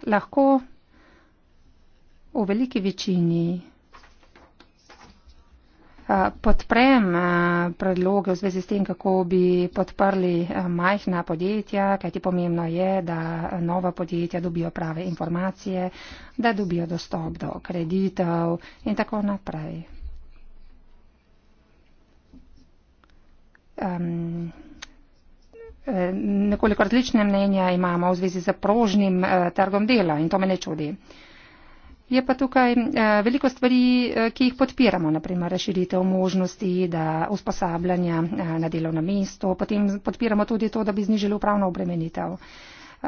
lahko v veliki večini Eh, podprem eh, predloge v zvezi s tem, kako bi podprli eh, majhna podjetja, kajti pomembno je, da nova podjetja dobijo prave informacije, da dobijo dostop do kreditov in tako naprej. Um, nekoliko različne mnenja imamo v zvezi z prožnim uh, trgom dela in to me ne čudi. Uh, Je pa tukaj eh, veliko stvari, eh, ki jih podpiramo, naprimer razširitev možnosti, da usposabljanja eh, na delovno mesto, potem podpiramo tudi to, da bi znižili upravno obremenitev.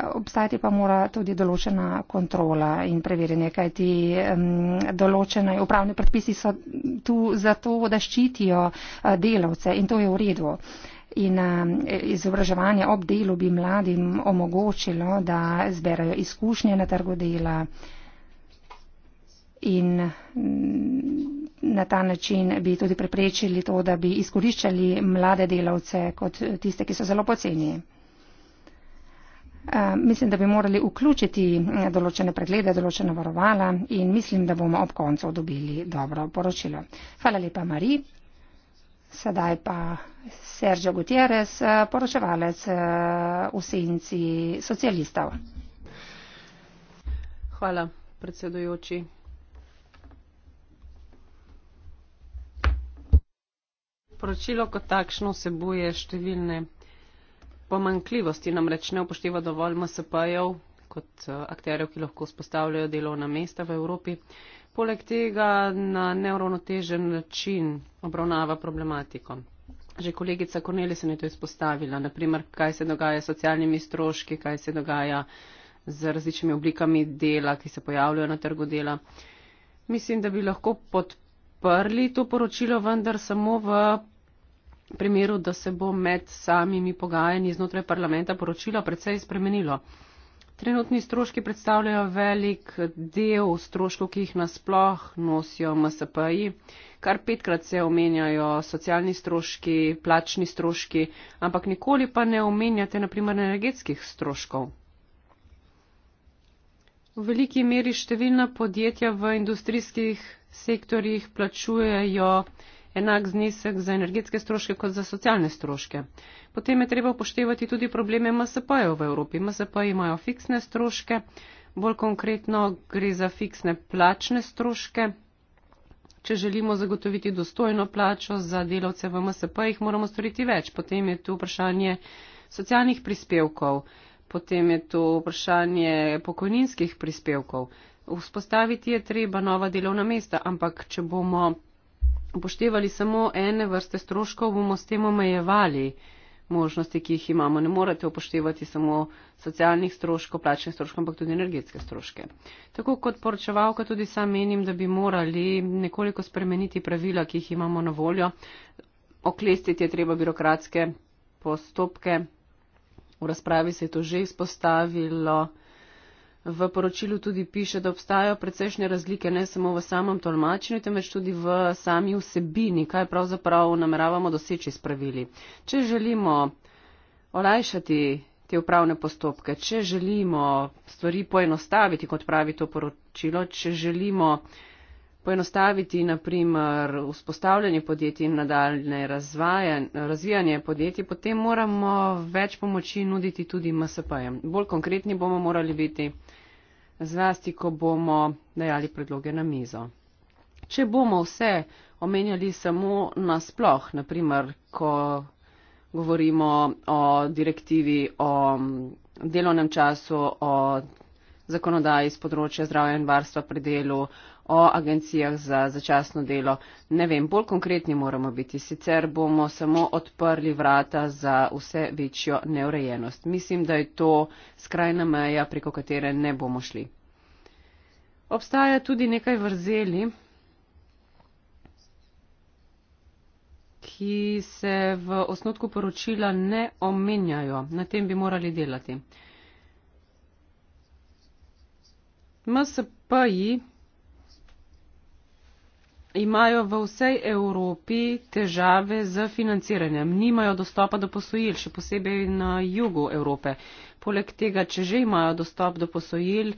Obstajati pa mora tudi določena kontrola in preverjanje, kaj ti um, določene upravne predpisi so tu zato, da ščitijo delavce in to je v redu. In um, izobraževanje ob delu bi mladim omogočilo, da zberajo izkušnje na trgu dela. Uh, in na ta način bi tudi preprečili to, da bi izkoriščali mlade delavce kot tiste, ki so zelo poceni. Eh, mislim, da bi morali vključiti eh, določene preglede, določena varovala in mislim, da bomo ob koncu dobili dobro poročilo. Hvala lepa, Mari. Sedaj pa Sergio Gutierrez, eh, poročevalec v senci socialistov. Hvala, predsedujoči. Poročilo kot takšno vsebuje številne pomankljivosti, namreč ne upošteva dovolj MSP-jev kot eh, akterjev, ki lahko spostavljajo delovna mesta v Evropi. Poleg tega na neuronotežen način obravnava problematiko. Že kolegica Korneli se je to izpostavila, naprimer, kaj se dogaja s socialnimi stroški, kaj se dogaja z različnimi oblikami dela, ki se pojavljajo na trgu dela. Mislim, da bi lahko podprli to poročilo, vendar samo v primeru, da se bo med samimi pogajanji znotraj parlamenta poročilo precej spremenilo. Trenutni stroški predstavljajo velik del stroškov, ki jih nasploh nosijo MSP-ji. Kar petkrat se omenjajo socialni stroški, plačni stroški, ampak nikoli pa ne omenjate naprimer energetskih stroškov. V veliki meri številna podjetja v industrijskih sektorjih plačujejo enak znesek za energetske stroške kot za socialne stroške. Potem je treba upoštevati tudi probleme MSP-jev v Evropi. MSP-ji imajo fiksne stroške, bolj konkretno gre za fiksne plačne stroške. Če želimo zagotoviti dostojno plačo za delavce v MSP, jih moramo storiti več. Potem je tu vprašanje socialnih prispevkov, potem je tu vprašanje pokojninskih prispevkov. Vzpostaviti je treba nova delovna mesta, ampak če bomo upoštevali samo ene vrste stroškov, bomo s tem omejevali možnosti, ki jih imamo. Ne morate upoštevati samo socialnih stroškov, plačnih stroškov, ampak tudi energetske stroške. Tako kot poročevalka tudi sam menim, da bi morali nekoliko spremeniti pravila, ki jih imamo na voljo. Oklestiti je treba birokratske postopke. V razpravi se je to že izpostavilo v poročilu tudi piše, da obstajajo precejšnje razlike ne samo v samem tolmačenju, temveč tudi v sami vsebini, kaj pravzaprav nameravamo doseči s pravili. Če želimo olajšati te upravne postopke, če želimo stvari poenostaviti, kot pravi to poročilo, če želimo poenostaviti, naprimer, vzpostavljanje podjetij in nadaljne razvijanje podjetij, potem moramo več pomoči nuditi tudi MSP-jem. Bolj konkretni bomo morali biti, zlasti, ko bomo dajali predloge na mizo. Če bomo vse omenjali samo nasploh, naprimer, ko govorimo o direktivi o delovnem času, o zakonodaji z področja zdravja in varstva pri delu, o agencijah za začasno delo. Ne vem, bolj konkretni moramo biti, sicer bomo samo odprli vrata za vse večjo neurejenost. Mislim, da je to skrajna meja, preko katere ne bomo šli. Obstaja tudi nekaj vrzeli, ki se v osnutku poročila ne omenjajo. Na tem bi morali delati. MSP-ji imajo v vsej Evropi težave z financiranjem. Nimajo dostopa do posojil, še posebej na jugu Evrope. Poleg tega, če že imajo dostop do posojil,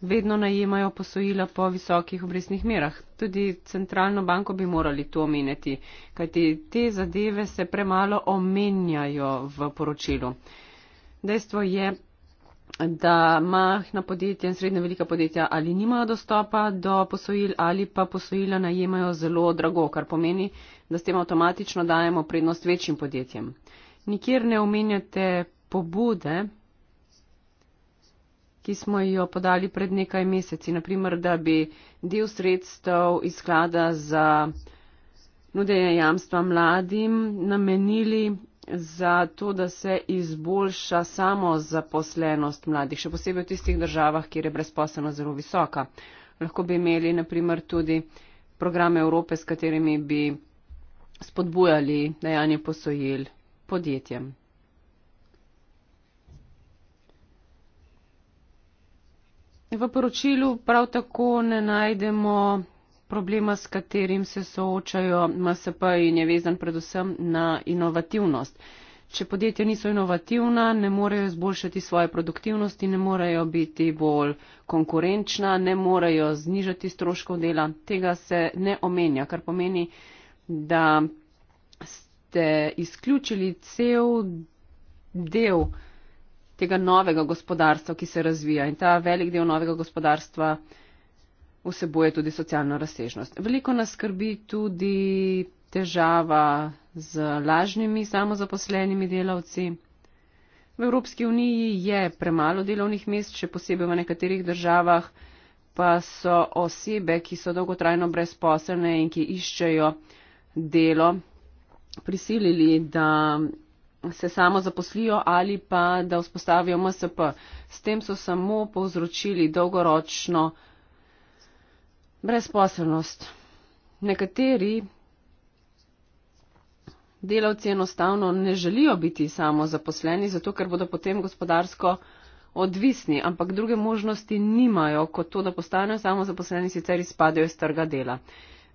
vedno najemajo posojila po visokih obresnih merah. Tudi centralno banko bi morali to omeniti, kajti te zadeve se premalo omenjajo v poročilu. Dejstvo je, da majhna podjetja in srednje velika podjetja ali nimajo dostopa do posojil ali pa posojila najemajo zelo drago, kar pomeni, da s tem avtomatično dajemo prednost večjim podjetjem. Nikjer ne omenjate pobude, ki smo jo podali pred nekaj meseci, naprimer, da bi del sredstev iz sklada za nudenje jamstva mladim namenili za to, da se izboljša samo zaposlenost mladih, še posebej v tistih državah, kjer je brezposelnost zelo visoka. Lahko bi imeli naprimer tudi programe Evrope, s katerimi bi spodbujali dajanje posojil podjetjem. V poročilu prav tako ne najdemo problema, s katerim se soočajo MSP in je vezan predvsem na inovativnost. Če podjetja niso inovativna, ne morejo izboljšati svoje produktivnosti, ne morejo biti bolj konkurenčna, ne morejo znižati stroškov dela. Tega se ne omenja, kar pomeni, da ste izključili cel del tega novega gospodarstva, ki se razvija. In ta velik del novega gospodarstva vsebuje tudi socialno razsežnost. Veliko nas skrbi tudi težava z lažnimi samozaposlenimi delavci. V Evropski uniji je premalo delovnih mest, še posebej v nekaterih državah, pa so osebe, ki so dolgotrajno brezposelne in ki iščejo delo, prisilili, da se samo zaposlijo ali pa da vzpostavijo MSP. S tem so samo povzročili dolgoročno brezposelnost. Nekateri delavci enostavno ne želijo biti samo zaposleni, zato ker bodo potem gospodarsko odvisni, ampak druge možnosti nimajo, kot to, da postanejo samo zaposleni, sicer izpadejo iz trga dela.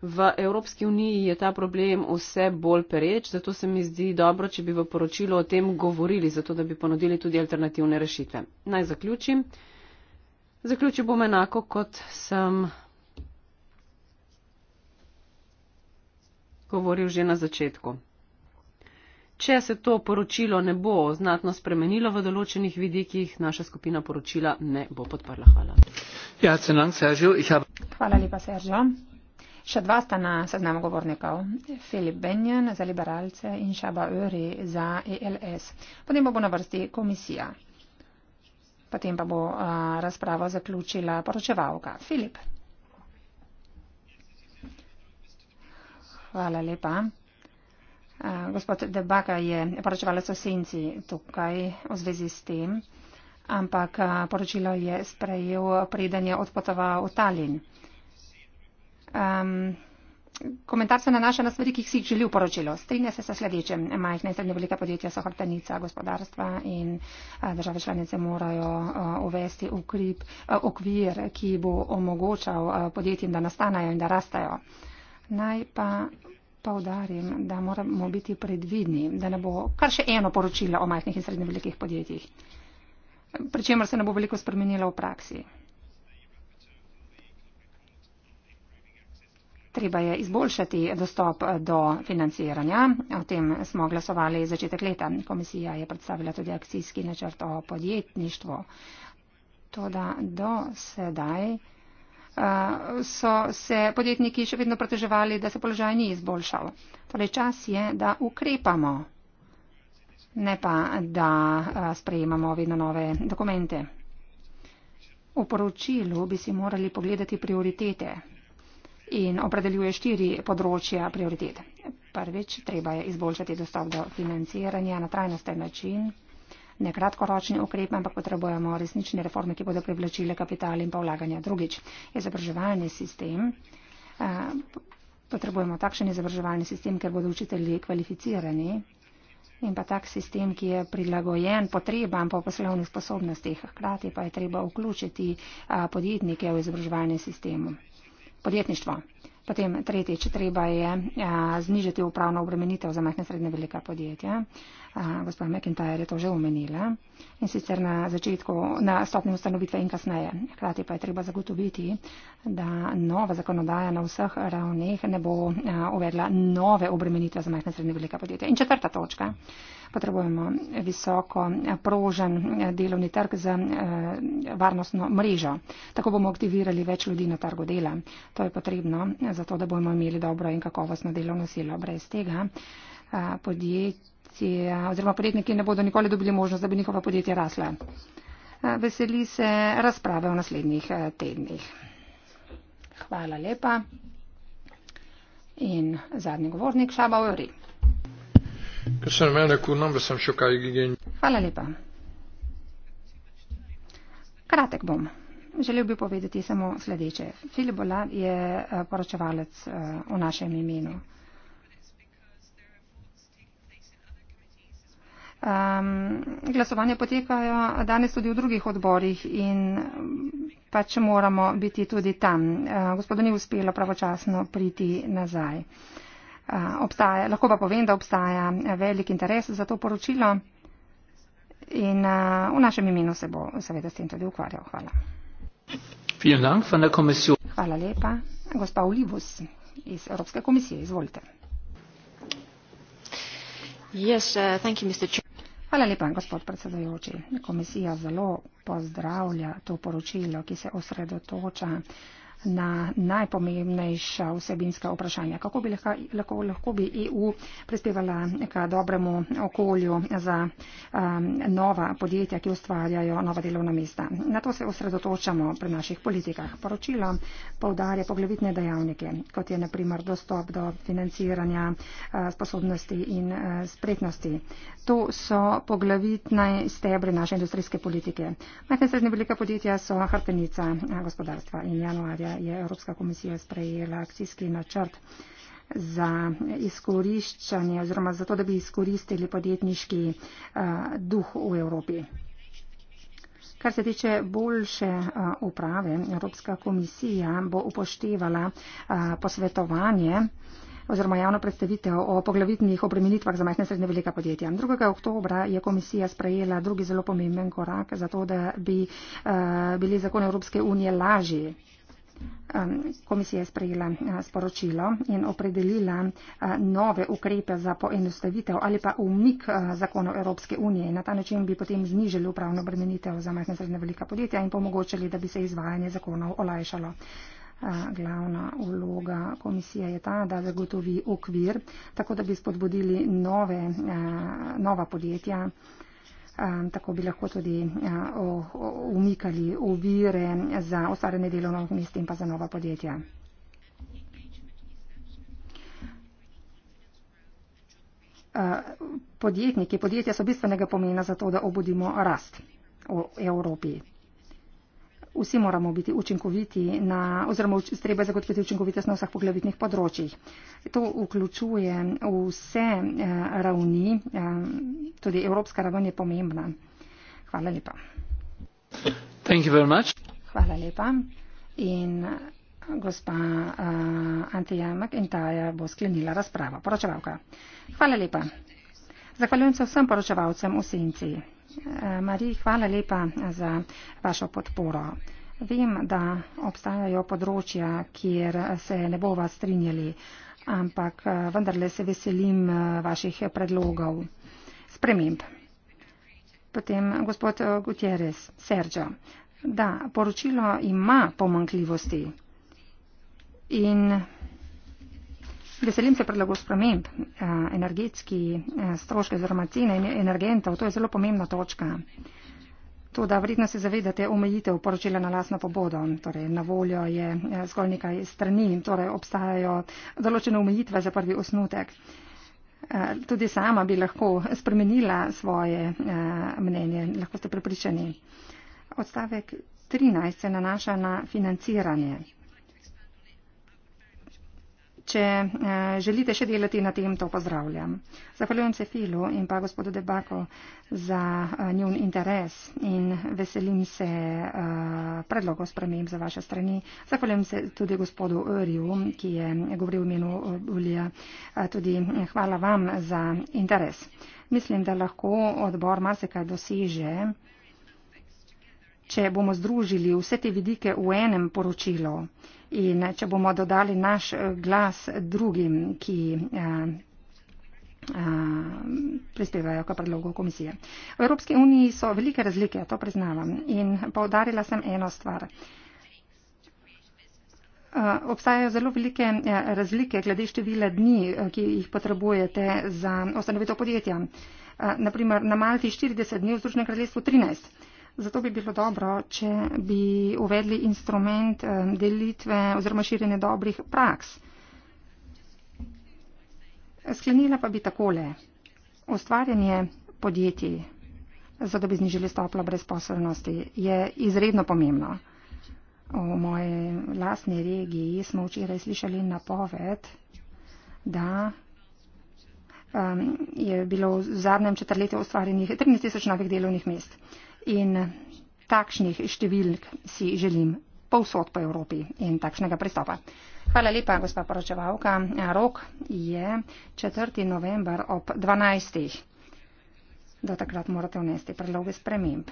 V Evropski uniji je ta problem vse bolj pereč, zato se mi zdi dobro, če bi v poročilu o tem govorili, zato da bi ponudili tudi alternativne rešitve. Naj zaključim. Zaključil bom enako, kot sem govoril že na začetku. Če se to poročilo ne bo znatno spremenilo v določenih vidikih, naša skupina poročila ne bo podprla. Hvala. Ja, cenam, hab... Hvala lepa, Seržo. Še dva sta na seznamu govornikov. Filip Benjan za liberalce in Šaba Öri za ELS. Potem bo na vrsti komisija. Potem pa bo a, razpravo zaključila poročevalka. Filip. Hvala lepa. Uh, gospod Debaka je poročevalec o senci tukaj v zvezi s tem, ampak uh, poročilo je sprejel preden je odpotoval v Talin. Um, komentar se nanaša na stvari, ki si jih želi v poročilo. Strinja se s sledečem. Majhne in srednje velika podjetja so hrtenica gospodarstva in uh, države članice morajo uh, uvesti ukrip, uh, okvir, ki bo omogočal uh, podjetjem, da nastanajo in da rastajo. Uh, Naj pa povdarim, da moramo biti predvidni, da ne bo kar še eno poročilo o majhnih in srednje velikih podjetjih, pri čemer se ne bo veliko spremenilo v praksi. Treba je izboljšati dostop do financiranja. O tem smo glasovali začetek leta. Komisija je predstavila tudi akcijski načrt o podjetništvu. Toda do sedaj. Eh, so se podjetniki še vedno prateževali, da se položaj ni izboljšal. Torej čas je, da ukrepamo, ne pa, da eh, sprejemamo vedno nove dokumente. V poročilu bi si morali pogledati prioritete in opredeljuje štiri področja prioritet. Prvič, treba je izboljšati dostop do financiranja na trajnosten način ne kratkoročni ukrep, ampak potrebujemo resnične reforme, ki bodo privlačile kapital in pa vlaganja. Drugič, izobraževalni sistem. Eh, potrebujemo takšen izobraževalni sistem, ker bodo učitelji kvalificirani in pa tak sistem, ki je prilagojen potrebam po poslovnih sposobnostih. Hkrati pa je treba vključiti eh, podjetnike v izobraževalni sistem. Podjetništvo. Potem tretjič, treba je a, znižiti upravno obremenitev za majhne srednje velika podjetja. Gospod McIntyre je to že omenila in sicer na začetku, na stopnju ustanovitve in kasneje. Hkrati pa je treba zagotoviti, da nova zakonodaja na vseh ravneh ne bo eh, uvedla nove obremenitve za majhne srednje velika podjetja. In četrta točka. Potrebujemo visoko eh, prožen eh, delovni trg z varnostno mrežo. Tako bomo aktivirali več ljudi na trgu dela. To je potrebno, zato da bomo imeli dobro in kakovostno delovno silo. Brez tega podjetje podjetja oziroma podjetniki ne bodo nikoli dobili možnost, da bi njihova podjetja rasla. Veseli se razprave v naslednjih tednih. Hvala lepa. In zadnji govornik, Šaba Ori. Hvala lepa. Kratek bom. Želel bi povedati samo sledeče. Filip Bolan je poročevalec v našem imenu. Um, glasovanje potekajo danes tudi v drugih odborih in pač moramo biti tudi tam. Uh, gospodu ni uspelo pravočasno priti nazaj. Uh, obstaja, lahko pa povem, da obstaja velik interes za to poročilo in uh, v našem imenu se bo seveda s tem tudi ukvarjal. Hvala. Hvala lepa. Gospa Olivus iz Evropske komisije, izvolite. Yes, uh, Hvala lepa, gospod predsedajoči. Komisija zelo pozdravlja to poročilo, ki se osredotoča na najpomembnejša vsebinska vprašanja. Kako bi lahko, lahko, lahko bi EU prispevala k dobremu okolju za um, nova podjetja, ki ustvarjajo nova delovna mesta. Na to se osredotočamo pri naših politikah. Poročilo povdarja poglavitne dejavnike, kot je naprimer dostop do financiranja uh, sposobnosti in uh, spretnosti. To so poglavitne stebre naše industrijske politike. Majhne srednje velike podjetja so hrpenica uh, gospodarstva in januarja je Evropska komisija sprejela akcijski načrt za izkoriščanje oziroma za to, da bi izkoristili podjetniški eh, duh v Evropi. Kar se tiče boljše eh, uprave, Evropska komisija bo upoštevala eh, posvetovanje oziroma javno predstavitev o poglavitnih obremenitvah za majhne srednje velika podjetja. 2. oktobra je komisija sprejela drugi zelo pomemben korak za to, da bi bili zakon Evropske unije lažji. Komisija je sprejela eh, sporočilo in opredelila eh, nove ukrepe za poenostavitev ali pa umik eh, zakonov Evropske unije. Na ta način bi potem znižili upravno obremenitev za majhne srednje velika podjetja in pomogočili, da bi se izvajanje zakonov olajšalo. Glavna vloga komisije je ta, da zagotovi okvir, tako da bi spodbudili nove, nova podjetja Ehm, tako bi lahko tudi eh, umikali ovire za ustvarjanje delovnih mest in pa za nova podjetja. Ehm, podjetniki, podjetja so bistvenega pomena za to, da obudimo rast v Evropi vsi moramo biti učinkoviti na, oziroma treba zagotoviti učinkovitost na vseh poglavitnih področjih. To vključuje vse eh, ravni, eh, tudi evropska raven je pomembna. Hvala lepa. Hvala lepa. In eh, gospa uh, Antija McIntyre bo sklenila razpravo. Poročevalka. Hvala lepa. Zahvaljujem se vsem poročevalcem v senci. Mariji, hvala lepa za vašo podporo. Vem, da obstajajo področja, kjer se ne bova strinjali, ampak vendarle se veselim vaših predlogov. Sprememb. Potem gospod Gutierrez, Sergio. Da, poročilo ima pomankljivosti. In Veselim se predlogov sprememb eh, energetski eh, stroške oziroma cene energentov. To je zelo pomembna točka. To, da vredno se zavedate omejitev poročila na lasno pobodo. Torej, na voljo je eh, zgolj nekaj strani, torej obstajajo določene omejitve za prvi osnutek. Tudi sama bi lahko spremenila svoje mnenje, lahko ste pripričani. Odstavek 13 se nanaša na financiranje. Če eh, želite še delati na tem, to pozdravljam. Zahvaljujem se Filu in pa gospodu Debako za eh, njun interes in veselim se eh, predlogov sprememb za vaše strani. Zahvaljujem se tudi gospodu Örju, ki je govoril v imenu eh, Ulija. Eh, tudi eh, hvala vam za interes. Mislim, da lahko odbor marsikaj doseže če bomo združili vse te vidike v enem poročilu in če bomo dodali naš eh, glas drugim, ki a, eh, a, eh, prispevajo k predlogu komisije. V Evropski uniji so velike razlike, to priznavam, in povdarila sem eno stvar. Obstajajo zelo velike razlike glede števila dni, ki jih potrebujete za ustanovitev podjetja. Naprimer, na Malti 40 dni, v Združenem kraljestvu 13. Zato bi bilo dobro, če bi uvedli instrument eh, delitve oziroma širjenja dobrih praks. Sklenila pa bi takole. Ustvarjanje podjetij, zato bi znižili stopla brezposobnosti, je izredno pomembno. V moje lastni regiji smo včeraj slišali napoved, da um, je bilo v zadnjem četrletju ustvarjenih 13 tisoč novih delovnih mest. Uh, in takšnih številk si želim povsod po Evropi in takšnega pristopa. Hvala lepa, gospa poročevalka. Rok je 4. november ob 12. Do takrat morate vnesti predloge sprememb.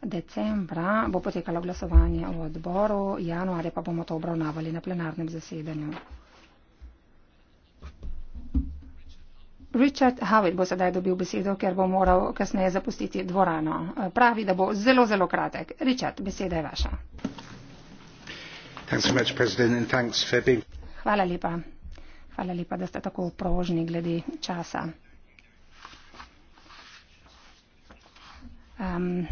Decembra bo potekalo glasovanje v odboru, januarja pa bomo to obravnavali na plenarnem zasedanju. Richard Havel bo sedaj dobil besedo, ker bo moral kasneje zapustiti dvorano. Pravi, da bo zelo, zelo kratek. Richard, beseda je vaša. So much, being... Hvala lepa. Hvala lepa, da ste tako prožni glede časa. Um,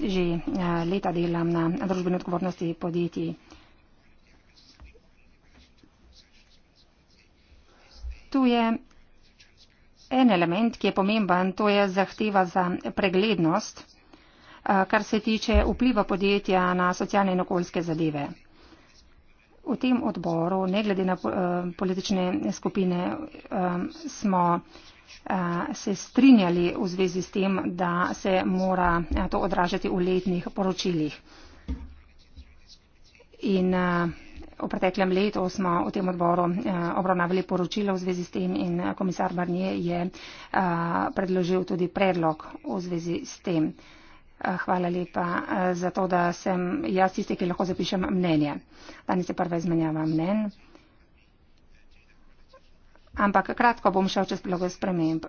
že eh, leta delam na družbeni odgovornosti podjetij. Tu je en element, ki je pomemben, to je zahteva za preglednost, kar se tiče vpliva podjetja na socialne in okoljske zadeve. V tem odboru, ne glede na politične skupine, smo se strinjali v zvezi s tem, da se mora to odražati v letnih poročilih. In uh, v preteklem letu smo v tem odboru eh, obravnavali poročilo v zvezi s tem in eh, komisar Barnje je eh, predložil tudi predlog v zvezi s tem. Hvala lepa za to, da sem jaz tisti, ki lahko zapišem mnenje. Danes je prva izmenjava mnen. Ampak kratko bom šel čez blago sprememb.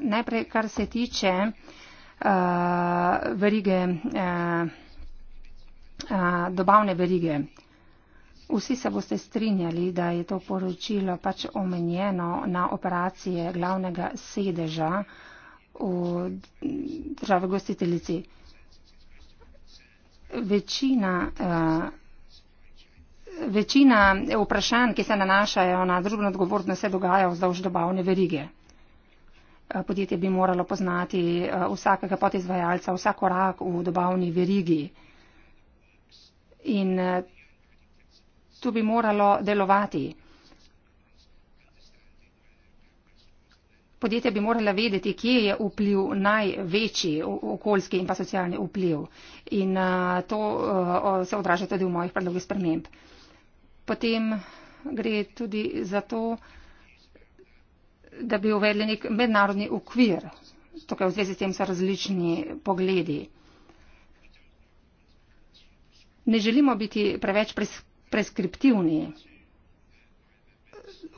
Najprej, kar se tiče uh, verige uh, a, dobavne verige. Vsi se boste strinjali, da je to poročilo pač omenjeno na operacije glavnega sedeža v državi gostiteljici. Večina, a, večina vprašanj, ki se nanašajo na družbeno odgovornost, se dogaja vzdolž dobavne verige. Podjetje bi moralo poznati vsakega podizvajalca, vsak korak v dobavni verigi in eh, tu bi moralo delovati. Podjetja bi morala vedeti, kje je vpliv največji okoljski in pa socialni vpliv. In uh, to uh, se odraža tudi v mojih predlogih sprememb. Potem gre tudi za to, da bi uvedli nek mednarodni okvir. Tukaj v zvezi s tem so različni pogledi ne želimo biti preveč pres, preskriptivni.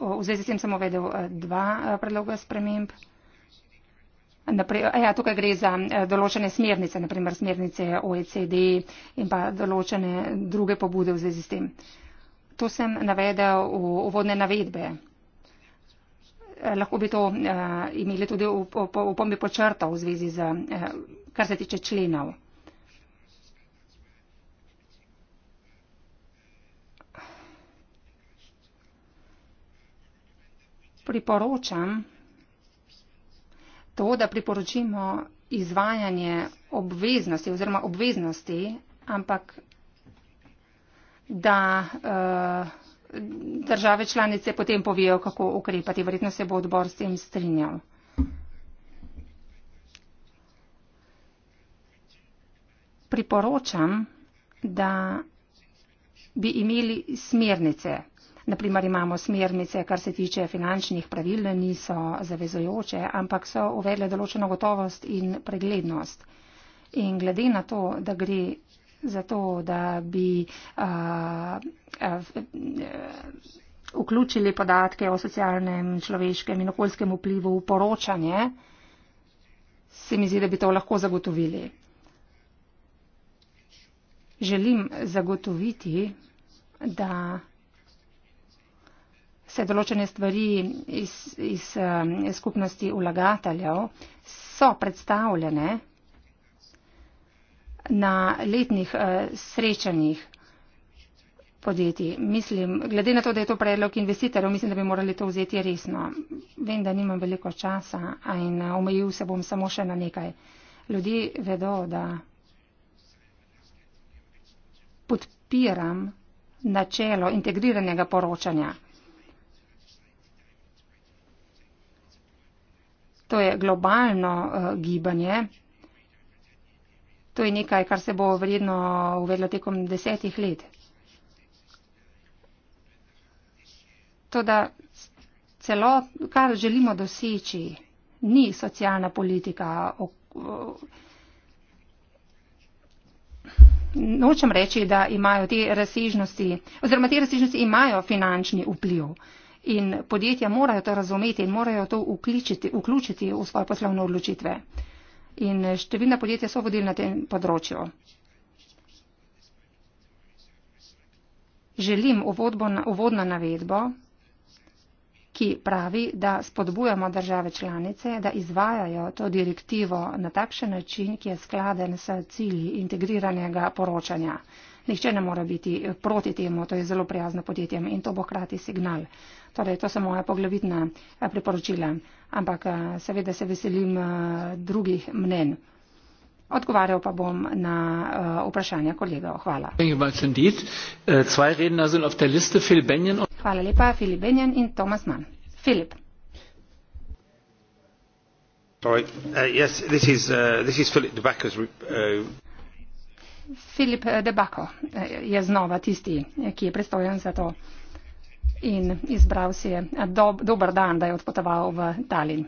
V zvezi s tem sem uvedel eh, dva eh, predloga sprememb. Napre, ja, tukaj gre za eh, določene smernice, naprimer smernice OECD in pa določene druge pobude v zvezi s tem. To sem navedel v uvodne navedbe. Lahko bi to imeli tudi v pomi počrta v zvezi z, kar se tiče členov. priporočam to, da priporočimo izvajanje obveznosti oziroma obveznosti, ampak da eh, države članice potem povijo, kako ukrepati. Verjetno se bo odbor s tem strinjal. Priporočam, da bi imeli smernice. Naprimer imamo smernice, kar se tiče finančnih pravil, niso zavezojoče, ampak so uvedle določeno gotovost in preglednost. In glede na to, da gre za to, da bi uh, uh, vključili podatke o socialnem, človeškem in okoljskem vplivu v poročanje, se mi zdi, da bi to lahko zagotovili. Želim zagotoviti, da se določene stvari iz, iz um, skupnosti ulagateljev so predstavljene na letnih uh, srečanjih podjetij. Mislim, glede na to, da je to predlog investitorjev, mislim, da bi morali to vzeti resno. Vem, da nimam veliko časa in eh, omejil se bom samo še na nekaj. Ljudje vedo, da podpiram načelo integriranega poročanja. To je globalno uh, gibanje. To je nekaj, kar se bo vredno uvedlo tekom desetih let. Toda celo, kar želimo doseči, ni socialna politika. Nočem reči, da imajo te razsežnosti, oziroma te razsežnosti imajo finančni vpliv. Uh, in podjetja morajo to razumeti in morajo to vključiti, vključiti v svoje poslovne odločitve. In številna podjetja so vodili na tem področju. Želim uvodno navedbo, ki pravi, da spodbujamo države članice, da izvajajo to direktivo na takšen način, ki je skladen s cilji integriranega poročanja. Nihče ne more biti eh, proti temu, to je zelo prijazno podjetjem in to bo hkrati signal. Torej, to so moja poglavitna eh, priporočila, ampak eh, seveda se veselim drugih mnen. Odgovarjal pa bom na vprašanja kolegov. Hvala. Hvala lepa, Filip Benjen in Tomas Mann. Filip. Sorry, uh, yes, this is, uh, this is Philip Debacker's uh, Filip Debako eh, je znova tisti, eh, ki je prestojen za to in izbral si je eh, dob, dober dan, da je odpotoval v Talin.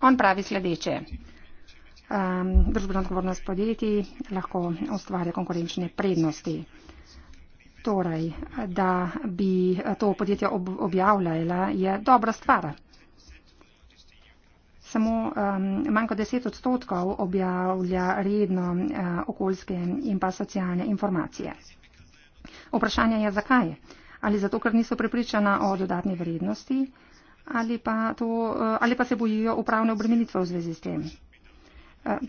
On pravi sledeče. Um, ehm, družbeno odgovornost podjetij lahko ustvarja konkurenčne prednosti. Torej, da bi to podjetje ob, objavljala, je dobra stvar samo um, manj kot 10 odstotkov objavlja redno uh, okoljske in pa socialne informacije. Vprašanje je, zakaj? Ali zato, ker niso prepričana o dodatni vrednosti ali pa, to, uh, ali pa se bojijo upravne obremenitve v zvezi s tem?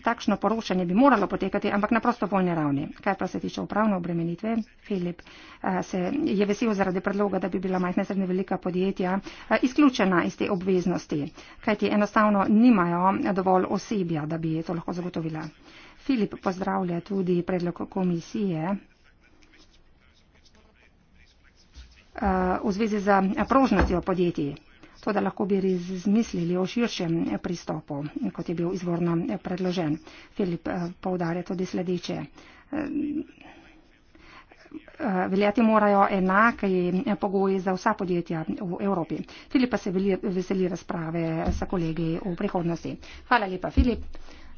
takšno poročanje bi moralo potekati, ampak na prostovoljni ravni. Kaj pa se tiče upravne obremenitve, Filip eh, se je vesel zaradi predloga, da bi bila majhna in srednja velika podjetja eh, izključena iz te obveznosti, kajti enostavno nimajo dovolj osebja, da bi to lahko zagotovila. Filip pozdravlja tudi predlog komisije eh, v zvezi z prožnostjo podjetij tako da lahko bi res zmislili o širšem pristopu, kot je bil izvorno predložen. Filip eh, povdarja tudi sledeče. Eh, eh, veljati morajo enake pogoji za vsa podjetja v Evropi. Filip pa se veli, veseli razprave sa kolegi v prihodnosti. Hvala lepa, Filip.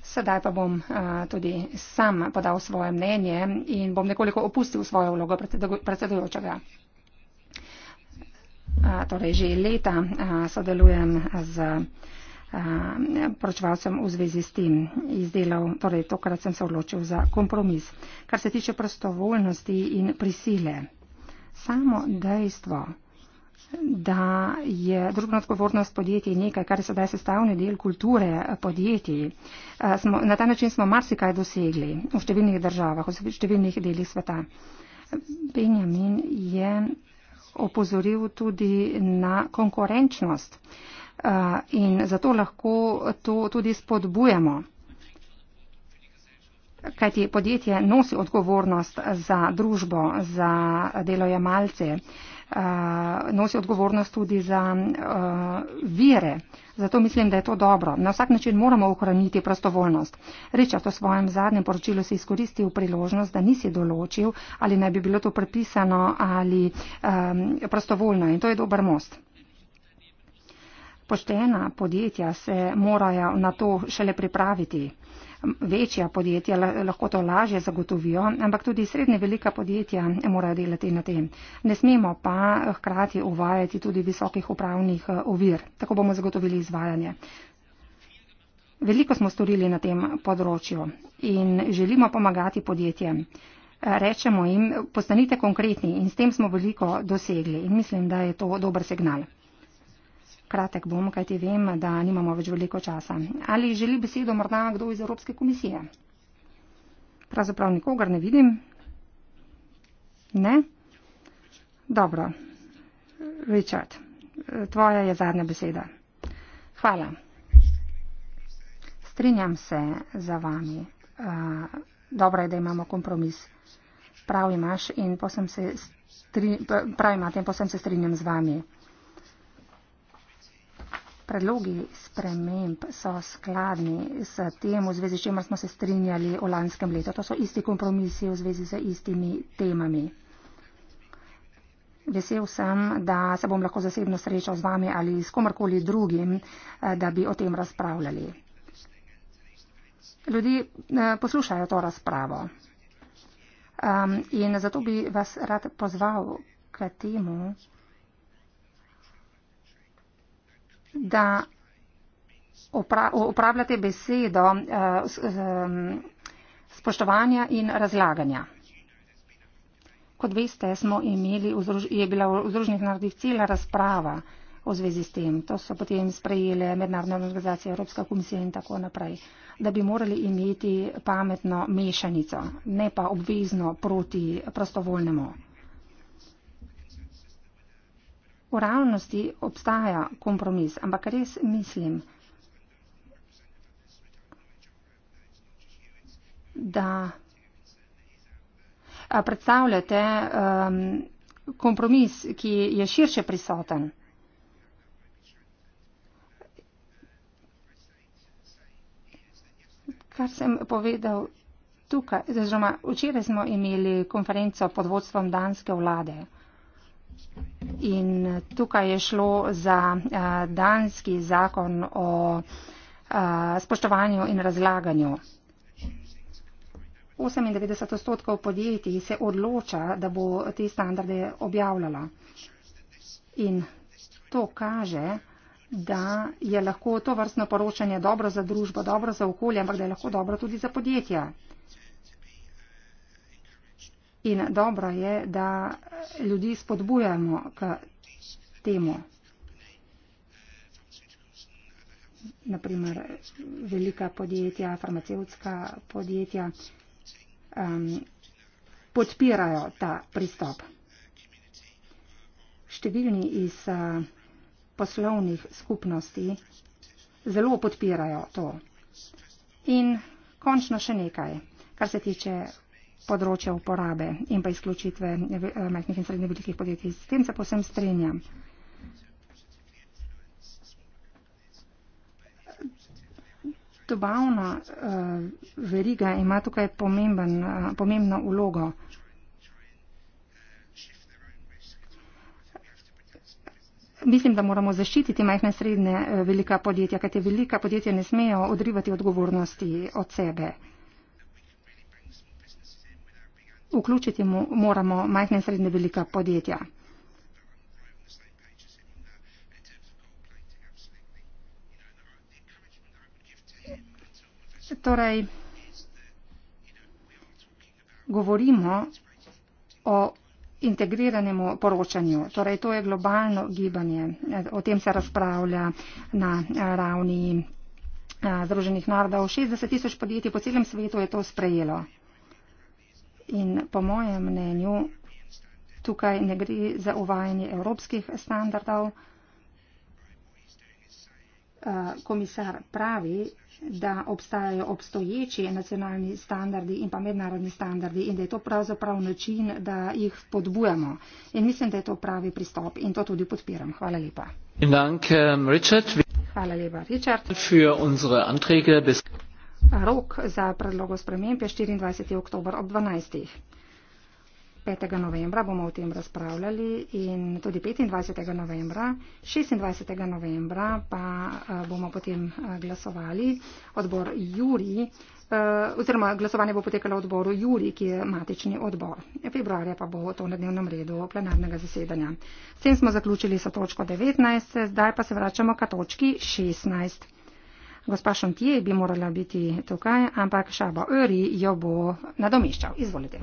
Sedaj pa bom tudi sam podal svoje mnenje in bom nekoliko opustil svojo vlogo predsedujočega torej že leta sodelujem z poročevalcem v zvezi s tem izdelal, torej tokrat sem se odločil za kompromis. Kar se tiče prostovoljnosti in prisile, samo dejstvo, da je družbena odgovornost podjetij nekaj, kar je sedaj sestavni del kulture podjetij. Smo, na ta način smo marsikaj dosegli v številnih državah, v številnih delih sveta. Benjamin je opozoril tudi na konkurenčnost eh, in zato lahko to tudi spodbujamo. Kajti podjetje nosi odgovornost za družbo, za delojemalce nosi odgovornost tudi za uh, vire. Zato mislim, da je to dobro. Na vsak način moramo ohraniti prostovoljnost. Richard v svojem zadnjem poročilu si izkoristil priložnost, da nisi določil, ali naj bi bilo to prepisano ali um, prostovoljno. In to je dober most. Poštena podjetja se morajo na to šele pripraviti večja podjetja lahko to lažje zagotovijo, ampak tudi srednje velika podjetja morajo delati na tem. Ne smemo pa hkrati uvajati tudi visokih upravnih eh, ovir. Tako bomo zagotovili izvajanje. Veliko smo storili na tem področju in želimo pomagati podjetjem. Rečemo jim, postanite konkretni in s tem smo veliko dosegli in mislim, da je to dober signal. Kratek bom, kaj ti vem, da nimamo več veliko časa. Ali želi besedo morda kdo iz Evropske komisije? Pravzaprav nikogar ne vidim. Ne? Dobro. Richard, tvoja je zadnja beseda. Hvala. Strinjam se za vami. Eh, dobro je, da imamo kompromis. Prav, imaš in posem se strinjam, prav imate in posem se strinjam z vami predlogi sprememb so skladni s tem, v zvezi s čemer smo se strinjali v lanskem letu. To so isti kompromisi v zvezi z istimi temami. Vesel sem, da se bom lahko zasebno srečal z vami ali s komarkoli drugim, da bi o tem razpravljali. Ljudje eh, poslušajo to razpravo. Um, in zato bi vas rad pozval k temu, da upravljate besedo eh, spoštovanja in razlaganja. Kot veste, imeli, je bila v Združenih narodih cela razprava v zvezi s tem. To so potem sprejele mednarodne organizacije, Evropska komisija in tako naprej, da bi morali imeti pametno mešanico, ne pa obvezno proti prostovoljnemu. V realnosti obstaja kompromis, ampak res mislim, da predstavljate um, kompromis, ki je širše prisoten. Kar sem povedal tukaj, oziroma včeraj smo imeli konferenco pod vodstvom danske vlade in tukaj je šlo za eh, danski zakon o eh, spoštovanju in razlaganju. 98 odstotkov podjetij se odloča, da bo te standarde objavljala. In to kaže, da je lahko to vrstno poročanje dobro za družbo, dobro za okolje, ampak da je lahko dobro tudi za podjetja. In dobro je, da ljudi spodbujamo k temu. Naprimer, velika podjetja, farmacevtska podjetja um, podpirajo ta pristop. Številni iz uh, poslovnih skupnosti zelo podpirajo to. In končno še nekaj, kar se tiče področja uporabe in pa izključitve eh, majhnih in srednje velikih podjetij. S tem se posem strenjam. Dobavna uh, veriga ima tukaj pomemben, uh, pomembno ulogo. Mislim, da moramo zaščititi majhne srednje velika podjetja, kajte velika podjetja ne smejo odrivati odgovornosti od sebe. Uh, vključiti moramo majhne in srednje velika podjetja. Torej, govorimo o integriranemu poročanju. Torej, to je globalno gibanje. O tem se razpravlja na eh, ravni eh, Združenih narodov. 60 tisoč podjetij po celem svetu je to sprejelo. In po mojem mnenju tukaj ne gre za uvajanje evropskih standardov. Eh, komisar pravi, da obstajajo obstoječi nacionalni standardi in pa mednarodni standardi in da je to pravzaprav način, da jih podbujamo. In mislim, da je to pravi pristop in to tudi podpiram. Hvala lepa. Hvala lepa, Richard. Hvala lepa, Richard. Rok za predlogo sprememb je 24. oktober ob 12. 5. novembra bomo o tem razpravljali in tudi 25. novembra. 26. novembra pa eh, bomo potem eh, glasovali odbor Juri, eh, oziroma glasovanje bo potekalo odboru Juri, ki je matični odbor. Februarja pa bo to na dnevnem redu plenarnega zasedanja. S tem smo zaključili sa točko 19, zdaj pa se vračamo ka točki 16. Gospa Šontije bi morala biti tukaj, ampak Šaba Öri jo bo nadomeščal. Izvolite.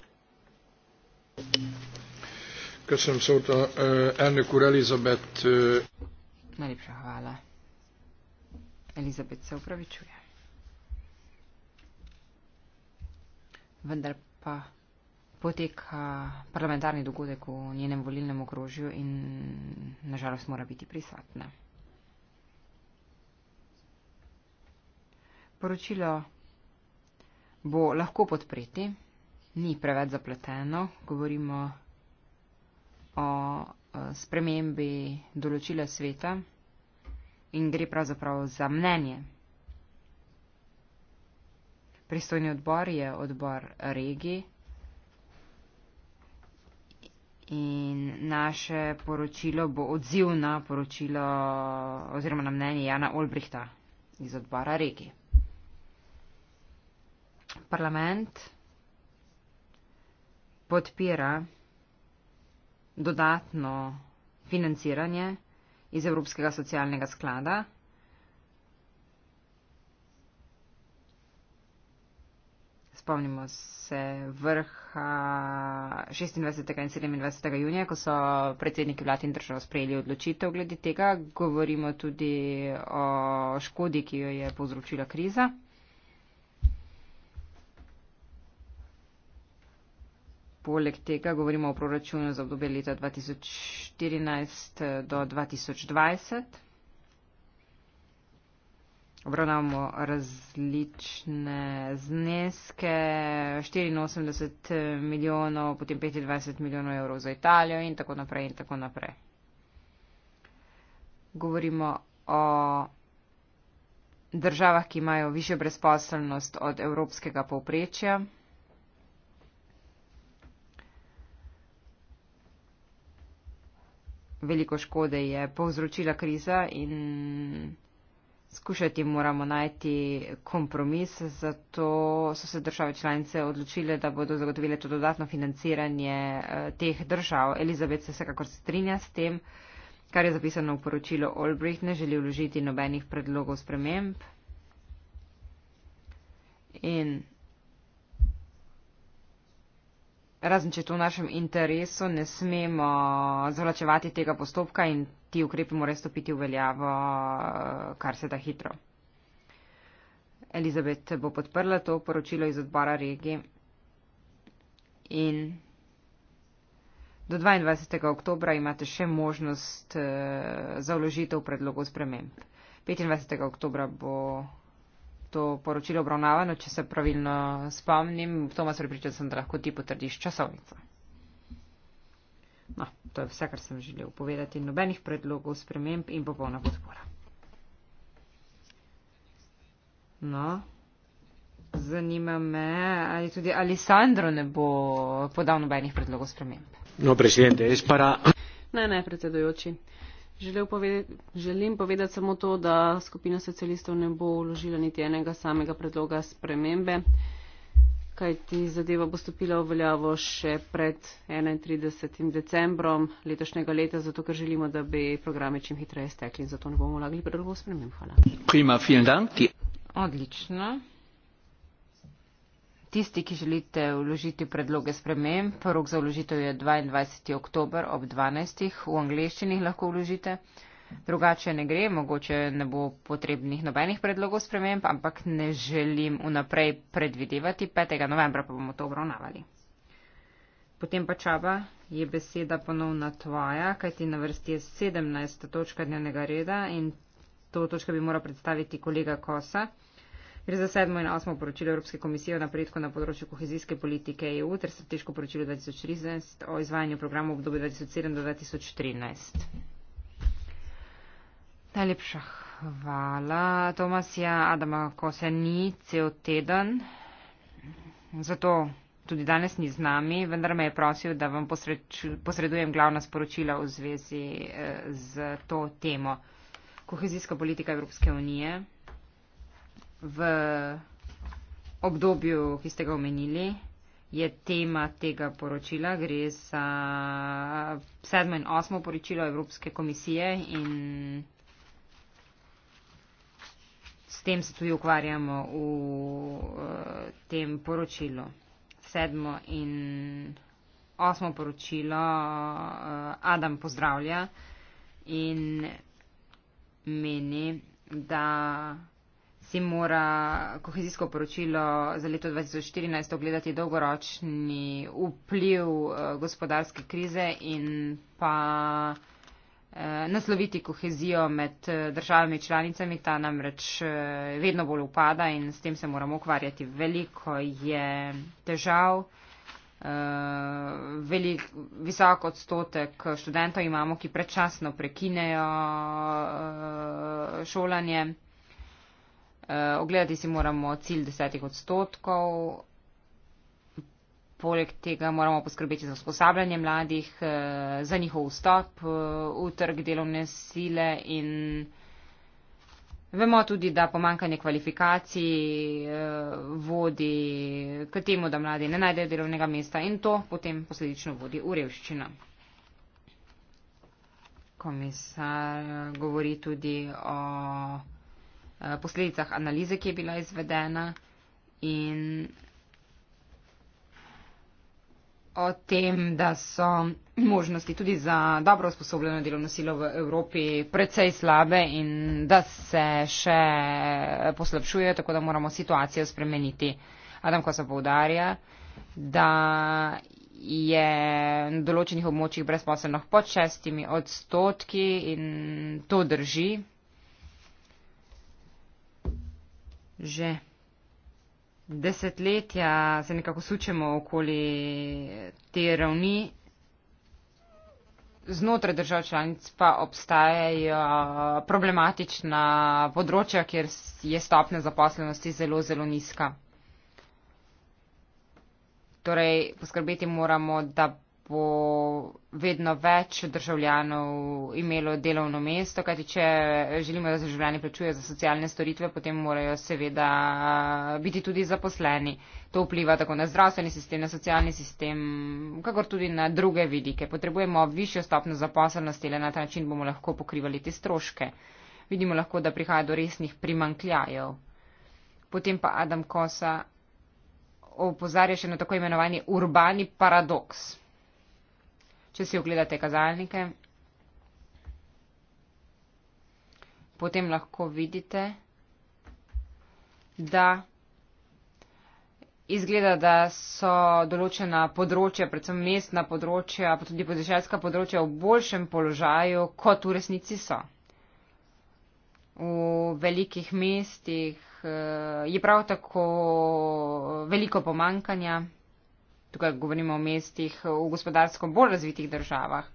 Ker sem sorta uh, Enneku Elizabet. Uh... Najlepša hvala. Elizabet se upravičuje. Vendar pa poteka parlamentarni dogodek v njenem volilnem okrožju in nažalost mora biti prisotna. poročilo bo lahko podpreti, ni preveč zapleteno, govorimo o e, spremembi določila sveta in gre pravzaprav za mnenje. Pristojni odbor je odbor regi in naše poročilo bo odziv na poročilo oziroma na mnenje Jana Olbrihta iz odbora regi parlament podpira dodatno financiranje iz Evropskega socialnega sklada. Spomnimo se vrha 26. in 27. junija, ko so predsedniki vlad in držav sprejeli odločitev glede tega. Govorimo tudi o škodi, ki jo je povzročila kriza. Poleg tega govorimo o proračunu za obdobje leta 2014 eh, do 2020. Obravnavamo različne zneske, 84 eh, milijonov, potem 25 milijonov evrov za Italijo in tako naprej in tako naprej. Govorimo o državah, ki imajo više brezposelnost od evropskega povprečja. veliko škode je povzročila kriza in skušati moramo najti kompromis, zato so se države članice odločile, da bodo zagotovile to dodatno financiranje eh, teh držav. Elizabeth se vsekakor strinja s tem, kar je zapisano v poročilu Olbricht, ne želi vložiti nobenih predlogov sprememb. In Razen, če to v našem interesu ne smemo zvlačevati tega postopka in ti ukrepi morajo stopiti v veljavo, eh, kar se da hitro. Elizabet bo podprla to poročilo iz odbora regi in do 22. oktobra imate še možnost eh, za vložitev predlogov sprememb. 25. oktobra bo to poročilo obravnavano, če se pravilno spomnim. V tom vas pripričam, sem, da lahko ti potrdiš časovnico. No, to je vse, kar sem želel povedati. Nobenih predlogov, sprememb in popolna podpora. No, zanima me, ali tudi Alessandro ne bo podal nobenih predlogov sprememb. No, predsednik, jaz para. Ne, ne, predsedujoči. Povedati, želim povedati samo to, da skupina socialistov ne bo uložila niti enega samega predloga spremembe, kaj ti zadeva bo stopila v veljavo še pred 31. decembrom letošnjega leta, zato ker želimo, da bi programe čim hitreje stekli in zato ne bomo vlagali predlogov sprememb. Hvala. Prima, tisti, ki želite vložiti predloge sprememb, rok za vložitev je 22. oktober ob 12. v angleščini lahko vložite. Drugače ne gre, mogoče ne bo potrebnih nobenih predlogov sprememb, ampak ne želim vnaprej predvidevati. 5. novembra pa bomo to obravnavali. Potem pa čaba je beseda ponovna tvoja, kajti na vrsti je 17. točka dnevnega reda in to točko bi moral predstaviti kolega Kosa. Gre za sedmo in osmo poročilo Evropske komisije o napredku na področju kohezijske politike EU ter strateško poročilo 2013 o izvajanju programov obdobja 2007 do 2013. Najlepša hvala, Tomas, ja, Adama, ko se ni cel teden, zato tudi danes ni z nami, vendar me je prosil, da vam posreč, posredujem glavna sporočila v zvezi z eh, to temo. Kohezijska politika Evropske unije v obdobju, ki ste ga omenili, je tema tega poročila. Gre za sedmo in osmo poročilo Evropske komisije in s tem se tudi ukvarjamo v uh, tem poročilu. Sedmo in osmo poročilo uh, Adam pozdravlja in meni, da si mora kohezijsko poročilo za leto 2014 ogledati dolgoročni vpliv eh, gospodarske krize in pa eh, nasloviti kohezijo med eh, državami članicami. Ta namreč vedno bolj upada in s tem se moramo ukvarjati. Veliko je težav. Velik, visok odstotek študentov imamo, ki predčasno prekinejo šolanje. Eh, ogledati si moramo cilj desetih odstotkov. Poleg tega moramo poskrbeti za usposabljanje mladih, eh, za njihov vstop eh, v trg delovne sile in vemo tudi, da pomankanje kvalifikacij vodi k temu, da mladi ne najdejo delovnega mesta in to potem posledično vodi v revščino. Komisar govori tudi o Eh, posledicah analize, ki je bila izvedena in o tem, da so možnosti tudi za dobro usposobljeno delovno silo v Evropi precej slabe in da se še poslabšuje, tako da moramo situacijo spremeniti. Adam Kosa poudarja, da je na določenih območjih brezposelnih pod šestimi odstotki in to drži. že desetletja se nekako sučemo okoli te ravni. Znotraj držav članic pa obstajajo problematična področja, kjer je stopnja zaposlenosti zelo, zelo nizka. Torej, poskrbeti moramo, da bo vedno več državljanov imelo delovno mesto, kajti če želimo, da državljani plačujejo za socialne storitve, potem morajo seveda eh, biti tudi zaposleni. To vpliva tako na zdravstveni sistem, na socialni sistem, kakor tudi na druge vidike. Potrebujemo višjo stopno zaposlenosti, le na ta način bomo lahko pokrivali te stroške. Vidimo lahko, da prihaja do resnih primankljajev. Potem pa Adam Kosa opozarja še na tako imenovani urbani paradoks če si ogledate kazalnike. Potem lahko vidite, da izgleda, da so določena področja, predvsem mestna področja, pa tudi podeželska področja v boljšem položaju, kot v resnici so. V velikih mestih eh, je prav tako veliko pomankanja, tukaj govorimo o mestih eh, v gospodarsko bolj razvitih državah.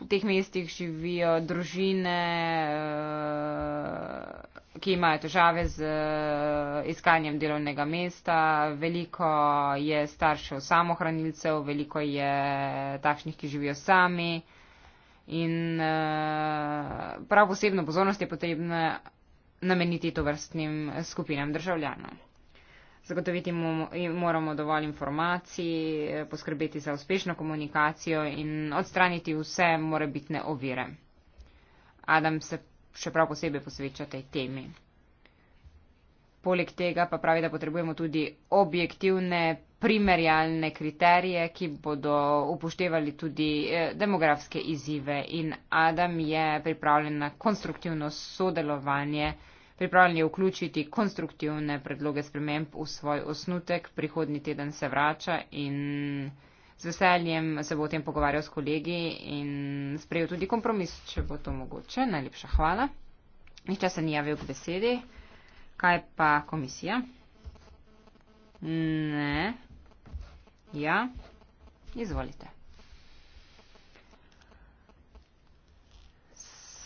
V teh mestih živijo družine, eh, ki imajo težave z eh, iskanjem delovnega mesta, veliko je staršev samohranilcev, veliko je takšnih, ki živijo sami. In prav posebno pozornost je potrebno nameniti to vrstnim skupinam državljanov. Zagotoviti moramo dovolj informacij, poskrbeti za uspešno komunikacijo in odstraniti vse morebitne ovire. Adam se še prav posebej posveča tej temi. Poleg tega pa pravi, da potrebujemo tudi objektivne, primerjalne kriterije, ki bodo upoštevali tudi eh, demografske izzive in Adam je pripravljen na konstruktivno sodelovanje pripravljeni vključiti konstruktivne predloge sprememb v svoj osnutek. Prihodni teden se vrača in z veseljem se bo o tem pogovarjal s kolegi in sprejel tudi kompromis, če bo to mogoče. Najlepša hvala. Nihče se ni javil k besedi. Kaj pa komisija? Ne. Ja. Izvolite.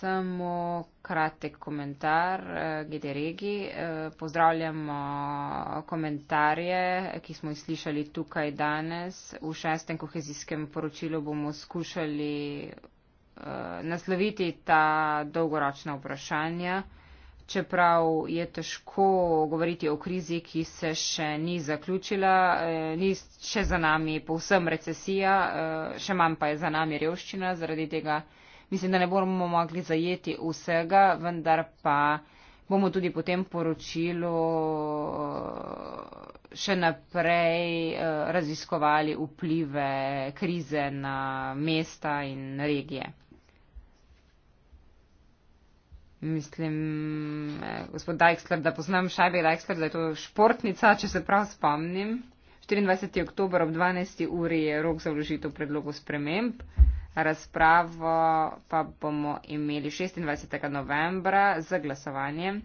samo kratek komentar eh, glede regij. Eh, pozdravljamo komentarje, ki smo jih slišali tukaj danes. V šestem kohezijskem poročilu bomo skušali eh, nasloviti ta dolgoročna vprašanja. Čeprav je težko govoriti o krizi, ki se še ni zaključila, ni še za nami povsem recesija, še manj pa je za nami revščina zaradi tega Mislim, da ne bomo mogli zajeti vsega, vendar pa bomo tudi po tem poročilu eh, še naprej eh, raziskovali vplive krize na mesta in regije. Mislim, eh, gospod Dijkstler, da poznam Šabi Dijkstler, da je to športnica, če se prav spomnim. 24. oktober ob 12. uri je rok za vložitev predlogov sprememb. Razpravo pa bomo imeli 26. novembra za glasovanje.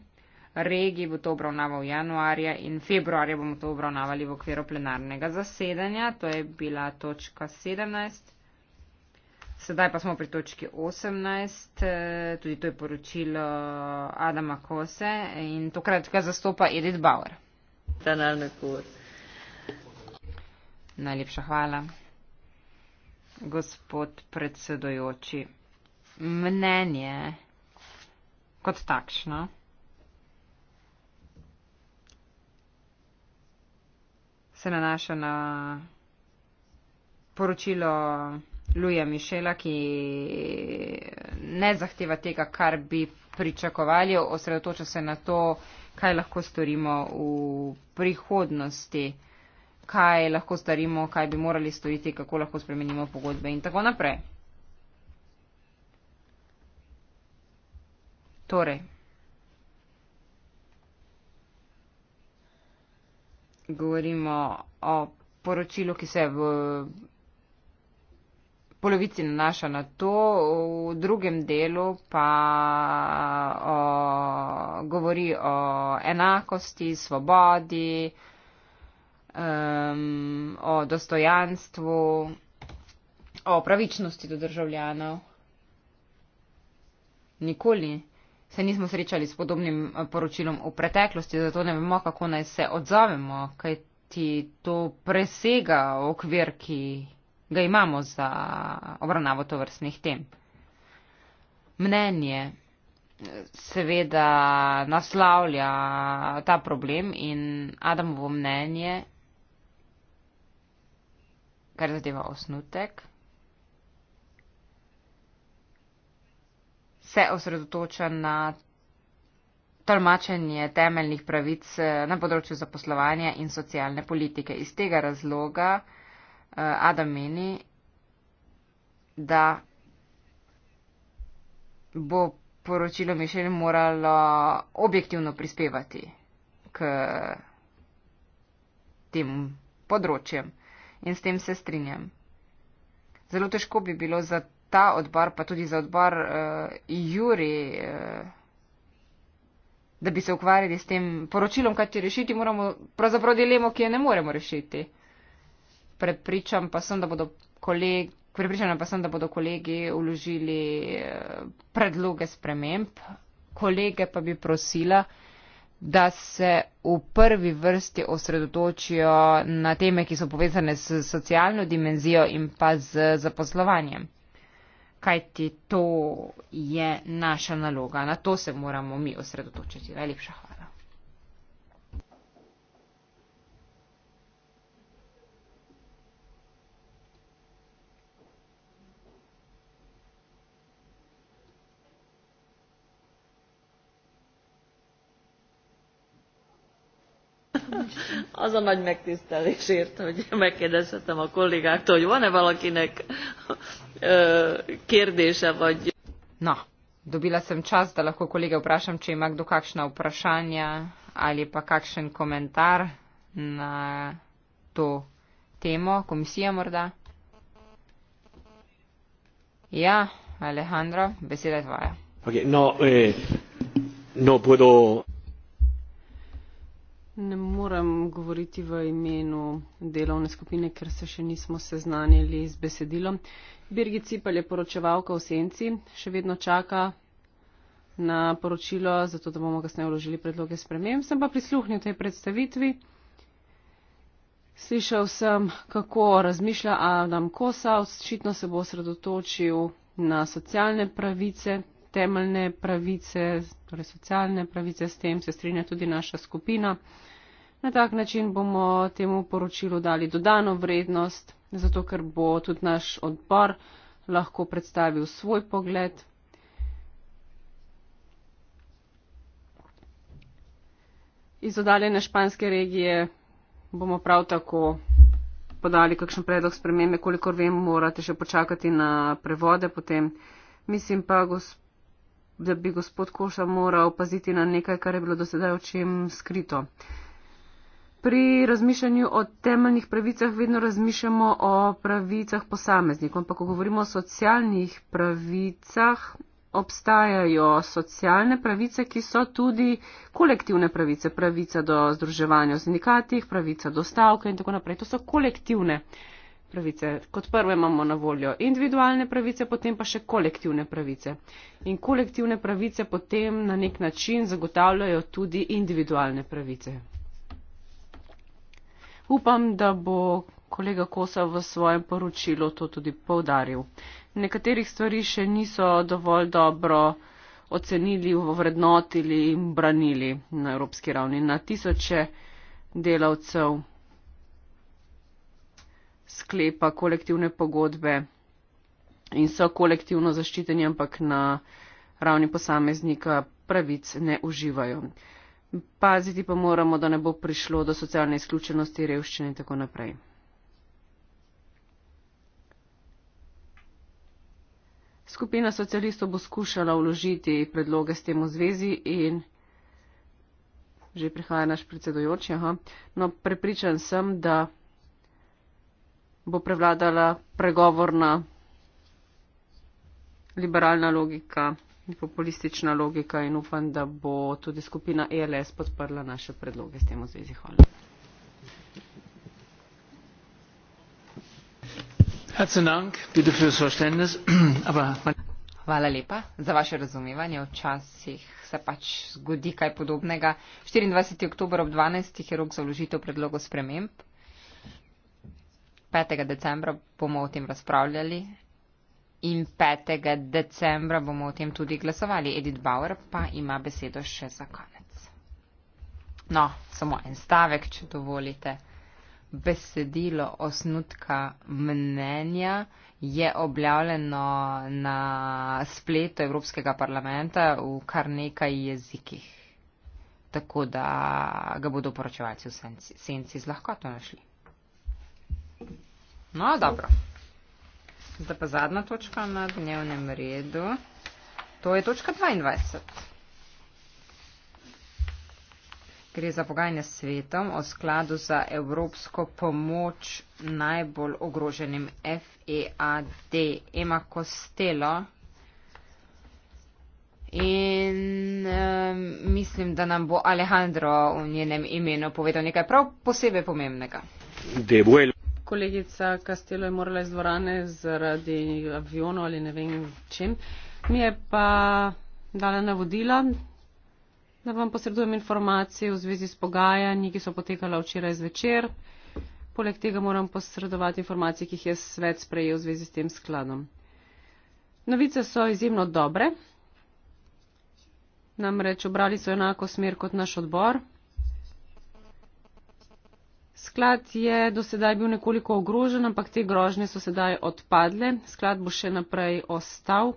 Regi bo to obravnaval januarja in februarja bomo to obravnavali v okviru plenarnega zasedanja. To je bila točka 17. Sedaj pa smo pri točki 18. Tudi to je poročilo Adama Kose in tokrat ga zastopa Edith Bauer. Najlepša hvala gospod predsedojoči. Mnenje kot takšno. se nanaša na poročilo Luja Mišela, ki ne zahteva tega, kar bi pričakovali, osredotoča se na to, kaj lahko storimo v prihodnosti kaj lahko starimo, kaj bi morali storiti, kako lahko spremenimo pogodbe in tako naprej. Torej, govorimo o poročilu, ki se v polovici nanaša na to, v drugem delu pa o, govori o enakosti, svobodi, um, o dostojanstvu, o pravičnosti do državljanov. Nikoli se nismo srečali s podobnim uh, poročilom v preteklosti, zato ne vemo, kako naj se odzovemo, kaj ti to presega okvir, ki ga imamo za obravnavo tovrstnih tem. Mnenje eh, seveda naslavlja ta problem in Adamovo mnenje kar zadeva osnutek, se osredotoča na tolmačenje temeljnih pravic eh, na področju zaposlovanja in socialne politike. Iz tega razloga eh, Adam meni, da bo poročilo Mišelj moralo objektivno prispevati k tem področjem in s tem se strinjam. Zelo težko bi bilo za ta odbor, pa tudi za odbor uh, Juri, uh, da bi se ukvarjali s tem poročilom, kaj ti rešiti moramo, pravzaprav dilemo, ki je ne moremo rešiti. Prepričam pa sem, da bodo kolegi. Pripričana pa sem, da bodo kolegi uložili eh, predloge sprememb. Kolege pa bi prosila, da se v prvi vrsti osredotočijo na teme, ki so povezane s socialno dimenzijo in pa z zaposlovanjem. Kaj ti to je naša naloga? Na to se moramo mi osredotočiti. Najlepša hvala. az a nagy megtisztelésért, hogy megkérdezhetem a kollégáktól, hogy van-e valakinek ö, kérdése, vagy... Na, dobila sem čas, da lahko kolege vprašam, če ima kdo kakšna vprašanja ali pa kakšen komentar na to temo, komisija morda. Ja, Alejandro, beseda je tvoja. Okay, no, eh, no puedo... Ne morem govoriti v imenu delovne skupine, ker se še nismo seznanjali z besedilom. Birgit Cipel je poročevalka v Senci, še vedno čaka na poročilo, zato da bomo kasneje vložili predloge sprememb. Sem pa prisluhnil tej predstavitvi. Slišal sem, kako razmišlja Adam Kosa, očitno se bo osredotočil na socialne pravice, temeljne pravice, torej socialne pravice, s tem se strinja tudi naša skupina. Na tak način bomo temu poročilu dali dodano vrednost, zato ker bo tudi naš odbor lahko predstavil svoj pogled. Iz oddaljene španske regije bomo prav tako podali kakšen predlog spremembe, kolikor vem, morate še počakati na prevode potem. Mislim pa, gospod da bi gospod Koša moral paziti na nekaj, kar je bilo do sedaj očem skrito. Pri razmišljanju o temeljnih pravicah vedno razmišljamo o pravicah posameznikov, ampak ko govorimo o socialnih pravicah, obstajajo socialne pravice, ki so tudi kolektivne pravice, pravica do združevanja v sindikatih, pravica do stavke in tako naprej. To so kolektivne pravice pravice. Kot prvo imamo na voljo individualne pravice, potem pa še kolektivne pravice. In kolektivne pravice potem na nek način zagotavljajo tudi individualne pravice. Upam, da bo kolega Kosa v svojem poročilu to tudi povdaril. Nekaterih stvari še niso dovolj dobro ocenili, vrednotili in branili na evropski ravni. Na tisoče delavcev sklepa kolektivne pogodbe in so kolektivno zaščiteni, ampak na ravni posameznika pravic ne uživajo. Paziti pa moramo, da ne bo prišlo do socialne izključenosti, revščine in tako naprej. Skupina socialistov bo skušala vložiti predloge s tem v zvezi in že prihaja naš predsedojoči, aha, no prepričan sem, da bo prevladala pregovorna liberalna logika, populistična logika in upam, da bo tudi skupina ELS podprla naše predloge s tem v zvezi. Hvala. Hvala lepa za vaše razumevanje. Včasih se pač zgodi kaj podobnega. 24. oktober ob 12. je rok za vložitev predlogov sprememb. 5. decembra bomo o tem razpravljali in 5. decembra bomo o tem tudi glasovali. Edith Bauer pa ima besedo še za konec. No, samo en stavek, če dovolite. Besedilo osnutka mnenja je objavljeno na spletu Evropskega parlamenta v kar nekaj jezikih, tako da ga bodo poročevalci v senci, senci z lahkoto našli. No, dobro. Zdaj pa zadnja točka na dnevnem redu. To je točka 22. Gre za pogajanje s svetom o skladu za evropsko pomoč najbolj ogroženim FEAD. Ema Kostelo. In e, mislim, da nam bo Alejandro v njenem imenu povedal nekaj prav posebej pomembnega. Debuel kolegica Castelo je morala iz dvorane zaradi avionov ali ne vem čem. Mi je pa dala navodila, da vam posredujem informacije v zvezi s pogajanji, ki so potekala včeraj zvečer. Poleg tega moram posredovati informacije, ki jih je svet sprejel v zvezi s tem skladom. Novice so izjemno dobre. Namreč obrali so enako smer kot naš odbor. Sklad je dosedaj bil nekoliko ogrožen, ampak te grožnje so sedaj odpadle. Sklad bo še naprej ostal,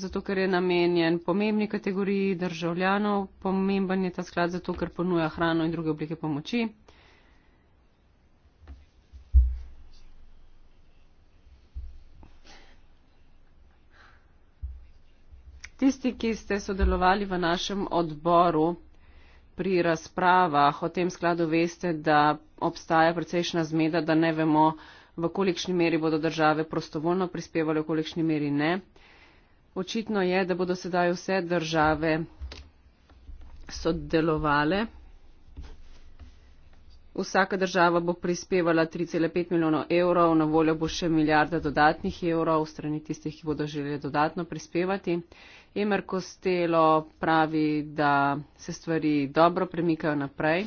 zato ker je namenjen pomembni kategoriji državljanov. Pomemben je ta sklad zato, ker ponuja hrano in druge oblike pomoči. Tisti, ki ste sodelovali v našem odboru pri razpravah o tem skladu, veste, da obstaja precejšna zmeda, da ne vemo, v kolikšni meri bodo države prostovoljno prispevali, v kolikšni meri ne. Očitno je, da bodo sedaj vse države sodelovale. Vsaka država bo prispevala 3,5 milijonov evrov, na voljo bo še milijarda dodatnih evrov, strani tistih, ki bodo želeli dodatno prispevati. Emer Kostelo pravi, da se stvari dobro premikajo naprej.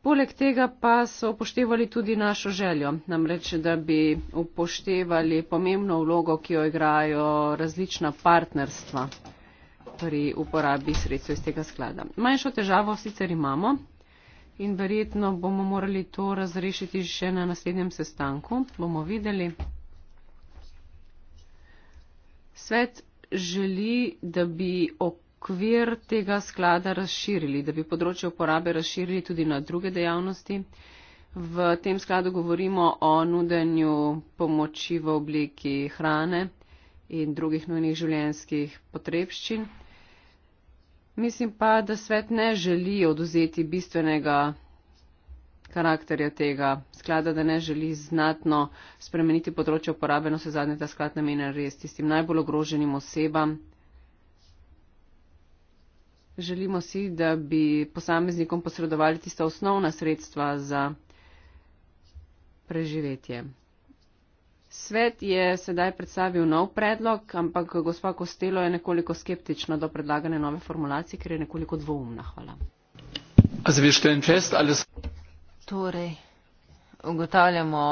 Poleg tega pa so upoštevali tudi našo željo, namreč da bi upoštevali pomembno vlogo, ki jo igrajo različna partnerstva pri uporabi sredstev iz tega sklada. Manjšo težavo sicer imamo in verjetno bomo morali to razrešiti še na naslednjem sestanku. Bomo videli. Svet želi, da bi okrepili okvir tega sklada razširili, da bi področje uporabe razširili tudi na druge dejavnosti. V tem skladu govorimo o nudenju pomoči v obliki hrane in drugih nujnih življenjskih potrebščin. Mislim pa, da svet ne želi oduzeti bistvenega karakterja tega sklada, da ne želi znatno spremeniti področje uporabe, no se zadnje ta sklad namenja res tistim najbolj ogroženim osebam Želimo si, da bi posameznikom posredovali tista osnovna sredstva za preživetje. Svet je sedaj predstavil nov predlog, ampak gospa Kostelo je nekoliko skeptična do predlagane nove formulacije, ker je nekoliko dvoumna. Hvala. Torej, ugotavljamo,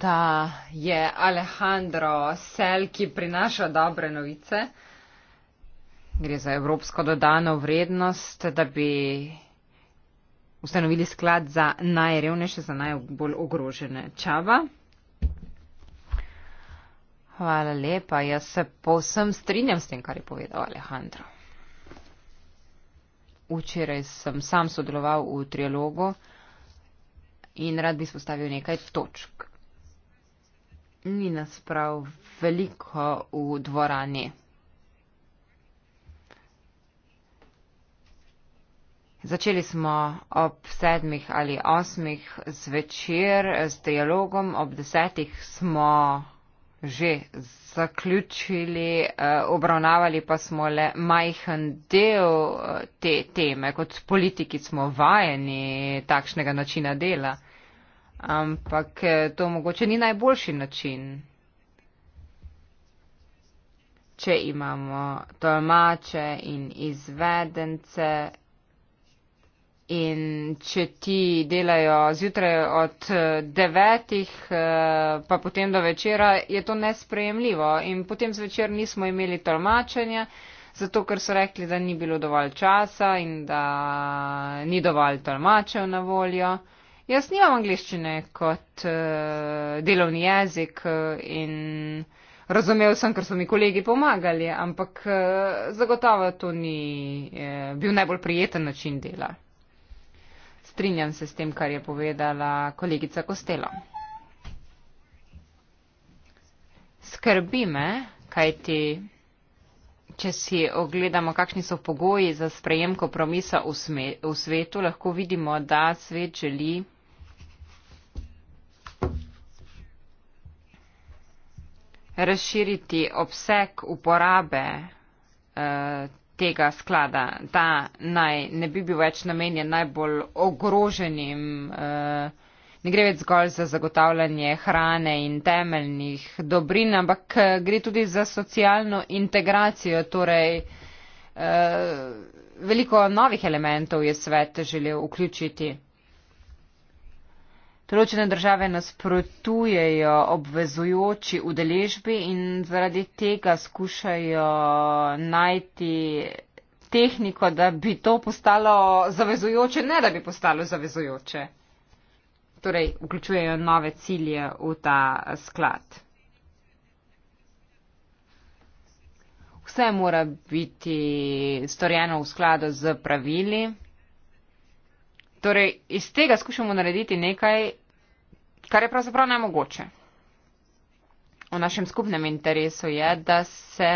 da je Alejandro Selki prinašal dobre novice gre za evropsko dodano vrednost, da bi ustanovili sklad za najrevnejše, za najbolj ogrožene čava. Hvala lepa, jaz se povsem strinjam s tem, kar je povedal Alejandro. Včeraj sem sam sodeloval v trialogu in rad bi spostavil nekaj točk. Ni nas prav veliko v dvorani. Začeli smo ob sedmih ali osmih zvečer z dialogom, ob desetih smo že zaključili, eh, obravnavali pa smo le majhen del eh, te teme, kot politiki smo vajeni takšnega načina dela. Ampak eh, to mogoče ni najboljši način. Če imamo tolmače in izvedence, In če ti delajo zjutraj od eh, devetih, eh, pa potem do večera, je to nesprejemljivo. In potem zvečer nismo imeli tolmačenja, zato ker so rekli, da ni bilo dovolj časa in da ni dovolj tolmačev na voljo. Jaz nimam angliščine kot eh, delovni jezik in razumel sem, ker so mi kolegi pomagali, ampak zagotovo to ni bil najbolj prijeten način dela strinjam se s tem, kar je povedala kolegica Kostelo. Skrbi me, kajti, če si ogledamo, kakšni so pogoji za sprejem kompromisa v, sme, v svetu, lahko vidimo, da svet želi. razširiti obseg uporabe eh, tega sklada, da naj ne bi bil več namenjen najbolj ogroženim, eh, ne gre več zgolj za zagotavljanje hrane in temeljnih dobrin, ampak eh, gre tudi za socialno integracijo. Torej, eh, veliko novih elementov je svet želel vključiti. Določene države nasprotujejo obvezujoči udeležbi in zaradi tega skušajo najti tehniko, da bi to postalo zavezujoče, ne da bi postalo zavezujoče. Torej, vključujejo nove cilje v ta sklad. Vse mora biti storjeno v skladu z pravili. Torej, iz tega skušamo narediti nekaj, kar je pravzaprav nemogoče. V našem skupnem interesu je, da se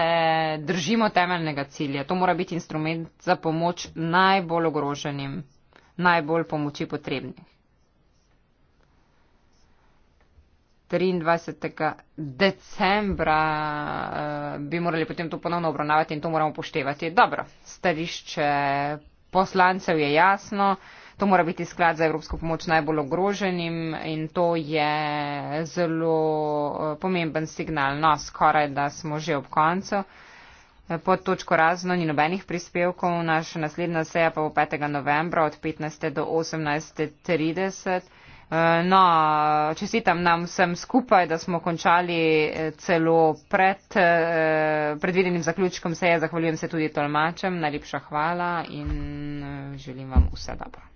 držimo temeljnega cilja. To mora biti instrument za pomoč najbolj ogroženim, najbolj pomoči potrebnih. 23. decembra eh, bi morali potem to ponovno obravnavati in to moramo poštevati. Dobro, stališče poslancev je jasno. To mora biti sklad za evropsko pomoč najbolj ogroženim in to je zelo eh, pomemben signal. No, skoraj da smo že ob koncu. Eh, pod točko razno ni nobenih prispevkov, naša naslednja seja pa bo 5. novembra od 15. do 18.30. Eh, no, čestitam nam vsem skupaj, da smo končali celo pred predvidenim zaključkom seje. Zahvaljujem se tudi tolmačem. Najlepša hvala in želim vam vse dobro.